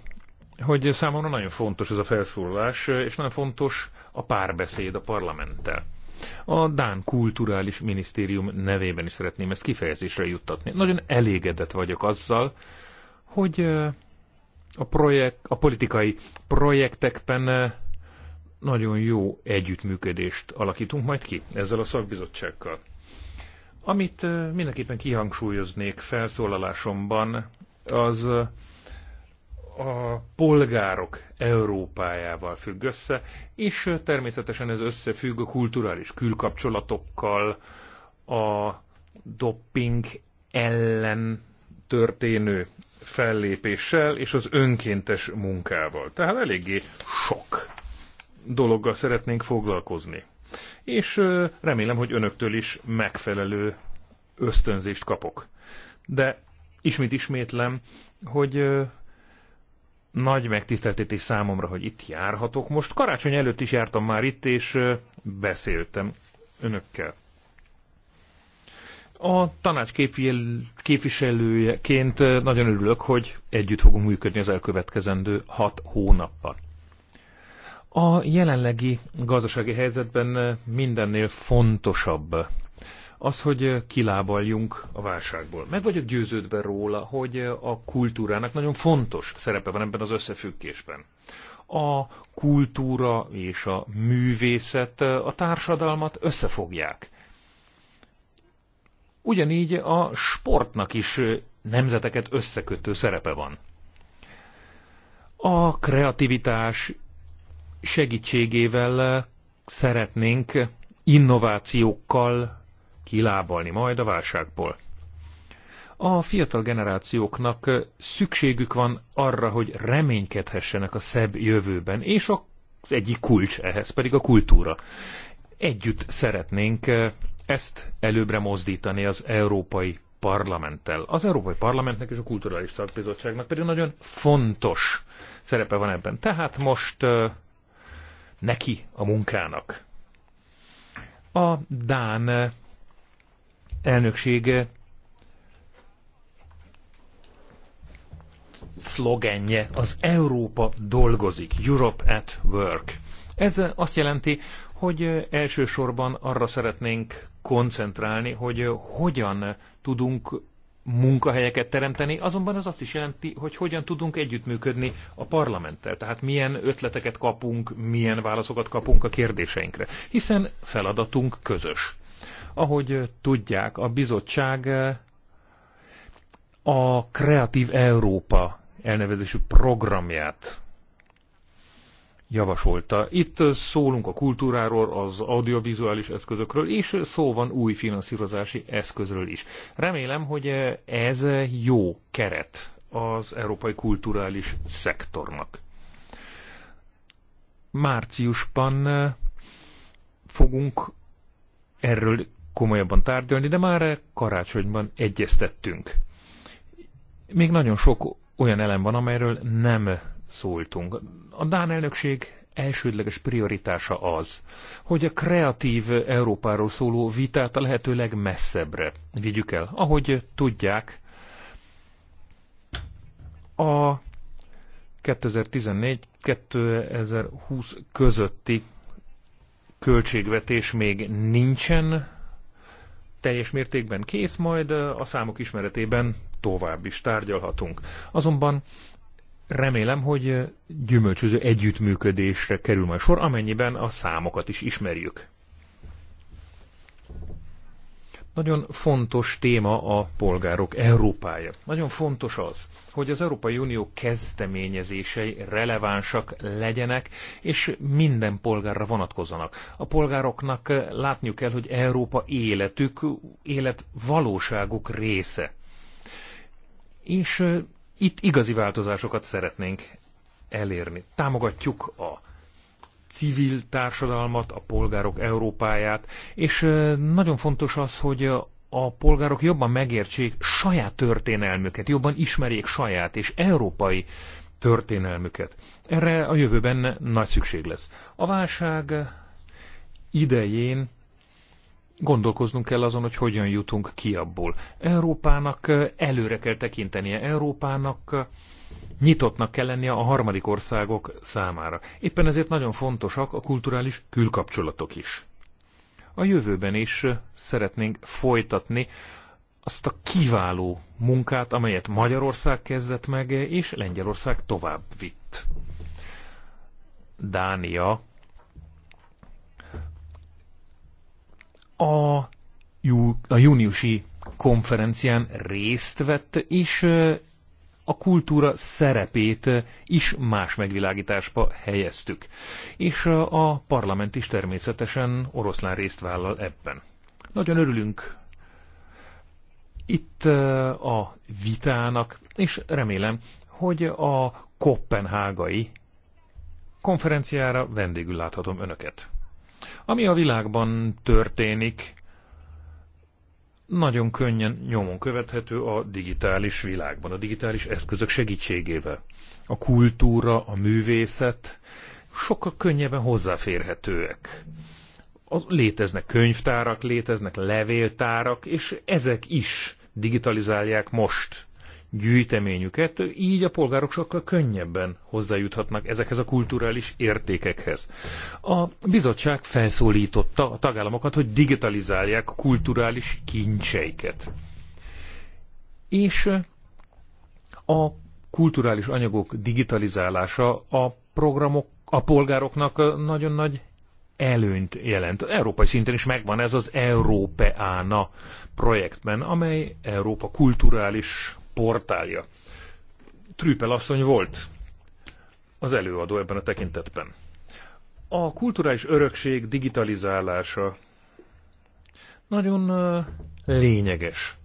hogy számomra nagyon fontos ez a felszólalás, és nagyon fontos a párbeszéd a parlamenttel. A Dán Kulturális Minisztérium nevében is szeretném ezt kifejezésre juttatni. Nagyon elégedett vagyok azzal, hogy a, projekt, a politikai projektekben nagyon jó együttműködést alakítunk majd ki ezzel a szakbizottsággal. Amit mindenképpen kihangsúlyoznék felszólalásomban, az a polgárok Európájával függ össze, és természetesen ez összefügg a kulturális külkapcsolatokkal, a dopping ellen történő fellépéssel és az önkéntes munkával. Tehát eléggé sok dologgal szeretnénk foglalkozni. És remélem, hogy önöktől is megfelelő ösztönzést kapok. De ismét ismétlem, hogy nagy megtiszteltetés számomra, hogy itt járhatok. Most karácsony előtt is jártam már itt, és beszéltem önökkel. A tanács képviselőjeként nagyon örülök, hogy együtt fogunk működni az elkövetkezendő hat hónappal. A jelenlegi gazdasági helyzetben mindennél fontosabb az, hogy kilábaljunk a válságból. Meg vagyok győződve róla, hogy a kultúrának nagyon fontos szerepe van ebben az összefüggésben. A kultúra és a művészet a társadalmat összefogják. Ugyanígy a sportnak is nemzeteket összekötő szerepe van. A kreativitás segítségével szeretnénk innovációkkal kilábalni majd a válságból. A fiatal generációknak szükségük van arra, hogy reménykedhessenek a szebb jövőben, és az egyik kulcs ehhez pedig a kultúra. Együtt szeretnénk ezt előbbre mozdítani az Európai Parlamenttel. Az Európai Parlamentnek és a Kulturális Szakbizottságnak pedig nagyon fontos szerepe van ebben. Tehát most neki a munkának. A Dán elnöksége szlogenje az Európa dolgozik, Europe at Work. Ez azt jelenti, hogy elsősorban arra szeretnénk koncentrálni, hogy hogyan tudunk munkahelyeket teremteni, azonban ez azt is jelenti, hogy hogyan tudunk együttműködni a parlamenttel. Tehát milyen ötleteket kapunk, milyen válaszokat kapunk a kérdéseinkre. Hiszen feladatunk közös. Ahogy tudják, a bizottság a Kreatív Európa elnevezésű programját javasolta. Itt szólunk a kultúráról, az audiovizuális eszközökről, és szó van új finanszírozási eszközről is. Remélem, hogy ez jó keret az európai kulturális szektornak. Márciusban fogunk erről komolyabban tárgyalni, de már karácsonyban egyeztettünk. Még nagyon sok olyan elem van, amelyről nem szóltunk. A Dán elnökség elsődleges prioritása az, hogy a kreatív Európáról szóló vitát a lehető legmesszebbre vigyük el. Ahogy tudják, a 2014-2020 közötti költségvetés még nincsen teljes mértékben kész, majd a számok ismeretében tovább is tárgyalhatunk. Azonban remélem, hogy gyümölcsöző együttműködésre kerül majd sor, amennyiben a számokat is ismerjük. Nagyon fontos téma a polgárok Európája. Nagyon fontos az, hogy az Európai Unió kezdeményezései relevánsak legyenek, és minden polgárra vonatkozzanak. A polgároknak látniuk kell, hogy Európa életük, élet valóságuk része. És itt igazi változásokat szeretnénk elérni. Támogatjuk a civil társadalmat, a polgárok Európáját, és nagyon fontos az, hogy a polgárok jobban megértsék saját történelmüket, jobban ismerjék saját és európai történelmüket. Erre a jövőben nagy szükség lesz. A válság idején gondolkoznunk kell azon, hogy hogyan jutunk ki abból. Európának előre kell tekintenie, Európának nyitottnak kell lennie a harmadik országok számára. Éppen ezért nagyon fontosak a kulturális külkapcsolatok is. A jövőben is szeretnénk folytatni azt a kiváló munkát, amelyet Magyarország kezdett meg, és Lengyelország tovább vitt. Dánia a, jú, a júniusi konferencián részt vett, és a kultúra szerepét is más megvilágításba helyeztük. És a parlament is természetesen oroszlán részt vállal ebben. Nagyon örülünk itt eh, a vitának, és remélem, hogy a kopenhágai konferenciára vendégül láthatom önöket. Ami a világban történik, nagyon könnyen nyomon követhető a digitális világban, a digitális eszközök segítségével. A kultúra, a művészet sokkal könnyebben hozzáférhetőek. Léteznek könyvtárak, léteznek levéltárak, és ezek is digitalizálják most gyűjteményüket, így a polgárok sokkal könnyebben hozzájuthatnak ezekhez a kulturális értékekhez. A bizottság felszólította a tagállamokat, hogy digitalizálják a kulturális kincseiket. És a kulturális anyagok digitalizálása a programok, a polgároknak nagyon nagy előnyt jelent. Európai szinten is megvan ez az Európeána projektben, amely Európa kulturális portálja. Trüpel asszony volt az előadó ebben a tekintetben. A kulturális örökség digitalizálása nagyon lényeges.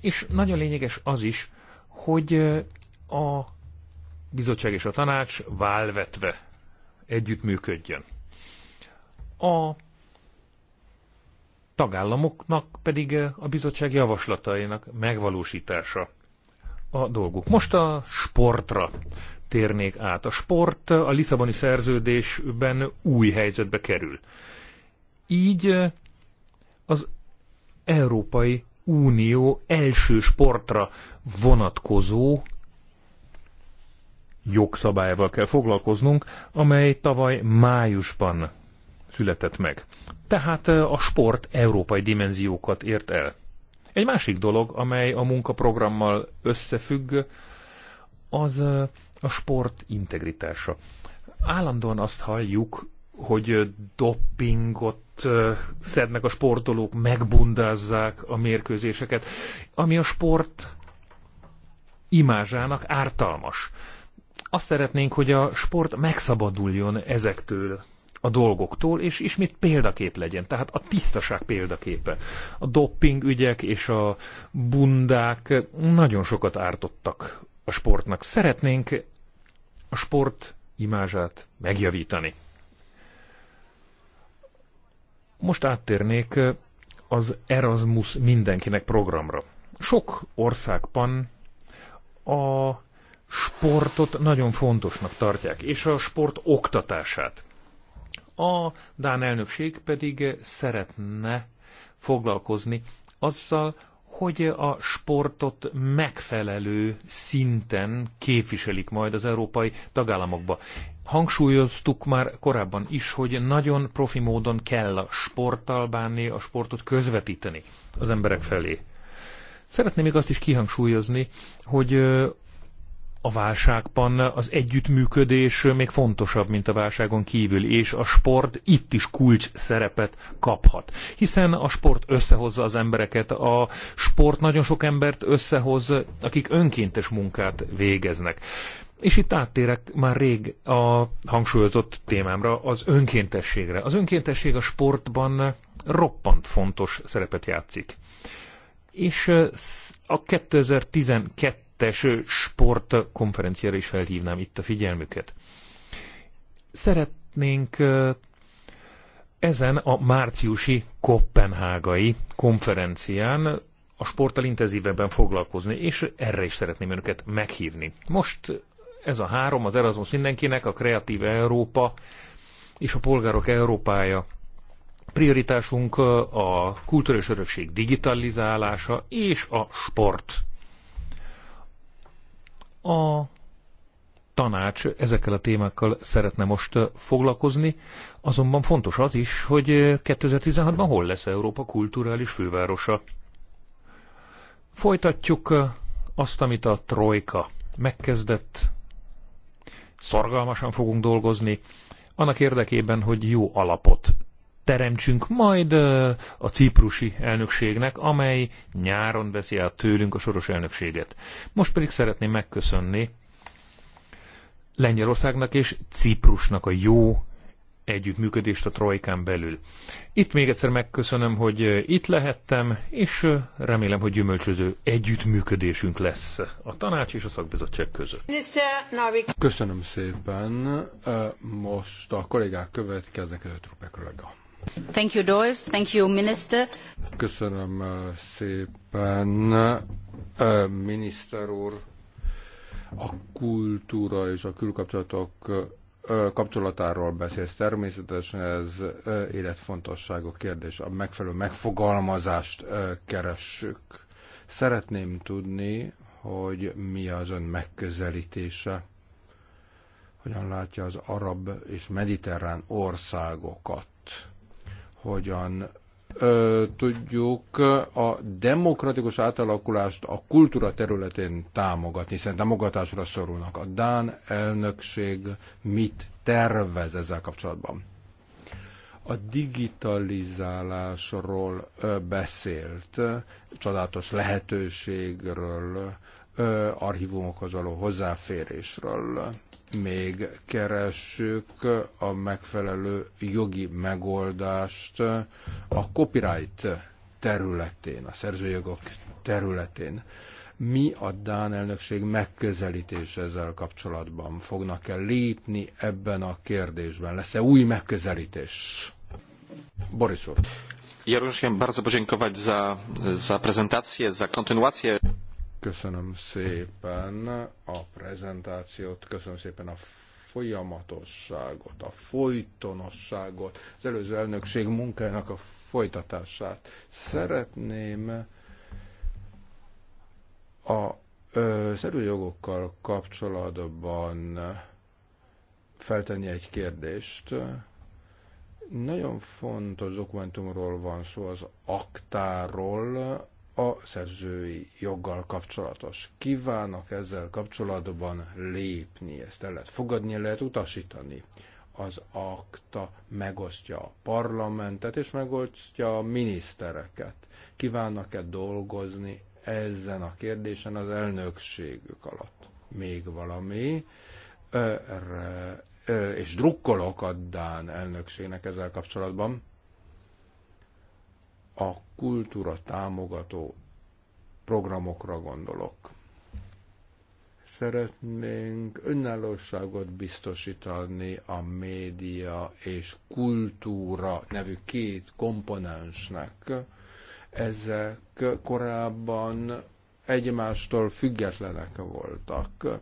És nagyon lényeges az is, hogy a bizottság és a tanács válvetve együttműködjön. A tagállamoknak pedig eh, a bizottság javaslatainak megvalósítása a dolguk. Most a sportra térnék át. A sport a Lisszaboni szerződésben új helyzetbe kerül. Így eh, az Európai Unió első sportra vonatkozó jogszabályával kell foglalkoznunk, amely tavaly májusban született meg. Tehát a sport európai dimenziókat ért el. Egy másik dolog, amely a munkaprogrammal összefügg, az a sport integritása. Állandóan azt halljuk, hogy doppingot szednek a sportolók, megbundázzák a mérkőzéseket, ami a sport imázsának ártalmas. Azt szeretnénk, hogy a sport megszabaduljon ezektől a dolgoktól, és ismét példakép legyen. Tehát a tisztaság példaképe. A dopping ügyek és a bundák nagyon sokat ártottak a sportnak. Szeretnénk a sport imázsát megjavítani. Most áttérnék az Erasmus mindenkinek programra. Sok országban a sportot nagyon fontosnak tartják, és a sport oktatását. A Dán elnökség pedig szeretne foglalkozni azzal, hogy a sportot megfelelő szinten képviselik majd az európai tagállamokba. Hangsúlyoztuk már korábban is, hogy nagyon profi módon kell a sporttal bánni, a sportot közvetíteni az emberek felé. Szeretném még azt is kihangsúlyozni, hogy a válságban az együttműködés még fontosabb, mint a válságon kívül, és a sport itt is kulcs szerepet kaphat. Hiszen a sport összehozza az embereket, a sport nagyon sok embert összehoz, akik önkéntes munkát végeznek. És itt áttérek már rég a hangsúlyozott témámra, az önkéntességre. Az önkéntesség a sportban roppant fontos szerepet játszik. És a 2012 2022-es sportkonferenciára is felhívnám itt a figyelmüket. Szeretnénk ezen a márciusi kopenhágai konferencián a sporttal intenzívebben foglalkozni, és erre is szeretném önöket meghívni. Most ez a három, az Erasmus mindenkinek, a Kreatív Európa és a Polgárok Európája. Prioritásunk a kulturális örökség digitalizálása és a sport. A tanács ezekkel a témákkal szeretne most foglalkozni, azonban fontos az is, hogy 2016-ban hol lesz Európa kulturális fővárosa. Folytatjuk azt, amit a Trojka megkezdett, szorgalmasan fogunk dolgozni, annak érdekében, hogy jó alapot teremtsünk majd a ciprusi elnökségnek, amely nyáron veszi át tőlünk a soros elnökséget. Most pedig szeretném megköszönni Lengyelországnak és Ciprusnak a jó együttműködést a Trojkán belül. Itt még egyszer megköszönöm, hogy itt lehettem, és remélem, hogy gyümölcsöző együttműködésünk lesz a tanács és a szakbizottság között. Köszönöm szépen. Most a kollégák következnek, a Trupek kollega. Köszönöm uh, szépen, uh, miniszter úr. A kultúra és a külkapcsolatok uh, kapcsolatáról beszélsz. Természetesen ez életfontosságú kérdés. A megfelelő megfogalmazást keressük. Szeretném tudni, hogy mi az ön megközelítése, hogyan látja az arab és mediterrán országokat hogyan ö, tudjuk a demokratikus átalakulást a kultúra területén támogatni, hiszen támogatásra szorulnak. A Dán elnökség mit tervez ezzel kapcsolatban? A digitalizálásról beszélt, csodálatos lehetőségről, archívumokhoz való hozzáférésről. Még keressük a megfelelő jogi megoldást a copyright területén, a szerzőjogok területén. Mi a Dán elnökség megközelítés ezzel kapcsolatban? Fognak-e lépni ebben a kérdésben? Lesz-e új megközelítés? Boris úr. Ja również chciałem bardzo podziękować za, za prezentację, za kontynuację. Köszönöm szépen a prezentációt, köszönöm szépen a folyamatosságot, a folytonosságot, az előző elnökség munkájának a folytatását. Szeretném a az kapcsolatban feltenni egy kérdést. Nagyon fontos dokumentumról van szó, az aktáról, a szerzői joggal kapcsolatos. Kívánnak ezzel kapcsolatban lépni, ezt el lehet fogadni, el lehet utasítani. Az akta megosztja a parlamentet és megosztja a minisztereket. Kívánnak-e dolgozni ezen a kérdésen az elnökségük alatt? Még valami, és drukkolok a Dán elnökségnek ezzel kapcsolatban a kultúra támogató programokra gondolok. Szeretnénk önállóságot biztosítani a média és kultúra nevű két komponensnek. Ezek korábban egymástól függetlenek voltak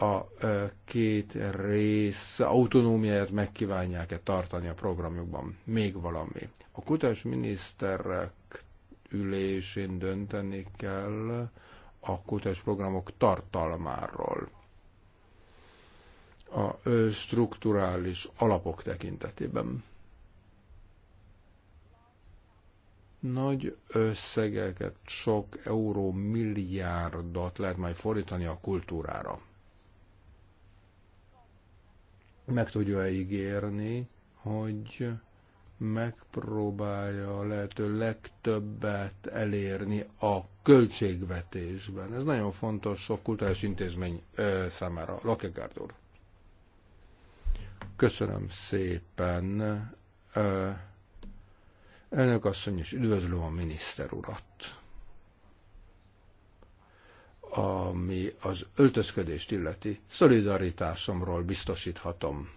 a két rész autonómiáját megkívánják-e tartani a programjukban. Még valami. A kutatás miniszterek ülésén dönteni kell a kutatás programok tartalmáról a strukturális alapok tekintetében. nagy összegeket, sok euró milliárdot lehet majd fordítani a kultúrára meg tudja ígérni, hogy megpróbálja a lehető legtöbbet elérni a költségvetésben. Ez nagyon fontos sok kulturális intézmény számára. Lakegárd úr. Köszönöm szépen. Elnök asszony, és üdvözlöm a miniszter urat ami az öltözködést illeti, szolidaritásomról biztosíthatom.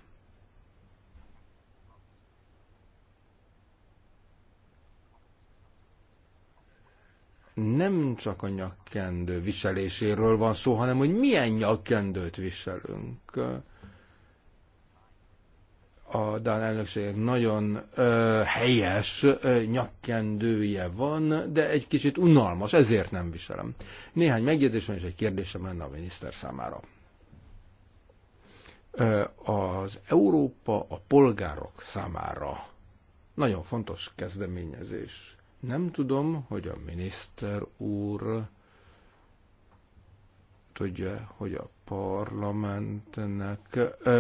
Nem csak a nyakkendő viseléséről van szó, hanem hogy milyen nyakkendőt viselünk a Dán elnökségek nagyon ö, helyes ö, nyakkendője van, de egy kicsit unalmas, ezért nem viselem. Néhány megjegyzésem és egy kérdésem lenne a miniszter számára. Ö, az Európa a polgárok számára nagyon fontos kezdeményezés. Nem tudom, hogy a miniszter úr tudja, hogy a parlamentnek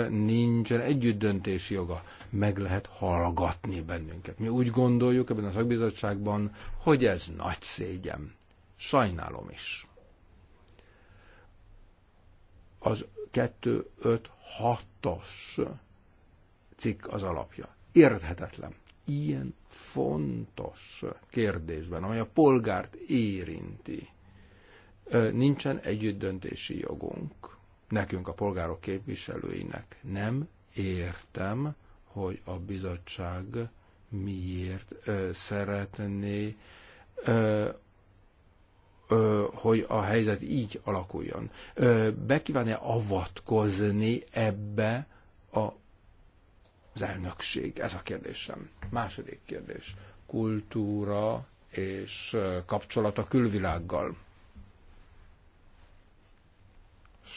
nincsen együttdöntési joga. Meg lehet hallgatni bennünket. Mi úgy gondoljuk ebben a szakbizottságban, hogy ez nagy szégyen. Sajnálom is. Az 2-5-6-os cikk az alapja. Érthetetlen. Ilyen fontos kérdésben, amely a polgárt érinti, nincsen együttdöntési jogunk nekünk, a polgárok képviselőinek. Nem értem, hogy a bizottság miért ö, szeretné, ö, ö, hogy a helyzet így alakuljon. Ö, be kívánja avatkozni ebbe a, az elnökség? Ez a kérdésem. Második kérdés. Kultúra és kapcsolat a külvilággal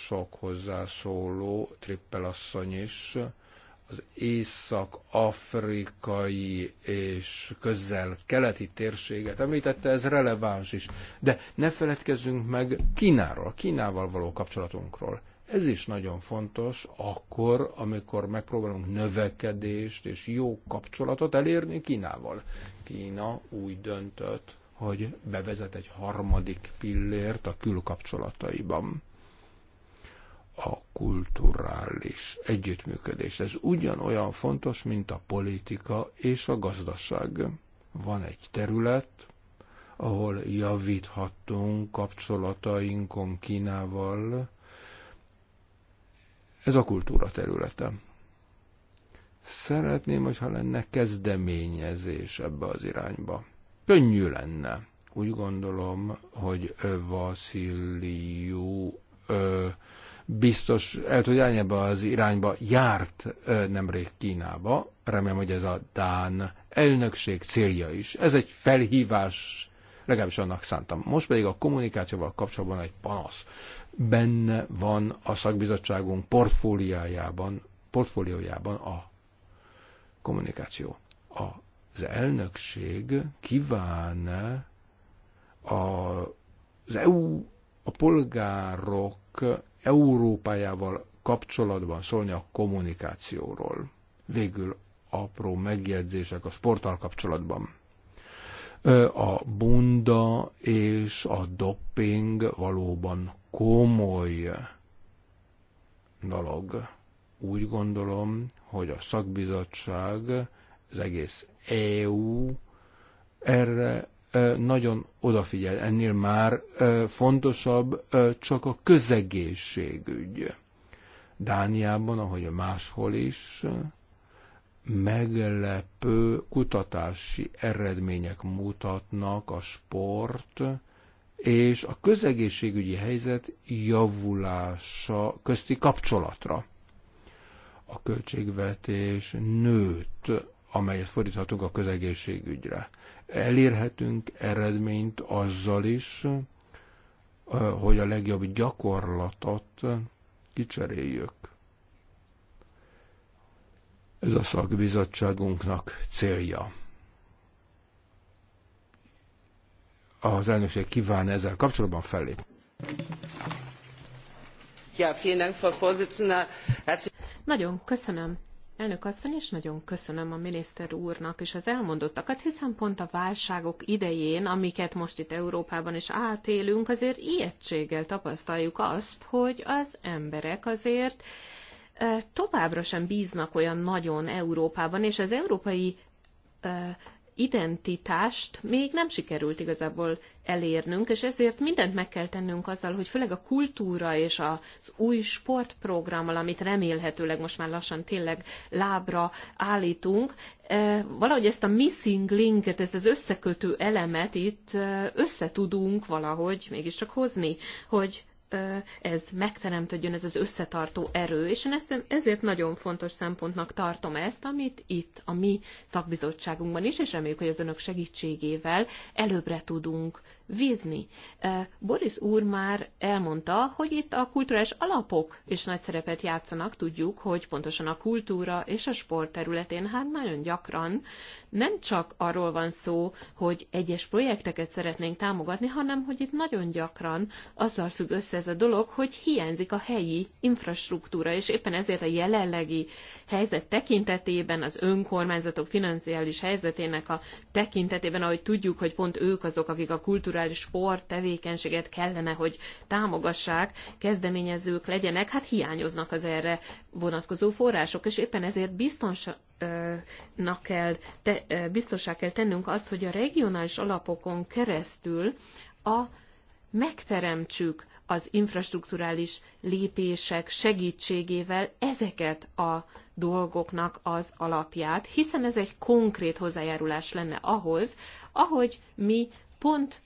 sok hozzászóló, trippelasszony is, az észak-afrikai és közel-keleti térséget említette, ez releváns is. De ne feledkezzünk meg Kínáról, Kínával való kapcsolatunkról. Ez is nagyon fontos akkor, amikor megpróbálunk növekedést és jó kapcsolatot elérni Kínával. Kína úgy döntött, hogy bevezet egy harmadik pillért a külkapcsolataiban a kulturális együttműködés. Ez ugyanolyan fontos, mint a politika és a gazdaság. Van egy terület, ahol javíthatunk kapcsolatainkon Kínával. Ez a kultúra területe. Szeretném, hogyha lenne kezdeményezés ebbe az irányba. Könnyű lenne. Úgy gondolom, hogy Vasziliu ö, biztos el tudja ebbe az irányba járt nemrég Kínába. Remélem, hogy ez a Dán elnökség célja is. Ez egy felhívás, legalábbis annak szántam. Most pedig a kommunikációval kapcsolatban egy panasz. Benne van a szakbizottságunk portfóliójában, portfóliójában a kommunikáció. Az elnökség kíván a, az EU a polgárok Európájával kapcsolatban szólni a kommunikációról. Végül apró megjegyzések a sporttal kapcsolatban. A bunda és a dopping valóban komoly dolog. Úgy gondolom, hogy a szakbizottság, az egész EU erre nagyon odafigyel. Ennél már fontosabb csak a közegészségügy. Dániában, ahogy máshol is, meglepő kutatási eredmények mutatnak a sport és a közegészségügyi helyzet javulása közti kapcsolatra. A költségvetés nőtt amelyet fordíthatunk a közegészségügyre. Elérhetünk eredményt azzal is, hogy a legjobb gyakorlatot kicseréljük. Ez a szakbizottságunknak célja. Az elnökség kíván ezzel kapcsolatban fellépni. Ja, vielen Dank, Frau Vorsitzende. Nagyon köszönöm, Elnök asszony, és nagyon köszönöm a miniszter úrnak és az elmondottakat, hiszen pont a válságok idején, amiket most itt Európában is átélünk, azért ijegységgel tapasztaljuk azt, hogy az emberek azért továbbra sem bíznak olyan nagyon Európában, és az európai identitást még nem sikerült igazából elérnünk, és ezért mindent meg kell tennünk azzal, hogy főleg a kultúra és az új sportprogrammal, amit remélhetőleg most már lassan tényleg lábra állítunk, eh, valahogy ezt a missing linket, ezt az összekötő elemet itt eh, összetudunk valahogy mégiscsak hozni, hogy ez megteremtődjön, ez az összetartó erő, és én ezt, ezért nagyon fontos szempontnak tartom ezt, amit itt a mi szakbizottságunkban is, és reméljük, hogy az önök segítségével előbbre tudunk vízni. Boris úr már elmondta, hogy itt a kulturális alapok is nagy szerepet játszanak, tudjuk, hogy pontosan a kultúra és a sport területén hát nagyon gyakran nem csak arról van szó, hogy egyes projekteket szeretnénk támogatni, hanem hogy itt nagyon gyakran azzal függ össze ez a dolog, hogy hiányzik a helyi infrastruktúra, és éppen ezért a jelenlegi helyzet tekintetében, az önkormányzatok financiális helyzetének a tekintetében, ahogy tudjuk, hogy pont ők azok, akik a kultúra kulturális sport tevékenységet kellene, hogy támogassák, kezdeményezők legyenek, hát hiányoznak az erre vonatkozó források, és éppen ezért biztonságnak kell, te, kell tennünk azt, hogy a regionális alapokon keresztül a megteremtsük az infrastruktúrális lépések segítségével ezeket a dolgoknak az alapját, hiszen ez egy konkrét hozzájárulás lenne ahhoz, ahogy mi pont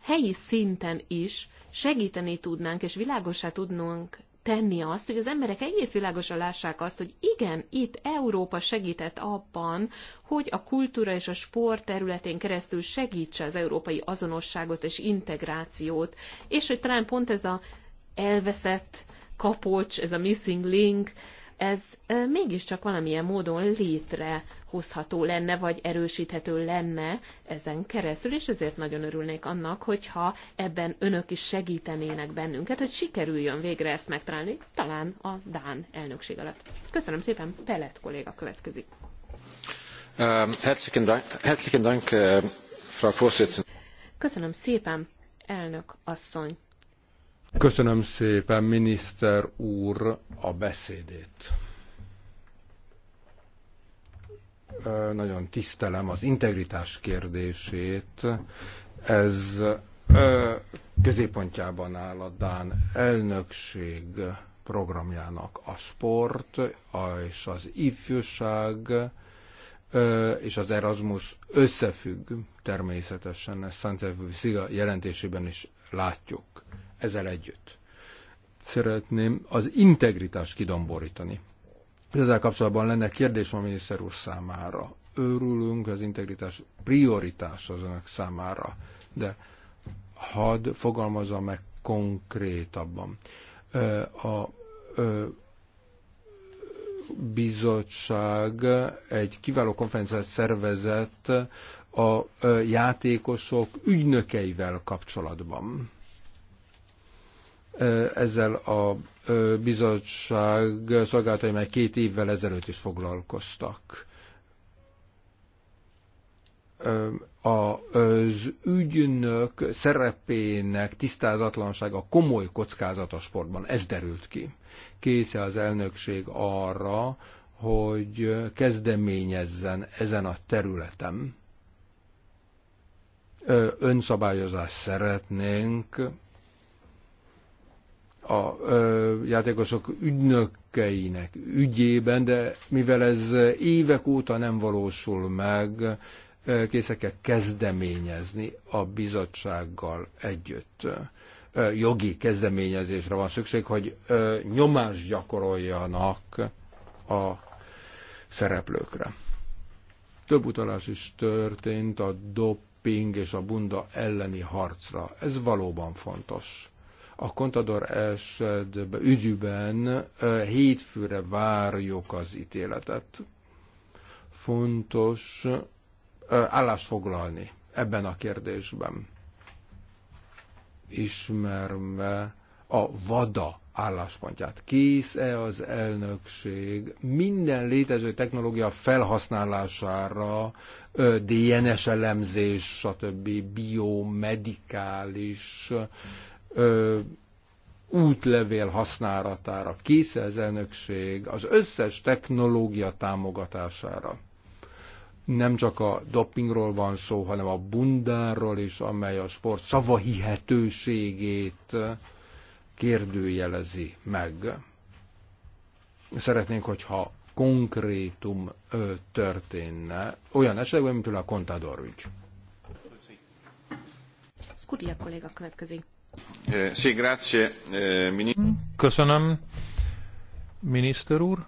helyi szinten is segíteni tudnánk, és világosá tudnunk tenni azt, hogy az emberek egész világosan lássák azt, hogy igen, itt Európa segített abban, hogy a kultúra és a sport területén keresztül segítse az európai azonosságot és integrációt, és hogy talán pont ez a elveszett kapocs, ez a missing link, ez mégiscsak valamilyen módon létre hozható lenne, vagy erősíthető lenne ezen keresztül, és ezért nagyon örülnék annak, hogyha ebben önök is segítenének bennünket, hogy sikerüljön végre ezt megtalálni, talán a Dán elnökség alatt. Köszönöm szépen, Pelet kolléga következik. Um, herzlichen Dank, uh, Frau Vorsitzende. Köszönöm szépen, elnök asszony. Köszönöm szépen, miniszter úr, a beszédét. nagyon tisztelem az integritás kérdését. Ez középpontjában áll a Dán elnökség programjának a sport és az ifjúság és az Erasmus összefügg természetesen, ezt Szentelvű Sziga jelentésében is látjuk ezzel együtt. Szeretném az integritást kidomborítani. Ezzel kapcsolatban lenne kérdés a miniszter úr számára. Örülünk az integritás prioritás az önök számára, de hadd fogalmazza meg konkrétabban. A bizottság egy kiváló konferenciát szervezett a játékosok ügynökeivel kapcsolatban. Ezzel a bizottság szolgálatai már két évvel ezelőtt is foglalkoztak. Az ügynök szerepének tisztázatlansága komoly kockázat a sportban, ez derült ki. Kész az elnökség arra, hogy kezdeményezzen ezen a területen. Önszabályozást szeretnénk, a játékosok ügynökeinek ügyében, de mivel ez évek óta nem valósul meg, készek -e kezdeményezni a bizottsággal együtt. Jogi kezdeményezésre van szükség, hogy nyomást gyakoroljanak a szereplőkre. Több utalás is történt a doping és a bunda elleni harcra. Ez valóban fontos a Contador esetben, ügyüben hétfőre várjuk az ítéletet. Fontos állásfoglalni ebben a kérdésben. Ismerve a vada álláspontját. Kész-e az elnökség minden létező technológia felhasználására, DNS elemzés, stb. biomedikális ö, útlevél használatára, kész az összes technológia támogatására. Nem csak a dopingról van szó, hanem a bundáról is, amely a sport szavahihetőségét kérdőjelezi meg. Szeretnénk, hogyha konkrétum ö, történne, olyan esetben, mint például a Contador ügy. Skuria kolléga következik. Eh, eh, Köszönöm, miniszter úr.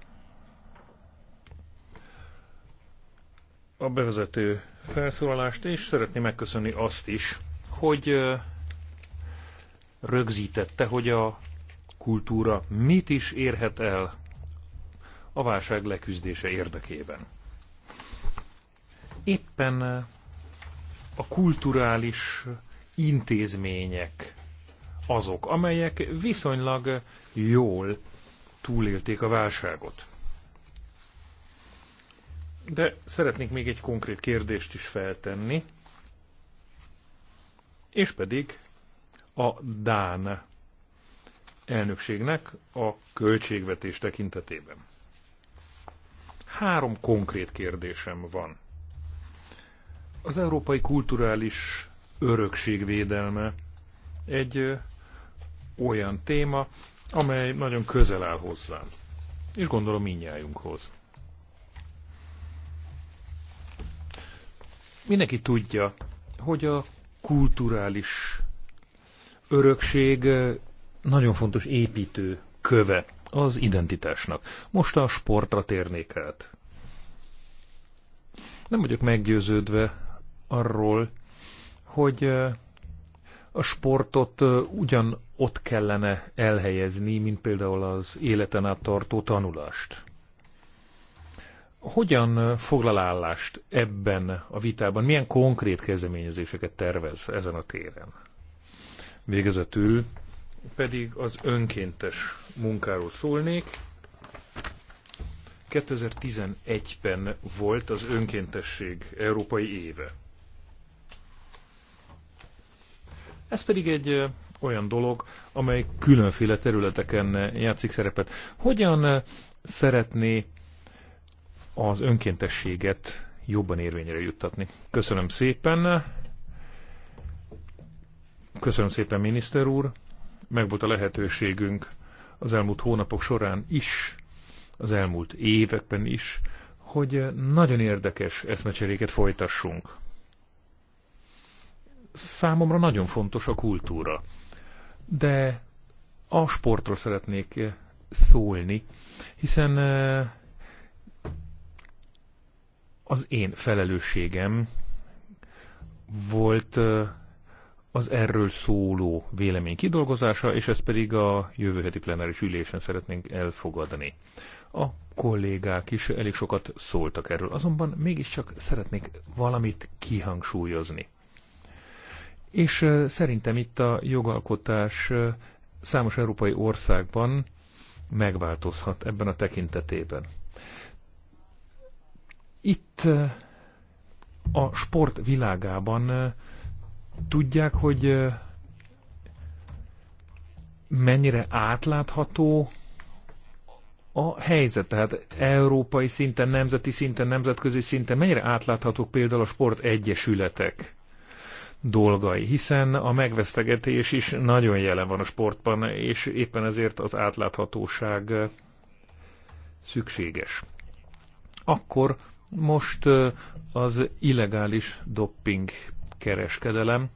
A bevezető felszólalást, és szeretném megköszönni azt is, hogy eh, rögzítette, hogy a kultúra mit is érhet el a válság leküzdése érdekében. Éppen a kulturális intézmények azok, amelyek viszonylag jól túlélték a válságot. De szeretnék még egy konkrét kérdést is feltenni, és pedig a Dán elnökségnek a költségvetés tekintetében. Három konkrét kérdésem van. Az európai kulturális örökség védelme egy olyan téma, amely nagyon közel áll hozzám, és gondolom minnyájunkhoz. Mindenki tudja, hogy a kulturális örökség eh, nagyon fontos építő köve az identitásnak. Most a sportra térnék át. Nem vagyok meggyőződve arról, hogy eh, a sportot ugyan ott kellene elhelyezni, mint például az életen át tartó tanulást. Hogyan foglal állást ebben a vitában? Milyen konkrét kezdeményezéseket tervez ezen a téren? Végezetül pedig az önkéntes munkáról szólnék. 2011-ben volt az önkéntesség európai éve. Ez pedig egy olyan dolog, amely különféle területeken játszik szerepet. Hogyan szeretné az önkéntességet jobban érvényre juttatni? Köszönöm szépen. Köszönöm szépen, miniszter úr. Meg volt a lehetőségünk az elmúlt hónapok során is, az elmúlt években is, hogy nagyon érdekes eszmecseréket folytassunk számomra nagyon fontos a kultúra. De a sportról szeretnék szólni, hiszen az én felelősségem volt az erről szóló vélemény kidolgozása, és ezt pedig a jövő heti plenáris ülésen szeretnénk elfogadni. A kollégák is elég sokat szóltak erről, azonban mégiscsak szeretnék valamit kihangsúlyozni. És szerintem itt a jogalkotás számos európai országban megváltozhat ebben a tekintetében. Itt a sport világában tudják, hogy mennyire átlátható a helyzet, tehát európai szinten, nemzeti szinten, nemzetközi szinten, mennyire átláthatók például a sportegyesületek? dolgai, hiszen a megvesztegetés is nagyon jelen van a sportban, és éppen ezért az átláthatóság szükséges. Akkor most az illegális dopping kereskedelem.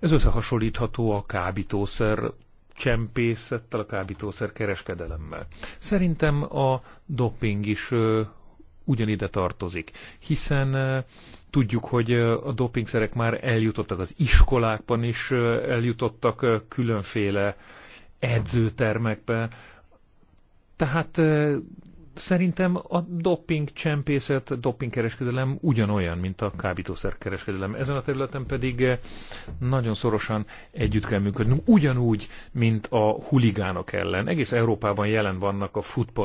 Ez összehasonlítható a kábítószer csempészettel, a kábítószer kereskedelemmel. Szerintem a dopping is ugyanide tartozik, hiszen Tudjuk, hogy a dopingszerek már eljutottak az iskolákban is, eljutottak különféle edzőtermekbe. Tehát szerintem a doping csempészet, kereskedelem ugyanolyan, mint a kereskedelem. Ezen a területen pedig nagyon szorosan együtt kell működnünk, ugyanúgy, mint a huligánok ellen. Egész Európában jelen vannak a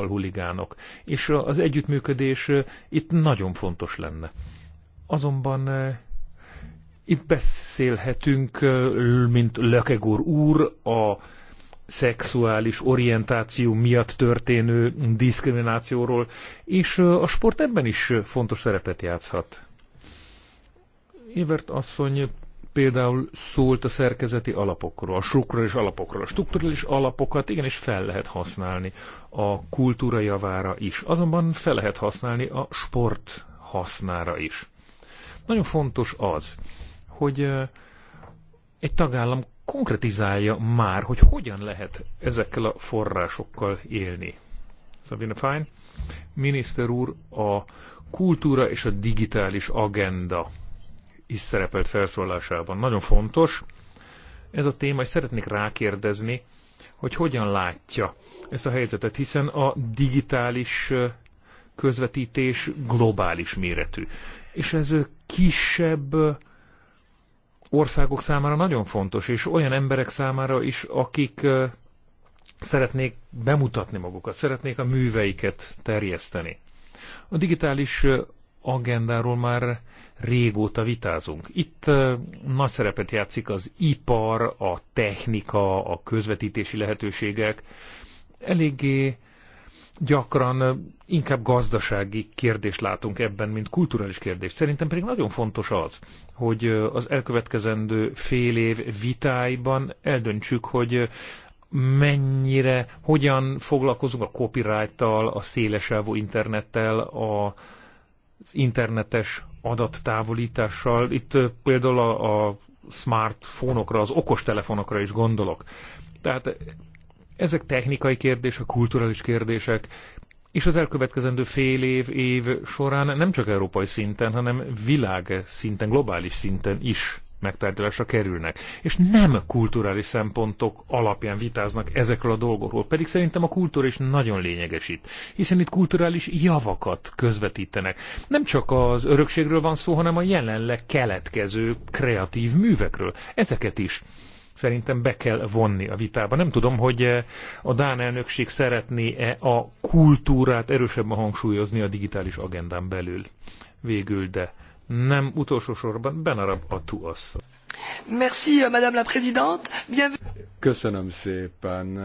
huligánok, és az együttműködés itt nagyon fontos lenne. Azonban eh, itt beszélhetünk, eh, mint Lökegor úr, a szexuális orientáció miatt történő diszkriminációról, és eh, a sport ebben is fontos szerepet játszhat. Évert asszony például szólt a szerkezeti alapokról, a strukturális alapokról. A strukturális alapokat igenis fel lehet használni a kultúra javára is, azonban fel lehet használni a sport hasznára is. Nagyon fontos az, hogy egy tagállam konkretizálja már, hogy hogyan lehet ezekkel a forrásokkal élni. Szabina fine? miniszter úr, a kultúra és a digitális agenda is szerepelt felszólásában. Nagyon fontos ez a téma, és szeretnék rákérdezni, hogy hogyan látja ezt a helyzetet, hiszen a digitális közvetítés globális méretű és ez kisebb országok számára nagyon fontos, és olyan emberek számára is, akik szeretnék bemutatni magukat, szeretnék a műveiket terjeszteni. A digitális agendáról már régóta vitázunk. Itt nagy szerepet játszik az ipar, a technika, a közvetítési lehetőségek. Eléggé gyakran inkább gazdasági kérdést látunk ebben, mint kulturális kérdés. Szerintem pedig nagyon fontos az, hogy az elkövetkezendő fél év vitáiban eldöntsük, hogy mennyire, hogyan foglalkozunk a copyright-tal, a szélesávú internettel, a, az internetes adattávolítással. Itt például a, a smartfónokra, az okostelefonokra is gondolok. Tehát ezek technikai kérdések, kulturális kérdések, és az elkövetkezendő fél év, év során nem csak európai szinten, hanem világ szinten, globális szinten is megtárgyalásra kerülnek. És nem kulturális szempontok alapján vitáznak ezekről a dolgokról, pedig szerintem a kultúra is nagyon lényeges itt, hiszen itt kulturális javakat közvetítenek. Nem csak az örökségről van szó, hanem a jelenleg keletkező kreatív művekről. Ezeket is szerintem be kell vonni a vitába. Nem tudom, hogy eh, a Dán elnökség szeretné-e a kultúrát erősebben hangsúlyozni a digitális agendán belül végül, de nem utolsó sorban Benarab Atu asszony. Merci, euh, Madame la Présidente. Bienvenue. Köszönöm szépen,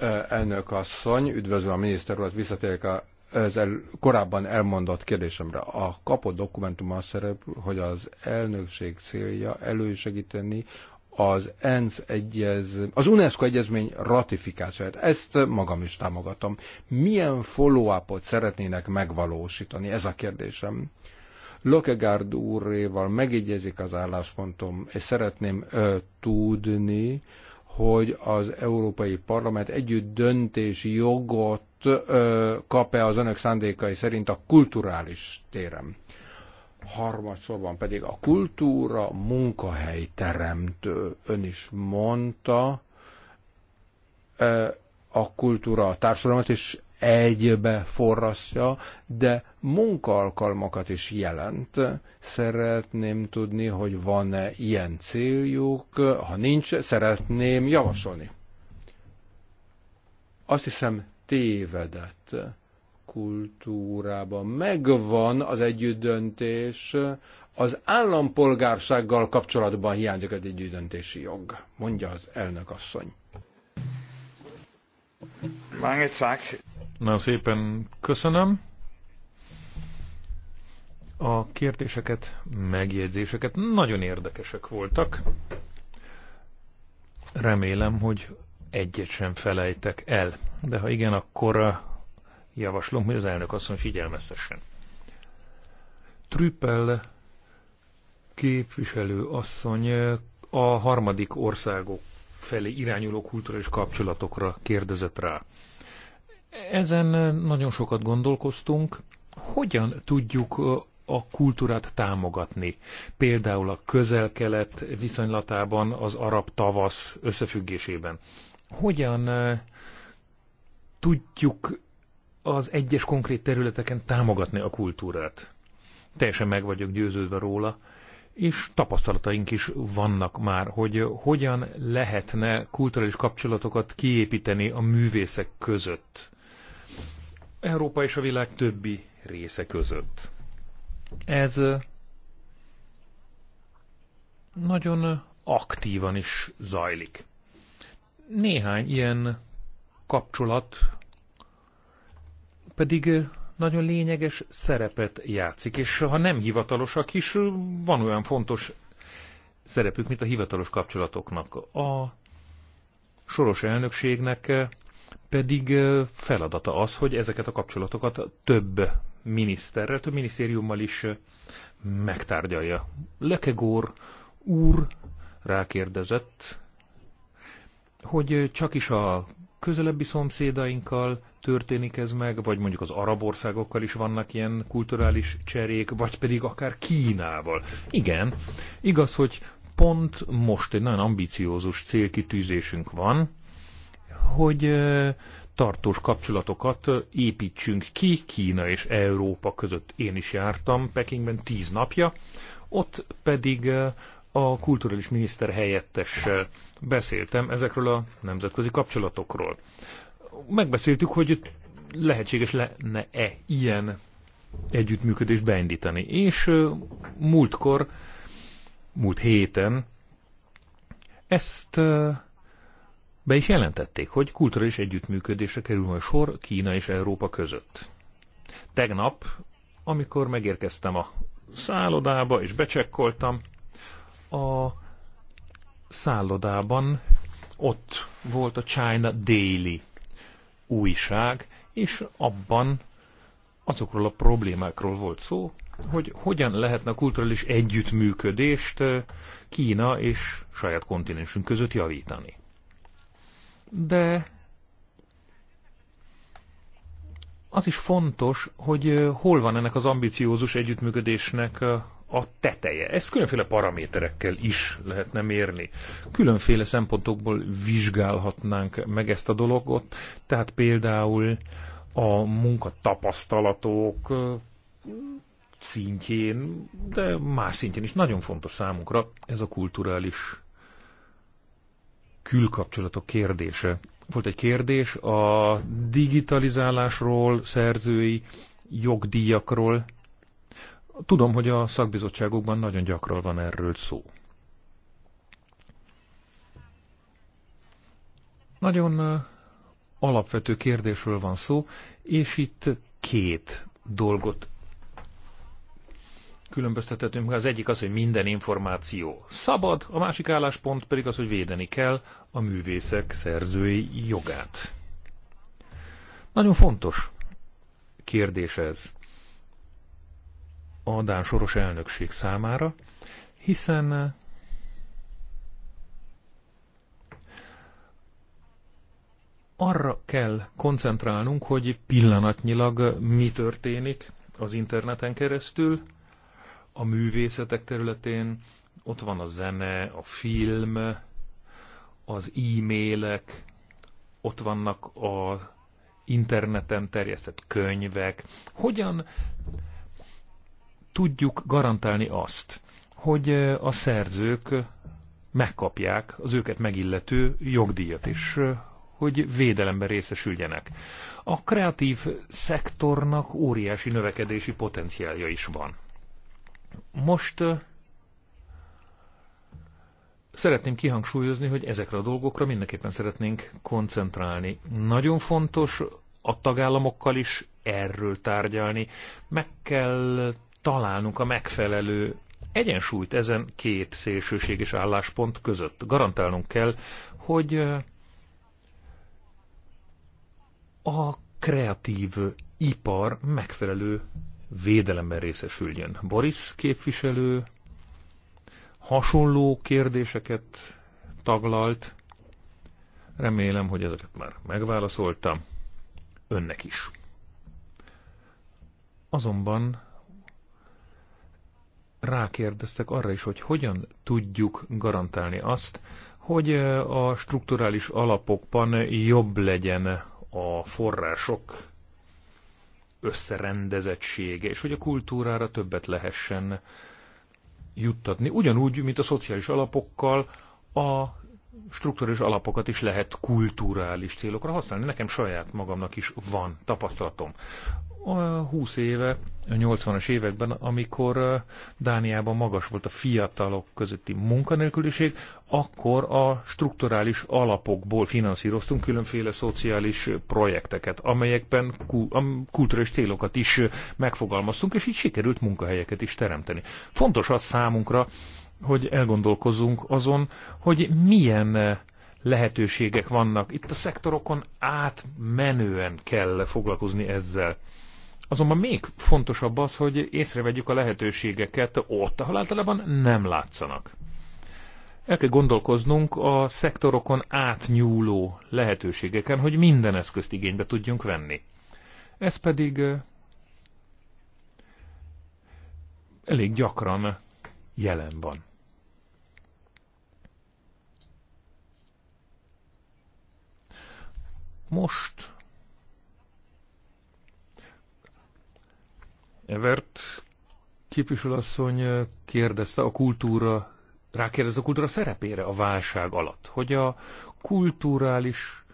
eh, elnök asszony. Üdvözlöm a miniszter urat, visszatérek a az el, korábban elmondott kérdésemre. A kapott dokumentumban szerep, hogy az elnökség célja elősegíteni az ENSZ egyez, az UNESCO egyezmény ratifikációját. Ezt magam is támogatom. Milyen follow szeretnének megvalósítani? Ez a kérdésem. Lokegárd úrréval megegyezik az álláspontom, és szeretném ö, tudni, hogy az Európai Parlament együtt döntési jogot kap-e az önök szándékai szerint a kulturális téren harmadsorban pedig a kultúra munkahely teremtő. Ön is mondta, a kultúra a társadalmat is egybe forrasztja, de munkaalkalmakat is jelent. Szeretném tudni, hogy van-e ilyen céljuk, ha nincs, szeretném javasolni. Azt hiszem tévedett kultúrában megvan az együttdöntés, az állampolgársággal kapcsolatban hiányzik az együttdöntési jog, mondja az elnök asszony. Nagyon szépen köszönöm. A kérdéseket, megjegyzéseket nagyon érdekesek voltak. Remélem, hogy egyet sem felejtek el, de ha igen, akkor javaslom, hogy az elnök asszony figyelmeztessen. Trüppel képviselő asszony a harmadik országok felé irányuló kulturális kapcsolatokra kérdezett rá. Ezen nagyon sokat gondolkoztunk, hogyan tudjuk a kultúrát támogatni. Például a közel-kelet viszonylatában, az arab tavasz összefüggésében. Hogyan tudjuk az egyes konkrét területeken támogatni a kultúrát. Teljesen meg vagyok győződve róla, és tapasztalataink is vannak már, hogy hogyan lehetne kulturális kapcsolatokat kiépíteni a művészek között. Európa és a világ többi része között. Ez nagyon aktívan is zajlik. Néhány ilyen kapcsolat pedig nagyon lényeges szerepet játszik, és ha nem hivatalosak is, van olyan fontos szerepük, mint a hivatalos kapcsolatoknak. A soros elnökségnek pedig feladata az, hogy ezeket a kapcsolatokat több miniszterrel, több minisztériummal is megtárgyalja. Lekegór úr rákérdezett, hogy csak is a közelebbi szomszédainkkal történik ez meg, vagy mondjuk az arab országokkal is vannak ilyen kulturális cserék, vagy pedig akár Kínával. Igen, igaz, hogy pont most egy nagyon ambiciózus célkitűzésünk van, hogy tartós kapcsolatokat építsünk ki Kína és Európa között. Én is jártam Pekingben tíz napja, ott pedig a kulturális miniszter helyettessel beszéltem ezekről a nemzetközi kapcsolatokról. Megbeszéltük, hogy lehetséges lenne-e ilyen együttműködést beindítani. És múltkor, múlt héten ezt be is jelentették, hogy kulturális együttműködésre kerül majd sor Kína és Európa között. Tegnap, amikor megérkeztem a szállodába és becsekkoltam, a szállodában ott volt a China Daily újság, és abban azokról a problémákról volt szó, hogy hogyan lehetne a kulturális együttműködést Kína és saját kontinensünk között javítani. De az is fontos, hogy hol van ennek az ambiciózus együttműködésnek a teteje. Ezt különféle paraméterekkel is lehetne mérni. Különféle szempontokból vizsgálhatnánk meg ezt a dologot, tehát például a munkatapasztalatok szintjén, de más szintjén is nagyon fontos számunkra ez a kulturális külkapcsolatok kérdése. Volt egy kérdés a digitalizálásról, szerzői jogdíjakról, Tudom, hogy a szakbizottságokban nagyon gyakran van erről szó. Nagyon alapvető kérdésről van szó, és itt két dolgot különböztethetünk. Az egyik az, hogy minden információ szabad, a másik álláspont pedig az, hogy védeni kell a művészek szerzői jogát. Nagyon fontos kérdés ez a Dán soros elnökség számára, hiszen arra kell koncentrálnunk, hogy pillanatnyilag mi történik az interneten keresztül, a művészetek területén, ott van a zene, a film, az e-mailek, ott vannak a interneten terjesztett könyvek. Hogyan tudjuk garantálni azt, hogy a szerzők megkapják az őket megillető jogdíjat is, hogy védelemben részesüljenek. A kreatív szektornak óriási növekedési potenciálja is van. Most szeretném kihangsúlyozni, hogy ezekre a dolgokra mindenképpen szeretnénk koncentrálni. Nagyon fontos a tagállamokkal is erről tárgyalni. Meg kell találnunk a megfelelő egyensúlyt ezen két szélsőséges álláspont között. Garantálnunk kell, hogy a kreatív ipar megfelelő védelemben részesüljön. Boris képviselő hasonló kérdéseket taglalt. Remélem, hogy ezeket már megválaszoltam. Önnek is. Azonban rákérdeztek arra is, hogy hogyan tudjuk garantálni azt, hogy a strukturális alapokban jobb legyen a források összerendezettsége, és hogy a kultúrára többet lehessen juttatni. Ugyanúgy, mint a szociális alapokkal, a strukturális alapokat is lehet kulturális célokra használni. Nekem saját magamnak is van tapasztalatom. 20 éve, a 80-as években, amikor Dániában magas volt a fiatalok közötti munkanélküliség, akkor a strukturális alapokból finanszíroztunk különféle szociális projekteket, amelyekben kulturális célokat is megfogalmaztunk, és így sikerült munkahelyeket is teremteni. Fontos az számunkra, hogy elgondolkozzunk azon, hogy milyen lehetőségek vannak. Itt a szektorokon átmenően kell foglalkozni ezzel. Azonban még fontosabb az, hogy észrevegyük a lehetőségeket ott, ahol általában nem látszanak. El kell gondolkoznunk a szektorokon átnyúló lehetőségeken, hogy minden eszközt igénybe tudjunk venni. Ez pedig eh, elég gyakran jelen van. Most Evert képviselőasszony kérdezte a kultúra, rákérdezte a kultúra szerepére a válság alatt, hogy a kulturális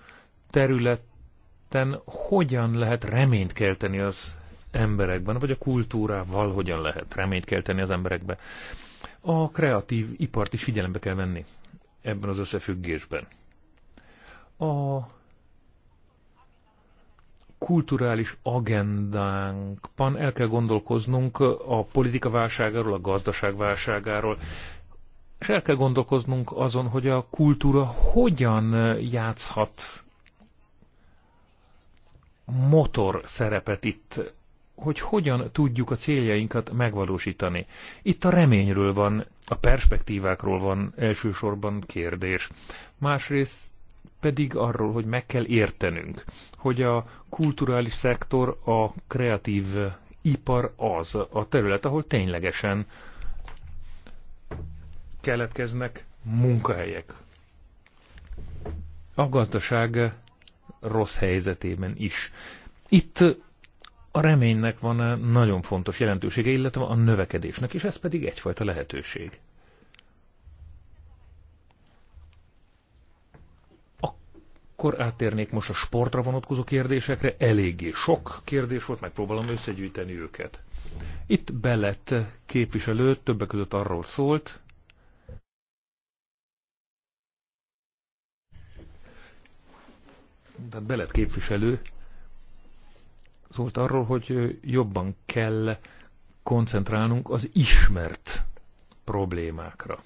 területen hogyan lehet reményt kelteni az emberekben, vagy a kultúrával hogyan lehet reményt kelteni az emberekbe. A kreatív ipart is figyelembe kell venni ebben az összefüggésben. A kulturális agendánkban el kell gondolkoznunk a politika válságáról, a gazdaság válságáról, és el kell gondolkoznunk azon, hogy a kultúra hogyan játszhat motor szerepet itt, hogy hogyan tudjuk a céljainkat megvalósítani. Itt a reményről van, a perspektívákról van elsősorban kérdés. Másrészt pedig arról, hogy meg kell értenünk, hogy a kulturális szektor, a kreatív ipar az a terület, ahol ténylegesen keletkeznek munkahelyek. A gazdaság rossz helyzetében is. Itt a reménynek van nagyon fontos jelentősége, illetve a növekedésnek, és ez pedig egyfajta lehetőség. Akkor áttérnék most a sportra vonatkozó kérdésekre. Eléggé sok kérdés volt, megpróbálom összegyűjteni őket. Itt Bellett képviselő többek között arról szólt, tehát Bellett képviselő szólt arról, hogy jobban kell koncentrálnunk az ismert problémákra.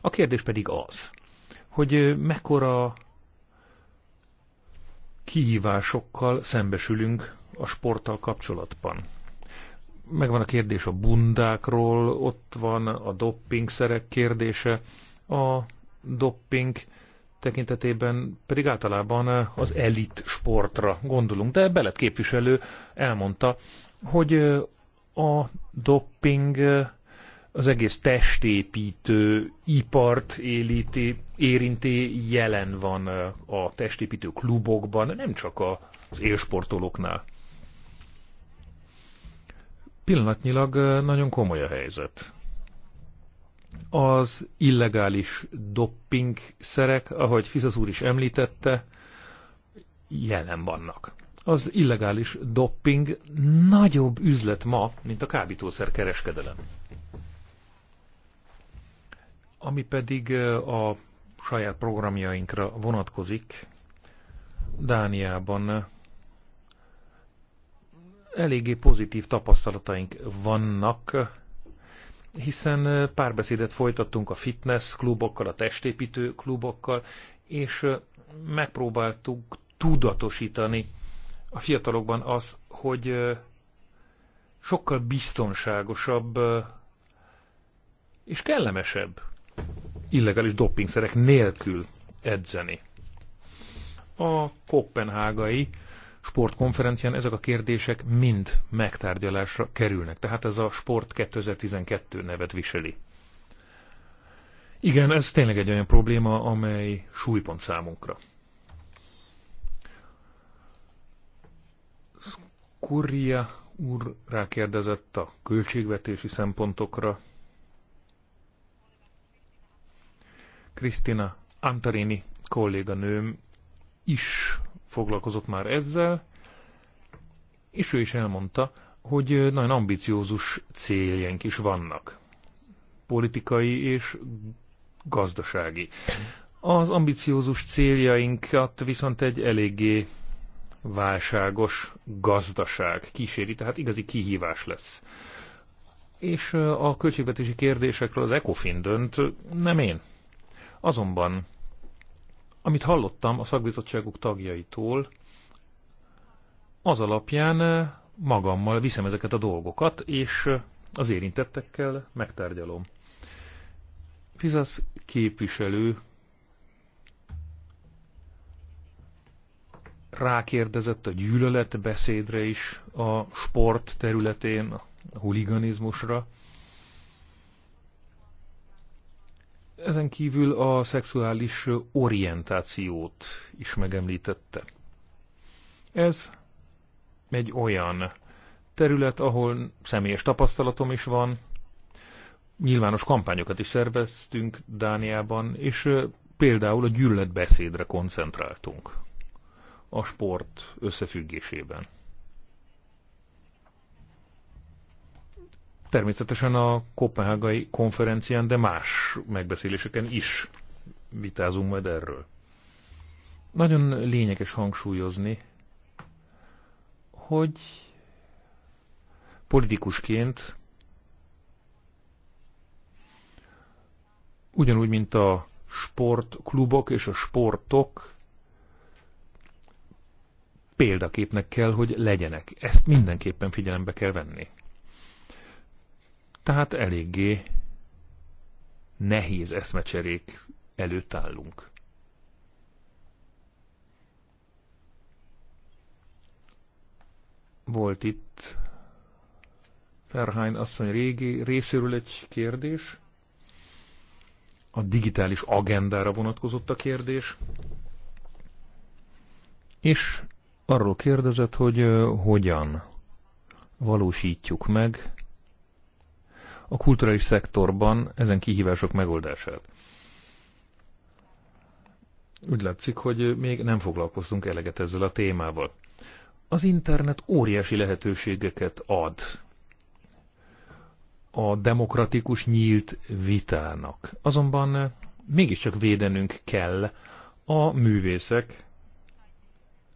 A kérdés pedig az, hogy mekkora kihívásokkal szembesülünk a sporttal kapcsolatban. Megvan a kérdés a bundákról, ott van a doppingszerek kérdése. A dopping tekintetében pedig általában az elit sportra gondolunk, de Belet képviselő elmondta, hogy a dopping az egész testépítő ipart éliti, érinti, jelen van a testépítő klubokban, nem csak az élsportolóknál. Pillanatnyilag nagyon komoly a helyzet. Az illegális szerek, ahogy Fizaz úr is említette, jelen vannak. Az illegális dopping nagyobb üzlet ma, mint a kábítószer kereskedelem. Ami pedig a saját programjainkra vonatkozik, Dániában eléggé pozitív tapasztalataink vannak, hiszen párbeszédet folytattunk a fitness klubokkal, a testépítő klubokkal, és megpróbáltuk tudatosítani a fiatalokban az, hogy sokkal biztonságosabb és kellemesebb illegális doppingszerek nélkül edzeni. A kopenhágai sportkonferencián ezek a kérdések mind megtárgyalásra kerülnek, tehát ez a Sport 2012 nevet viseli. Igen, ez tényleg egy olyan probléma, amely súlypont számunkra. Skurria úr rákérdezett a költségvetési szempontokra, Krisztina Antarini kolléganőm is foglalkozott már ezzel, és ő is elmondta, hogy nagyon ambiciózus céljaink is vannak. Politikai és gazdasági. Az ambiciózus céljainkat viszont egy eléggé válságos gazdaság kíséri, tehát igazi kihívás lesz. És a költségvetési kérdésekről az ECOFIN dönt, nem én. Azonban, amit hallottam a szakbizottságok tagjaitól, az alapján eh, magammal viszem ezeket a dolgokat, és eh, az érintettekkel megtárgyalom. Fizasz képviselő rákérdezett a gyűlöletbeszédre is a sport területén, a huliganizmusra. Ezen kívül a szexuális orientációt is megemlítette. Ez egy olyan terület, ahol személyes tapasztalatom is van. Nyilvános kampányokat is szerveztünk Dániában, és például a gyűlöletbeszédre koncentráltunk a sport összefüggésében. természetesen a Kopenhágai konferencián, de más megbeszéléseken is vitázunk majd erről. Nagyon lényeges hangsúlyozni, hogy politikusként ugyanúgy, mint a sportklubok és a sportok példaképnek kell, hogy legyenek. Ezt mindenképpen figyelembe kell venni. Tehát eléggé nehéz eszmecserék előtt állunk. Volt itt Ferhány asszony régi részéről egy kérdés. A digitális agendára vonatkozott a kérdés. És arról kérdezett, hogy hogyan valósítjuk meg a kulturális szektorban ezen kihívások megoldását. Úgy látszik, hogy még nem foglalkoztunk eleget ezzel a témával. Az internet óriási lehetőségeket ad a demokratikus nyílt vitának. Azonban mégiscsak védenünk kell a művészek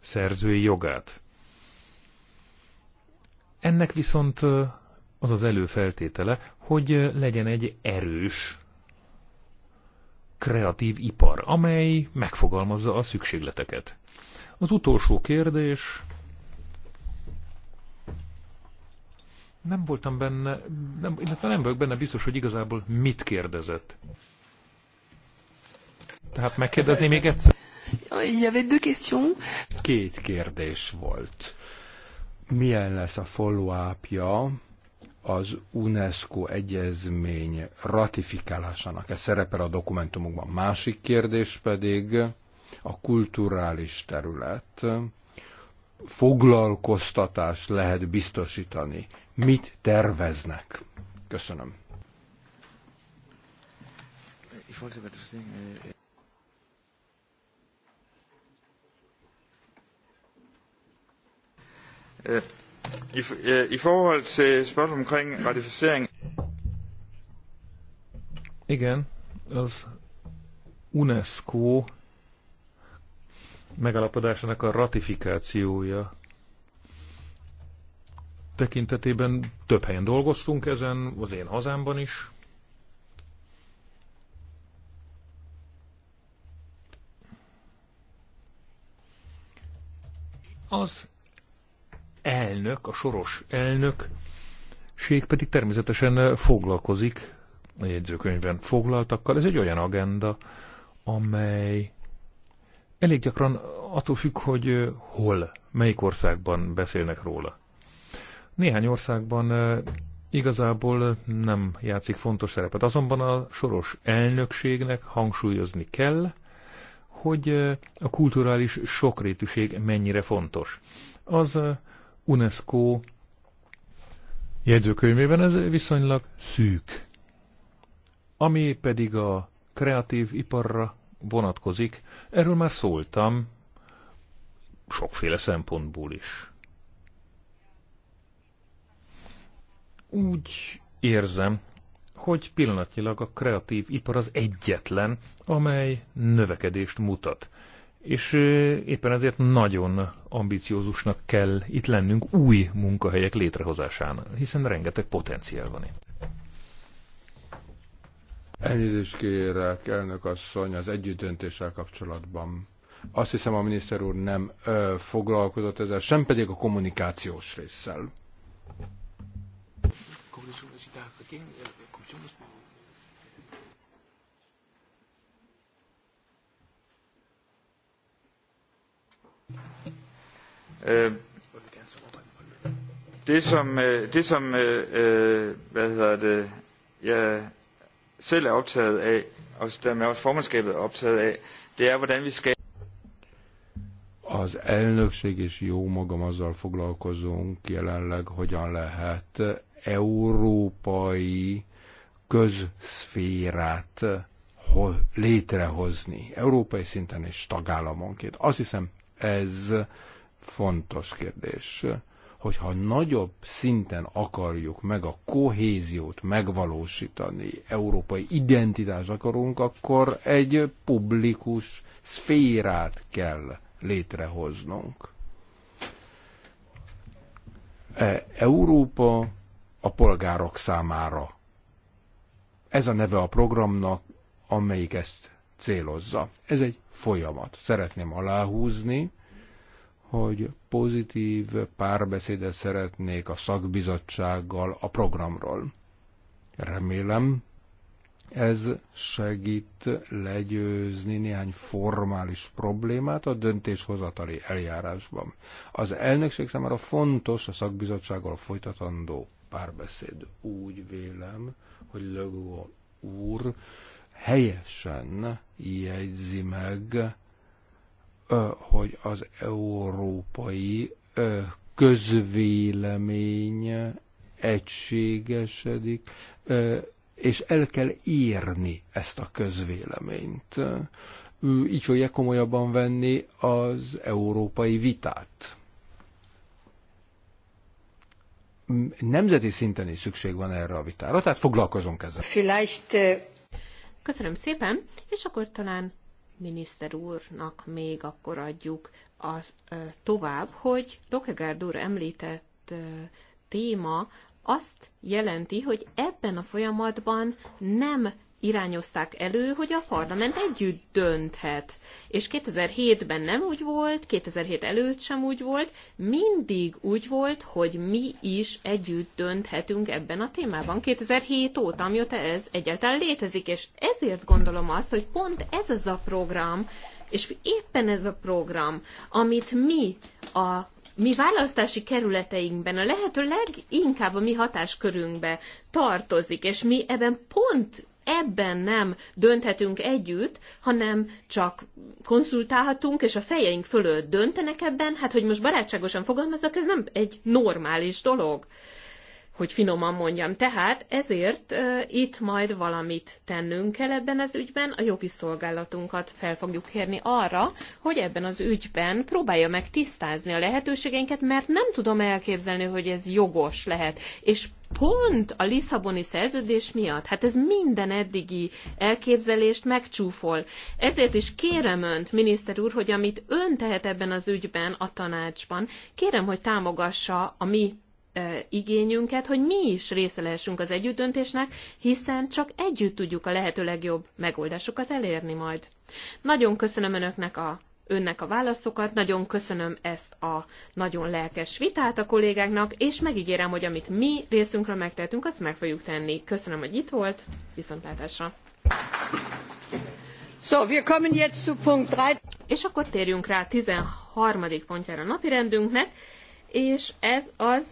szerzői jogát. Ennek viszont az az előfeltétele, hogy legyen egy erős, kreatív ipar, amely megfogalmazza a szükségleteket. Az utolsó kérdés. Nem voltam benne, nem, illetve nem vagyok benne biztos, hogy igazából mit kérdezett. Tehát megkérdezni még egyszer? Il y avait deux questions. Két kérdés volt. Milyen lesz a follow-upja az UNESCO egyezmény ratifikálásának. Ez szerepel a dokumentumokban. Másik kérdés pedig a kulturális terület foglalkoztatást lehet biztosítani. Mit terveznek? Köszönöm. Uh. I, øh, I forhold til spørgsmålet omkring ratificering... Igen, az UNESCO megalapodásának a ratifikációja tekintetében több helyen dolgoztunk ezen, az én hazámban is. Az elnök, a soros elnök ség pedig természetesen foglalkozik a jegyzőkönyvben foglaltakkal. Ez egy olyan agenda, amely elég gyakran attól függ, hogy hol, melyik országban beszélnek róla. Néhány országban igazából nem játszik fontos szerepet. Azonban a soros elnökségnek hangsúlyozni kell, hogy a kulturális sokrétűség mennyire fontos. Az UNESCO jegyzőkönyvében ez viszonylag szűk. Ami pedig a kreatív iparra vonatkozik, erről már szóltam sokféle szempontból is. Úgy érzem, hogy pillanatnyilag a kreatív ipar az egyetlen, amely növekedést mutat és éppen ezért nagyon ambiciózusnak kell itt lennünk új munkahelyek létrehozásán, hiszen rengeteg potenciál van itt. Elnézést kérek, elnök asszony, az együttdöntéssel kapcsolatban. Azt hiszem a miniszter úr nem ö, foglalkozott ezzel, sem pedig a kommunikációs résszel. Øh, det som, øh, det som øh, hvad hedder det, jeg selv er optaget af, og dermed også formandskabet er optaget af, det er, hvordan vi skal... Az elnökség és jó magam azzal foglalkozunk jelenleg, hogyan lehet európai közszférát létrehozni, európai szinten és tagállamonként. Azt hiszem, ez fontos kérdés, hogyha nagyobb szinten akarjuk meg a kohéziót megvalósítani, európai identitás akarunk, akkor egy publikus szférát kell létrehoznunk. E Európa a polgárok számára. Ez a neve a programnak, amelyik ezt célozza. Ez egy folyamat. Szeretném aláhúzni, hogy pozitív párbeszédet szeretnék a szakbizottsággal a programról. Remélem, ez segít legyőzni néhány formális problémát a döntéshozatali eljárásban. Az elnökség számára fontos a szakbizottsággal folytatandó párbeszéd. Úgy vélem, hogy Legó úr helyesen jegyzi meg hogy az európai közvélemény egységesedik, és el kell írni ezt a közvéleményt. Így fogja komolyabban venni az európai vitát. Nemzeti szinten is szükség van erre a vitára, tehát foglalkozunk ezzel. Köszönöm szépen, és akkor talán miniszter úrnak még akkor adjuk az, tovább, hogy Dokegárd úr említett téma azt jelenti, hogy ebben a folyamatban nem irányozták elő, hogy a parlament együtt dönthet. És 2007-ben nem úgy volt, 2007 előtt sem úgy volt, mindig úgy volt, hogy mi is együtt dönthetünk ebben a témában. 2007 óta, amióta ez egyáltalán létezik, és ezért gondolom azt, hogy pont ez az a program, és éppen ez a program, amit mi a mi választási kerületeinkben a lehető leginkább a mi hatáskörünkbe tartozik, és mi ebben pont ebben nem dönthetünk együtt, hanem csak konszultálhatunk, és a fejeink fölött döntenek ebben, hát hogy most barátságosan fogalmazok, ez nem egy normális dolog hogy finoman mondjam. Tehát ezért e, itt majd valamit tennünk kell ebben az ügyben, a jogi szolgálatunkat fel fogjuk kérni arra, hogy ebben az ügyben próbálja meg tisztázni a lehetőségeinket, mert nem tudom elképzelni, hogy ez jogos lehet. És pont a Lisszaboni szerződés miatt, hát ez minden eddigi elképzelést megcsúfol. Ezért is kérem önt, miniszter úr, hogy amit ön tehet ebben az ügyben, a tanácsban, kérem, hogy támogassa a mi igényünket, hogy mi is része lehessünk az együttdöntésnek, hiszen csak együtt tudjuk a lehető legjobb megoldásokat elérni majd. Nagyon köszönöm Önöknek a önnek a válaszokat, nagyon köszönöm ezt a nagyon lelkes vitát a kollégáknak, és megígérem, hogy amit mi részünkről megtehetünk, azt meg fogjuk tenni. Köszönöm, hogy itt volt, viszontlátásra! So, wir kommen jetzt zu Punkt 3. És akkor térjünk rá a 13. pontjára a napirendünknek, és ez az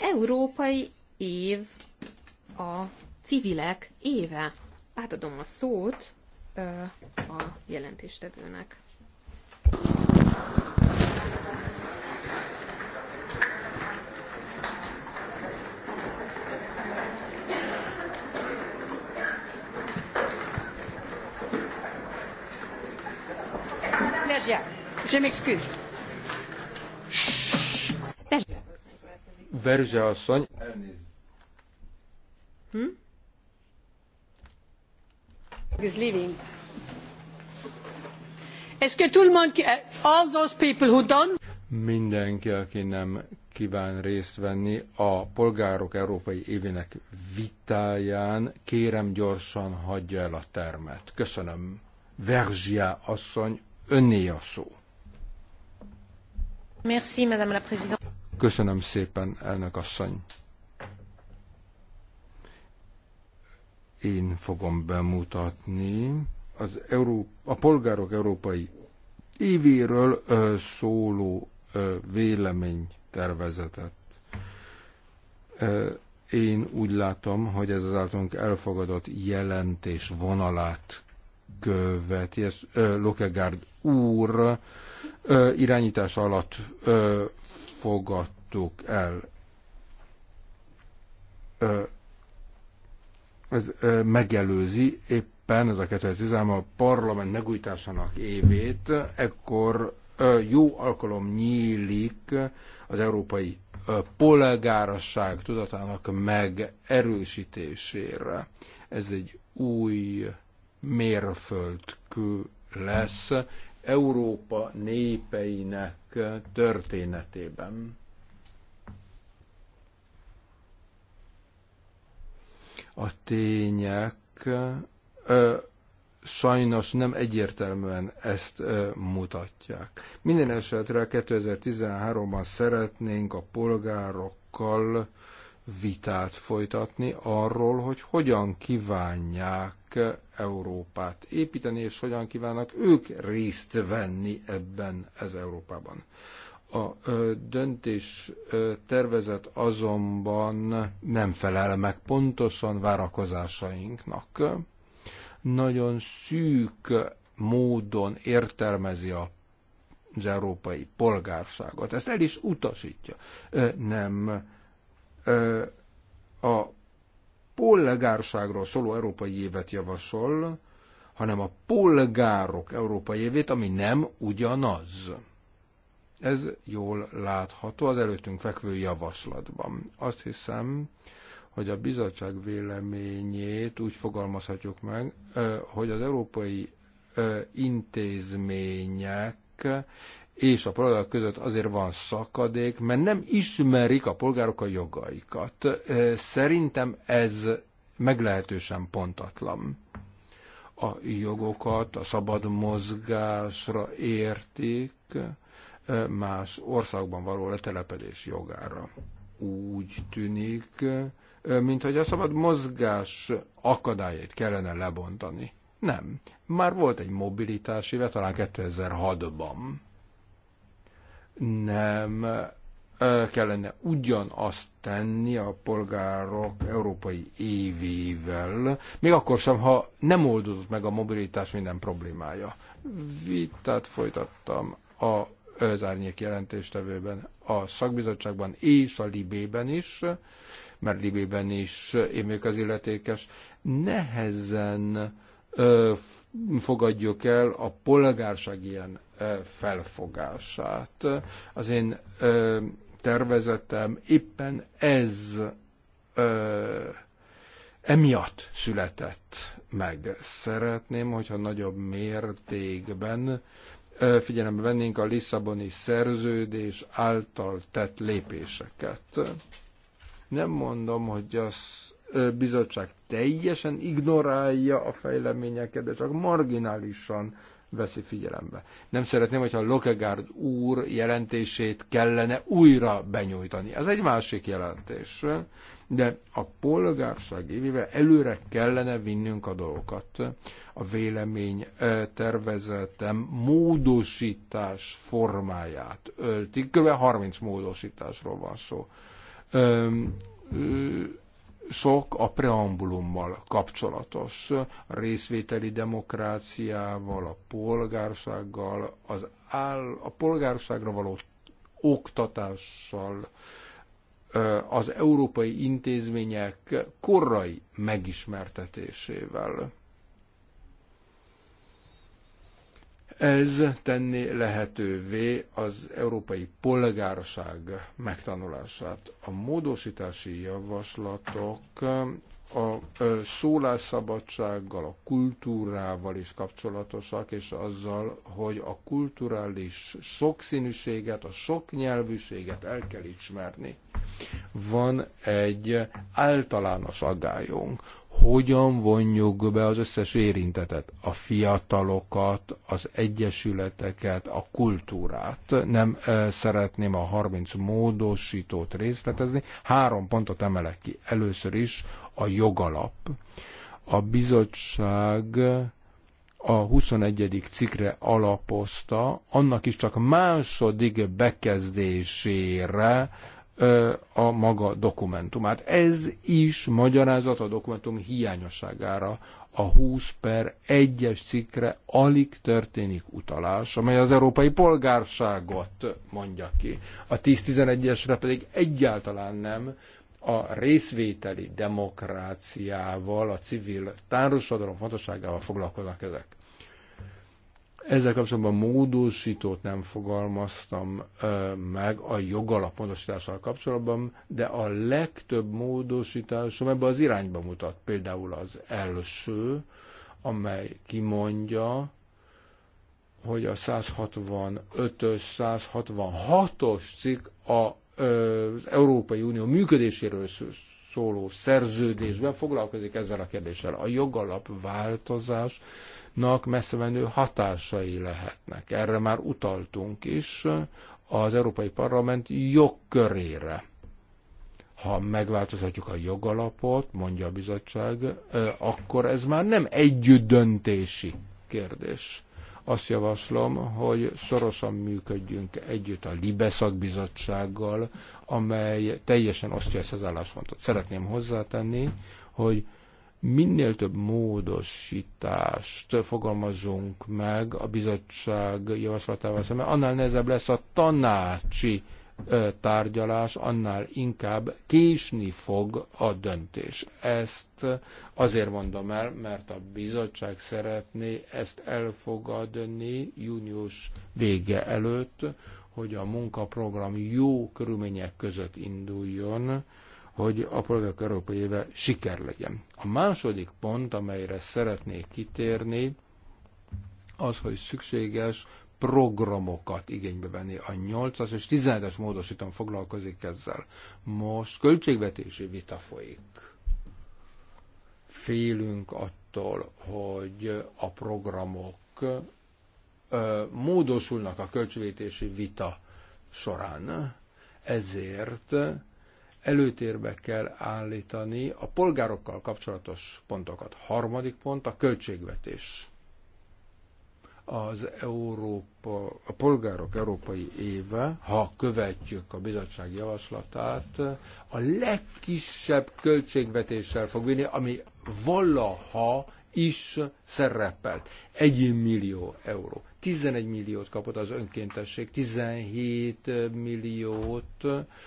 Európai év a civilek éve. Átadom a szót a jelentéstevőnek. Vergia, je m'excuse. Verzse asszony. Hm? Is Est-ce que tout le monde, all those people who don't... Mindenki, aki nem kíván részt venni a Polgárok Európai Évének vitáján, kérem gyorsan hagyja el a termet. Köszönöm. Verzsia asszony, önné a szó. Merci, Madame la Présidente. Köszönöm szépen, elnök asszony. Én fogom bemutatni az Euró- a polgárok európai évéről szóló ö, véleménytervezetet. én úgy látom, hogy ez az általunk elfogadott jelentés vonalát követi. Ez Lokegárd úr irányítás alatt fogadtuk el. Ez megelőzi éppen ez a 2013 a parlament megújításának évét, ekkor jó alkalom nyílik az európai polgárasság tudatának megerősítésére. Ez egy új mérföldkő lesz Európa népeinek történetében. A tények ö, sajnos nem egyértelműen ezt ö, mutatják. Minden esetre 2013-ban szeretnénk a polgárokkal vitát folytatni arról, hogy hogyan kívánják Európát építeni, és hogyan kívánnak ők részt venni ebben az Európában. A döntés tervezet azonban nem felel meg pontosan várakozásainknak. Nagyon szűk módon értelmezi a az európai polgárságot. Ezt el is utasítja. Nem a polgárságról szóló európai évet javasol, hanem a polgárok európai évét, ami nem ugyanaz. Ez jól látható az előttünk fekvő javaslatban. Azt hiszem, hogy a bizottság véleményét úgy fogalmazhatjuk meg, hogy az európai intézmények és a polgárok között azért van szakadék, mert nem ismerik a polgárok a jogaikat. Szerintem ez meglehetősen pontatlan. A jogokat a szabad mozgásra értik, más országban való letelepedés jogára. Úgy tűnik, mint hogy a szabad mozgás akadályait kellene lebontani. Nem. Már volt egy mobilitási éve, talán 2006-ban nem kellene ugyanazt tenni a polgárok európai évével, még akkor sem, ha nem oldódott meg a mobilitás minden problémája. Vitát folytattam a az árnyék jelentéstevőben, a szakbizottságban és a libében is, mert libében is én még az illetékes, nehezen ö, fogadjuk el a polgárság ilyen felfogását. Az én tervezetem éppen ez emiatt született meg. Szeretném, hogyha nagyobb mértékben figyelembe vennénk a Lisszaboni szerződés által tett lépéseket. Nem mondom, hogy a bizottság teljesen ignorálja a fejleményeket, de csak marginálisan veszi figyelembe. Nem szeretném, hogyha Lokegárd úr jelentését kellene újra benyújtani. Ez egy másik jelentés, de a polgárság évével előre kellene vinnünk a dolgokat. A vélemény tervezetem módosítás formáját öltik, kb. 30 módosításról van szó sok a preambulummal kapcsolatos, a részvételi demokráciával, a polgársággal, az áll, a polgárságra való oktatással, az európai intézmények korai megismertetésével. Ez tenni lehetővé az európai polgárság megtanulását. A módosítási javaslatok a szólásszabadsággal, a kultúrával is kapcsolatosak, és azzal, hogy a kulturális sokszínűséget, a soknyelvűséget el kell ismerni. Van egy általános aggályunk, hogyan vonjuk be az összes érintetet, a fiatalokat, az egyesületeket, a kultúrát. Nem eh, szeretném a 30 módosítót részletezni. Három pontot emelek ki. Először is a jogalap. A bizottság a 21. cikre alapozta, annak is csak második bekezdésére a maga dokumentumát. Ez is magyarázat a dokumentum hiányosságára. A 20 per 1-es cikkre alig történik utalás, amely az európai polgárságot mondja ki. A 10-11-esre pedig egyáltalán nem, a részvételi demokráciával, a civil társadalom fontosságával foglalkoznak ezek. Ezzel kapcsolatban módosítót nem fogalmaztam meg a jogalap módosítással kapcsolatban, de a legtöbb módosításom ebbe az irányba mutat. Például az első, amely kimondja, hogy a 165-ös, 166-os cikk a, az Európai Unió működéséről szóló szerződésben foglalkozik ezzel a kérdéssel. A jogalap változás nak messzevenő hatásai lehetnek. Erre már utaltunk is az Európai Parlament jogkörére. Ha megváltoztatjuk a jogalapot, mondja a bizottság, akkor ez már nem együtt döntési kérdés. Azt javaslom, hogy szorosan működjünk együtt a Libe bizottsággal, amely teljesen osztja ezt az álláspontot. Szeretném hozzátenni, hogy minél több módosítást fogalmazunk meg a bizottság javaslatával szemben, annál nehezebb lesz a tanácsi tárgyalás, annál inkább késni fog a döntés. Ezt azért mondom el, mert a bizottság szeretné ezt elfogadni június vége előtt, hogy a munkaprogram jó körülmények között induljon, hogy a polgárok európai éve siker legyen. A második pont, amelyre szeretnék kitérni, az, hogy szükséges programokat igénybe venni. A 8-as és 17-es módosítom foglalkozik ezzel. Most költségvetési vita folyik. Félünk attól, hogy a programok ö, módosulnak a költségvetési vita során. Ezért előtérbe kell állítani a polgárokkal kapcsolatos pontokat. Harmadik pont a költségvetés. Az Európa, a polgárok európai éve, ha követjük a bizottság javaslatát, a legkisebb költségvetéssel fog vinni, ami valaha is szerepelt. Egy millió euró. 11 milliót kapott az önkéntesség, 17 milliót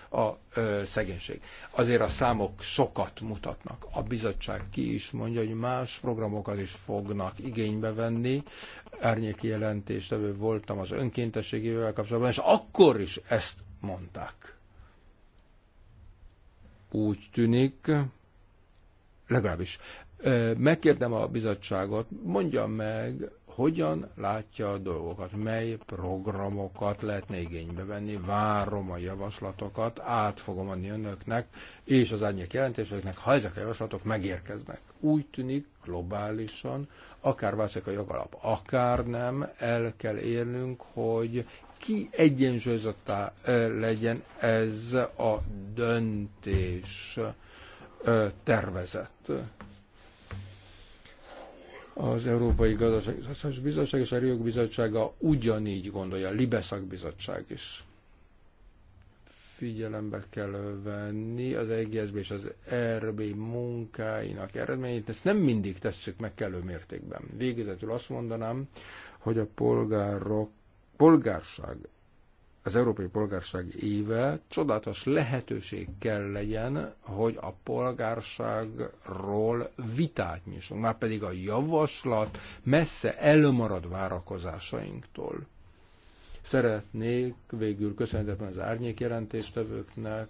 a ö, szegénység. Azért a számok sokat mutatnak. A bizottság ki is mondja, hogy más programokat is fognak igénybe venni. Árnyéki jelentéstevő voltam az önkéntességével kapcsolatban, és akkor is ezt mondták. Úgy tűnik, legalábbis megkérdem a bizottságot, mondja meg, hogyan látja a dolgokat, mely programokat lehetne igénybe venni, várom a javaslatokat, át fogom adni önöknek és az árnyék jelentéseknek, ha ezek a javaslatok megérkeznek. Úgy tűnik globálisan, akár válszik a jogalap, akár nem, el kell érnünk, hogy ki egyensúlyozottá legyen ez a döntés tervezett az Európai Gazdasági Bizottság és a Riók Bizottsága ugyanígy gondolja, a Libeszak Bizottság is figyelembe kell venni az EGSB és az RB munkáinak eredményét. Ezt nem mindig tesszük meg kellő mértékben. Végezetül azt mondanám, hogy a polgárok, polgárság az Európai Polgárság éve csodálatos lehetőség kell legyen, hogy a polgárságról vitát nyissunk, már pedig a javaslat messze elmarad várakozásainktól. Szeretnék végül köszönetben az árnyék jelentéstevőknek,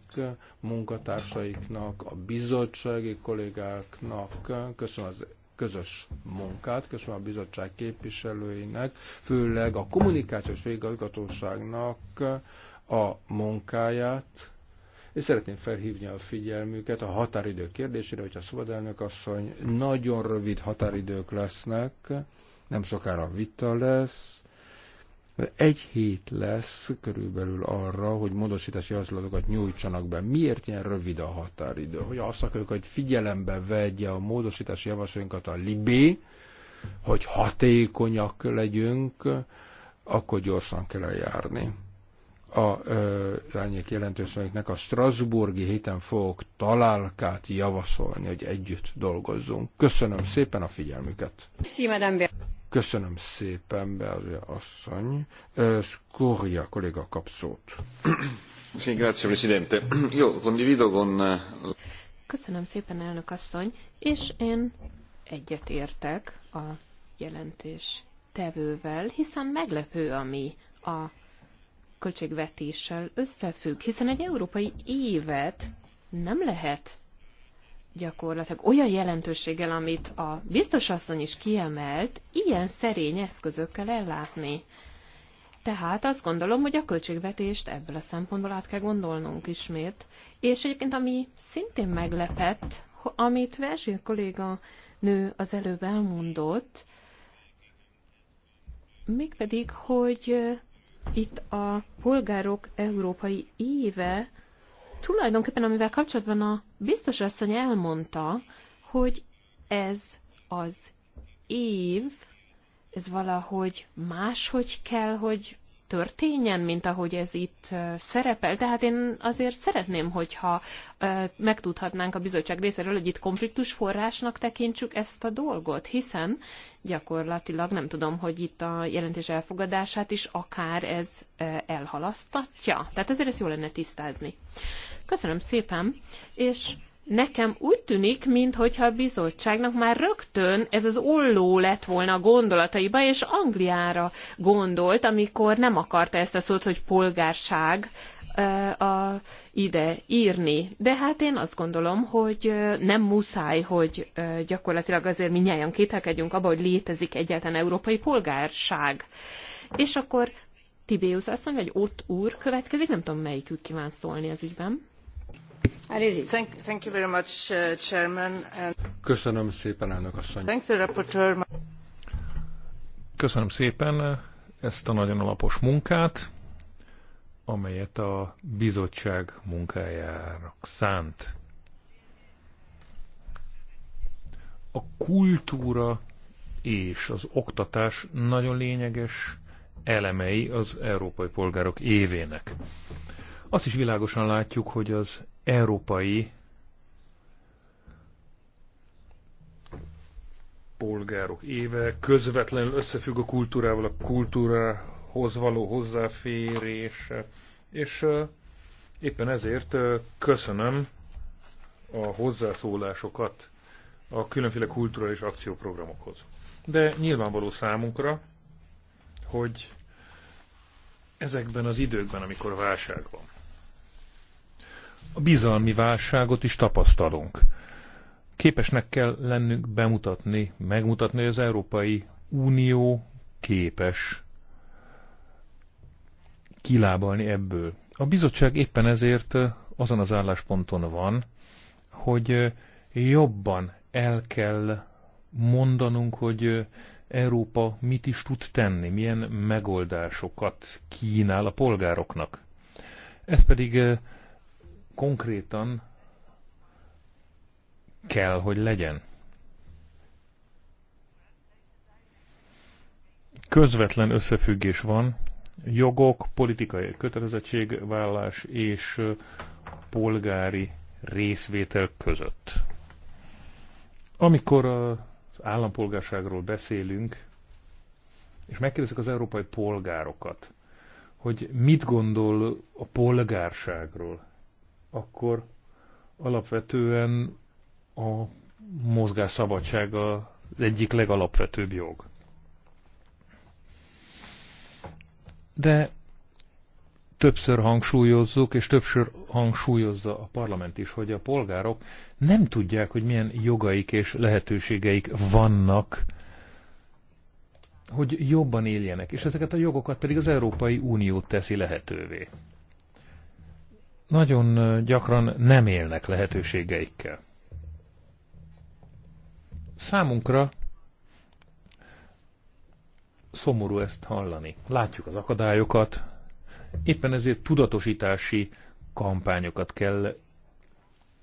munkatársaiknak, a bizottsági kollégáknak, köszönöm az közös munkát. Köszönöm a bizottság képviselőinek, főleg a kommunikációs végigazgatóságnak a munkáját, és szeretném felhívni a figyelmüket a határidő kérdésére, hogyha szabad elnök asszony, nagyon rövid határidők lesznek, nem sokára vita lesz, egy hét lesz körülbelül arra, hogy módosítási javaslatokat nyújtsanak be. Miért ilyen rövid a határidő? Hogy akarjuk, hogy figyelembe vegye a módosítási javaslatokat a libé, hogy hatékonyak legyünk, akkor gyorsan kell eljárni. A lányék jelentőségnek a Strasburgi héten fogok találkát javasolni, hogy együtt dolgozzunk. Köszönöm szépen a figyelmüket. Szia, Köszönöm szépen, Belli asszony. Skória kolléga kap szót. Eh, Köszönöm szépen, elnök asszony, és én egyetértek a jelentés tevővel, hiszen meglepő, ami a költségvetéssel összefügg, hiszen egy európai évet nem lehet gyakorlatilag olyan jelentőséggel, amit a biztosasszony is kiemelt, ilyen szerény eszközökkel ellátni. Tehát azt gondolom, hogy a költségvetést ebből a szempontból át kell gondolnunk ismét. És egyébként, ami szintén meglepett, amit Verzsél kolléga nő az előbb elmondott, mégpedig, hogy itt a polgárok európai éve tulajdonképpen amivel kapcsolatban a biztos asszony elmondta, hogy ez az év, ez valahogy máshogy kell, hogy történjen, mint ahogy ez itt szerepel. Tehát én azért szeretném, hogyha megtudhatnánk a bizottság részéről, hogy itt konfliktus forrásnak tekintsük ezt a dolgot, hiszen gyakorlatilag nem tudom, hogy itt a jelentés elfogadását is akár ez elhalasztatja. Tehát ezért ezt jól lenne tisztázni. Köszönöm szépen, és nekem úgy tűnik, mintha a bizottságnak már rögtön ez az olló lett volna a gondolataiba, és Angliára gondolt, amikor nem akarta ezt a szót, hogy polgárság a, ide írni. De hát én azt gondolom, hogy nem muszáj, hogy gyakorlatilag azért nyájan kételkedjünk abba, hogy létezik egyáltalán európai polgárság. És akkor Tibéusz asszony, vagy ott úr következik, nem tudom melyikük kíván szólni az ügyben. Uh, Köszönöm szépen, elnök asszony. Köszönöm szépen uh, ezt a nagyon alapos munkát, amelyet a bizottság munkájára szánt. A kultúra és az oktatás nagyon lényeges elemei az európai polgárok évének. Azt is világosan látjuk, hogy az európai polgárok éve közvetlenül összefügg a kultúrával, a kultúrához való hozzáférés, és éppen ezért köszönöm a hozzászólásokat a különféle kulturális akcióprogramokhoz. De nyilvánvaló számunkra, hogy ezekben az időkben, amikor válság van, a bizalmi válságot is tapasztalunk. Képesnek kell lennünk bemutatni, megmutatni, hogy az Európai Unió képes kilábalni ebből. A bizottság éppen ezért azon az állásponton van, hogy jobban el kell mondanunk, hogy Európa mit is tud tenni, milyen megoldásokat kínál a polgároknak. Ez pedig konkrétan kell, hogy legyen. Közvetlen összefüggés van jogok, politikai kötelezettségvállás és polgári részvétel között. Amikor az állampolgárságról beszélünk, és megkérdezik az európai polgárokat, hogy mit gondol a polgárságról, akkor alapvetően a mozgásszabadság az egyik legalapvetőbb jog. De többször hangsúlyozzuk, és többször hangsúlyozza a parlament is, hogy a polgárok nem tudják, hogy milyen jogaik és lehetőségeik vannak, hogy jobban éljenek, és ezeket a jogokat pedig az Európai Unió teszi lehetővé nagyon gyakran nem élnek lehetőségeikkel. Számunkra szomorú ezt hallani. Látjuk az akadályokat, éppen ezért tudatosítási kampányokat kell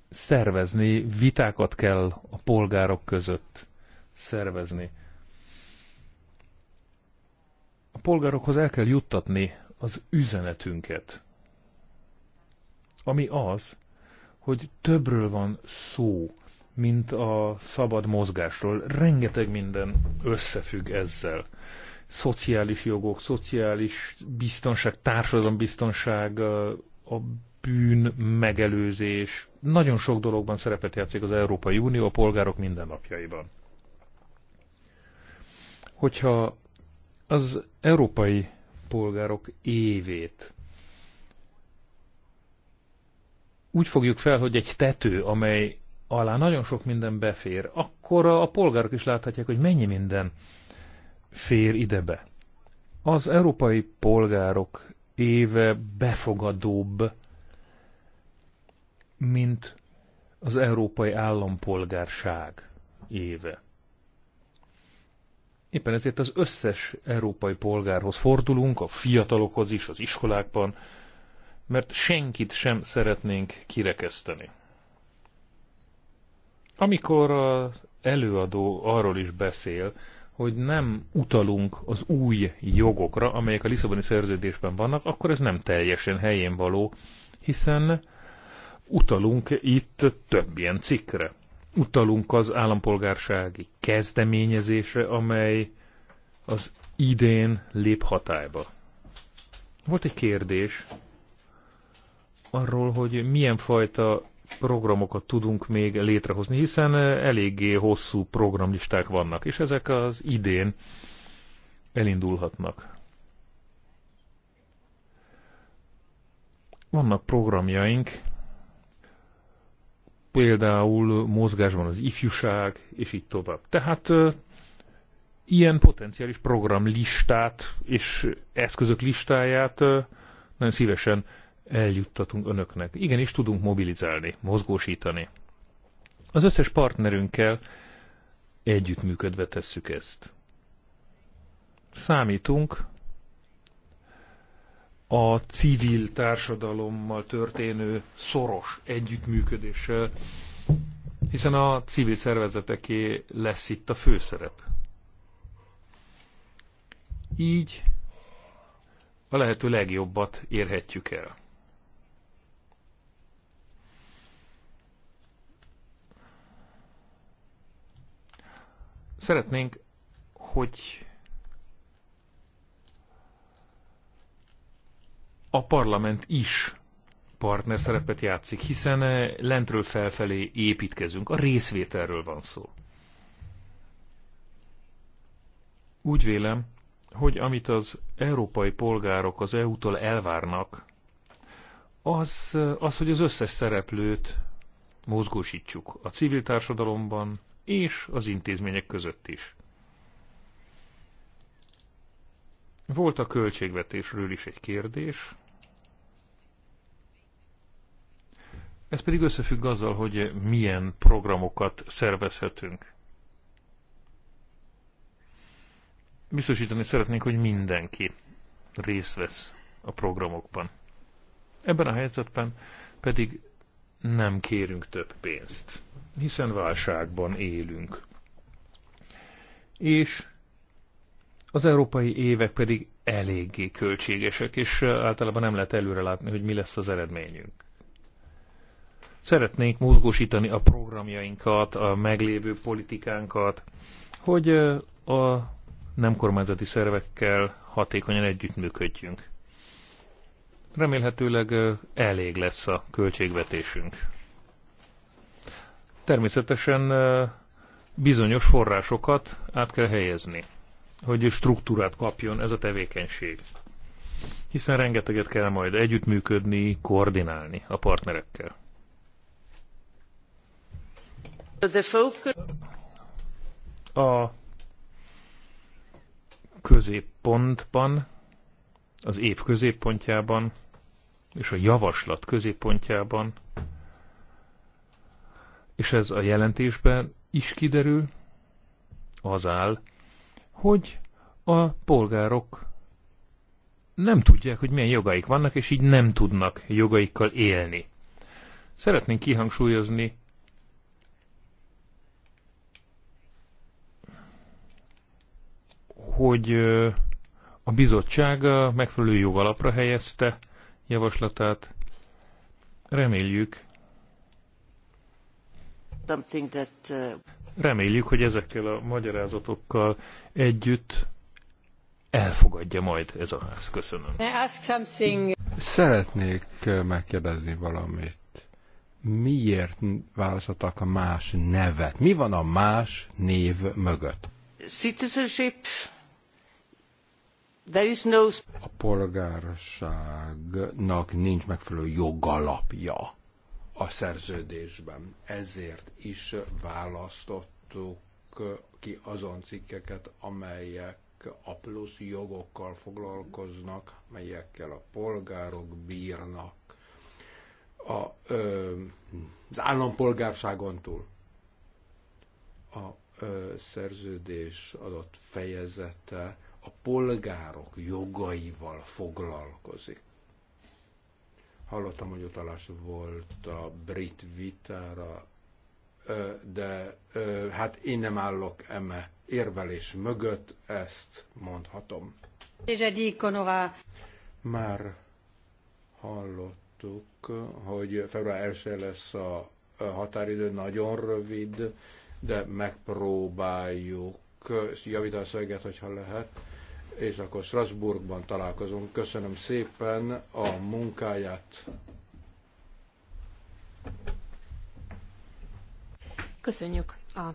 szervezni, vitákat kell a polgárok között szervezni. A polgárokhoz el kell juttatni az üzenetünket, ami az, hogy többről van szó, mint a szabad mozgásról. Rengeteg minden összefügg ezzel. Szociális jogok, szociális biztonság, társadalombiztonság, a bűn megelőzés. Nagyon sok dologban szerepet játszik az Európai Unió a polgárok mindennapjaiban. Hogyha az európai polgárok évét úgy fogjuk fel, hogy egy tető, amely alá nagyon sok minden befér, akkor a polgárok is láthatják, hogy mennyi minden fér idebe. Az európai polgárok éve befogadóbb, mint az európai állampolgárság éve. Éppen ezért az összes európai polgárhoz fordulunk, a fiatalokhoz is, az iskolákban, mert senkit sem szeretnénk kirekeszteni. Amikor az előadó arról is beszél, hogy nem utalunk az új jogokra, amelyek a Lisszaboni szerződésben vannak, akkor ez nem teljesen helyén való, hiszen utalunk itt több ilyen cikkre. Utalunk az állampolgársági kezdeményezésre, amely az idén lép hatályba. Volt egy kérdés arról, hogy milyen fajta programokat tudunk még létrehozni, hiszen eléggé hosszú programlisták vannak, és ezek az idén elindulhatnak. Vannak programjaink, például mozgásban az ifjúság, és így tovább. Tehát ilyen potenciális programlistát és eszközök listáját nagyon szívesen eljuttatunk önöknek. Igenis tudunk mobilizálni, mozgósítani. Az összes partnerünkkel együttműködve tesszük ezt. Számítunk a civil társadalommal történő szoros együttműködéssel, hiszen a civil szervezeteké lesz itt a főszerep. Így a lehető legjobbat érhetjük el. Szeretnénk, hogy a parlament is partner szerepet játszik, hiszen eh, lentről felfelé építkezünk, a részvételről van szó. Úgy vélem, hogy amit az európai polgárok az EU-tól elvárnak, az, eh, az, hogy az összes szereplőt mozgósítsuk a civil társadalomban, és az intézmények között is. Volt a költségvetésről is egy kérdés. Ez pedig összefügg azzal, hogy milyen programokat szervezhetünk. Biztosítani szeretnénk, hogy mindenki részt vesz a programokban. Ebben a helyzetben pedig nem kérünk több pénzt, hiszen válságban élünk. És az európai évek pedig eléggé költségesek, és általában nem lehet előre látni, hogy mi lesz az eredményünk. Szeretnénk mozgósítani a programjainkat, a meglévő politikánkat, hogy a nem kormányzati szervekkel hatékonyan együttműködjünk remélhetőleg elég lesz a költségvetésünk. Természetesen bizonyos forrásokat át kell helyezni, hogy struktúrát kapjon ez a tevékenység. Hiszen rengeteget kell majd együttműködni, koordinálni a partnerekkel. A középpontban, az év középpontjában és a javaslat középpontjában, és ez a jelentésben is kiderül, az áll, hogy a polgárok nem tudják, hogy milyen jogaik vannak, és így nem tudnak jogaikkal élni. Szeretnénk kihangsúlyozni, hogy a bizottság megfelelő jogalapra helyezte javaslatát. Reméljük, uh, Reméljük, hogy ezekkel a magyarázatokkal együtt elfogadja majd ez a ház. Köszönöm. Szeretnék uh, megkérdezni valamit. Miért választottak a más nevet? Mi van a más név mögött? Citizenship a polgárságnak nincs megfelelő jogalapja a szerződésben. Ezért is választottuk ki azon cikkeket, amelyek a plusz jogokkal foglalkoznak, melyekkel a polgárok bírnak a, ö, az állampolgárságon túl. A ö, szerződés adott fejezete a polgárok jogaival foglalkozik. Hallottam, hogy utalás volt a brit vitára, de hát én nem állok eme érvelés mögött, ezt mondhatom. Már hallottuk, hogy február 1 lesz a határidő, nagyon rövid, de megpróbáljuk javítani a szöveget, hogyha lehet és akkor Strasbourgban találkozunk. Köszönöm szépen a munkáját. Köszönjük a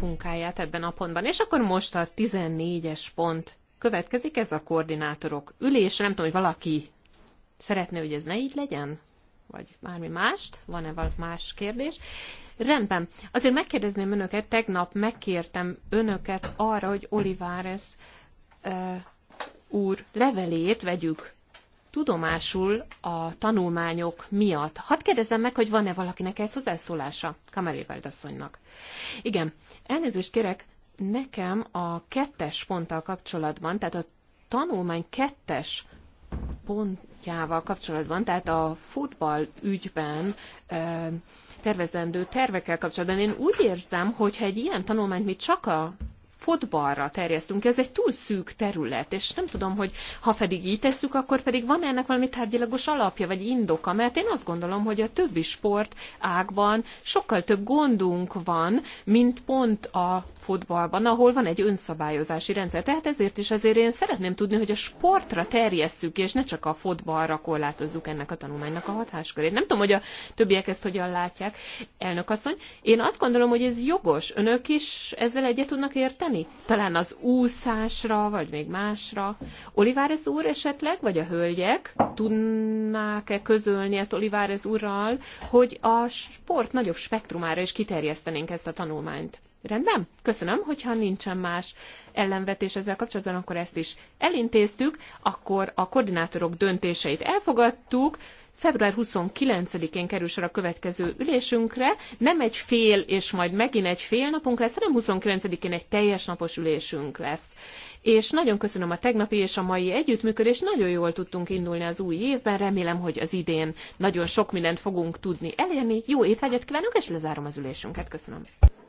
munkáját ebben a pontban. És akkor most a 14-es pont következik, ez a koordinátorok ülés. Nem tudom, hogy valaki szeretne, hogy ez ne így legyen? Vagy bármi mást? Van-e valami más kérdés? Rendben. Azért megkérdezném önöket, tegnap megkértem önöket arra, hogy Olivares úr levelét vegyük tudomásul a tanulmányok miatt. Hadd kérdezem meg, hogy van-e valakinek ez hozzászólása? Kameréveld asszonynak. Igen, elnézést kérek, nekem a kettes ponttal kapcsolatban, tehát a tanulmány kettes pontjával kapcsolatban, tehát a futball ügyben tervezendő tervekkel kapcsolatban, én úgy érzem, hogy egy ilyen tanulmányt mi csak a fotbalra terjesztünk. Ez egy túl szűk terület, és nem tudom, hogy ha pedig így tesszük, akkor pedig van ennek valami tárgyilagos alapja, vagy indoka, mert én azt gondolom, hogy a többi sport ágban sokkal több gondunk van, mint pont a fotballban, ahol van egy önszabályozási rendszer. Tehát ezért is azért én szeretném tudni, hogy a sportra terjesszük, és ne csak a fotballra korlátozzuk ennek a tanulmánynak a hatáskörét. Nem tudom, hogy a többiek ezt hogyan látják, elnök asszony. Én azt gondolom, hogy ez jogos. Önök is ezzel egyet tudnak érteni? mondani? Talán az úszásra, vagy még másra? Olivárez úr esetleg, vagy a hölgyek tudnák-e közölni ezt Olivárez úrral, hogy a sport nagyobb spektrumára is kiterjesztenénk ezt a tanulmányt? Rendben? Köszönöm, hogyha nincsen más ellenvetés ezzel kapcsolatban, akkor ezt is elintéztük, akkor a koordinátorok döntéseit elfogadtuk, Február 29-én kerül sor a következő ülésünkre, nem egy fél és majd megint egy fél napunk lesz, hanem 29-én egy teljes napos ülésünk lesz és nagyon köszönöm a tegnapi és a mai együttműködést, nagyon jól tudtunk indulni az új évben, remélem, hogy az idén nagyon sok mindent fogunk tudni elérni. Jó étvágyat kívánok, és lezárom az ülésünket. Köszönöm.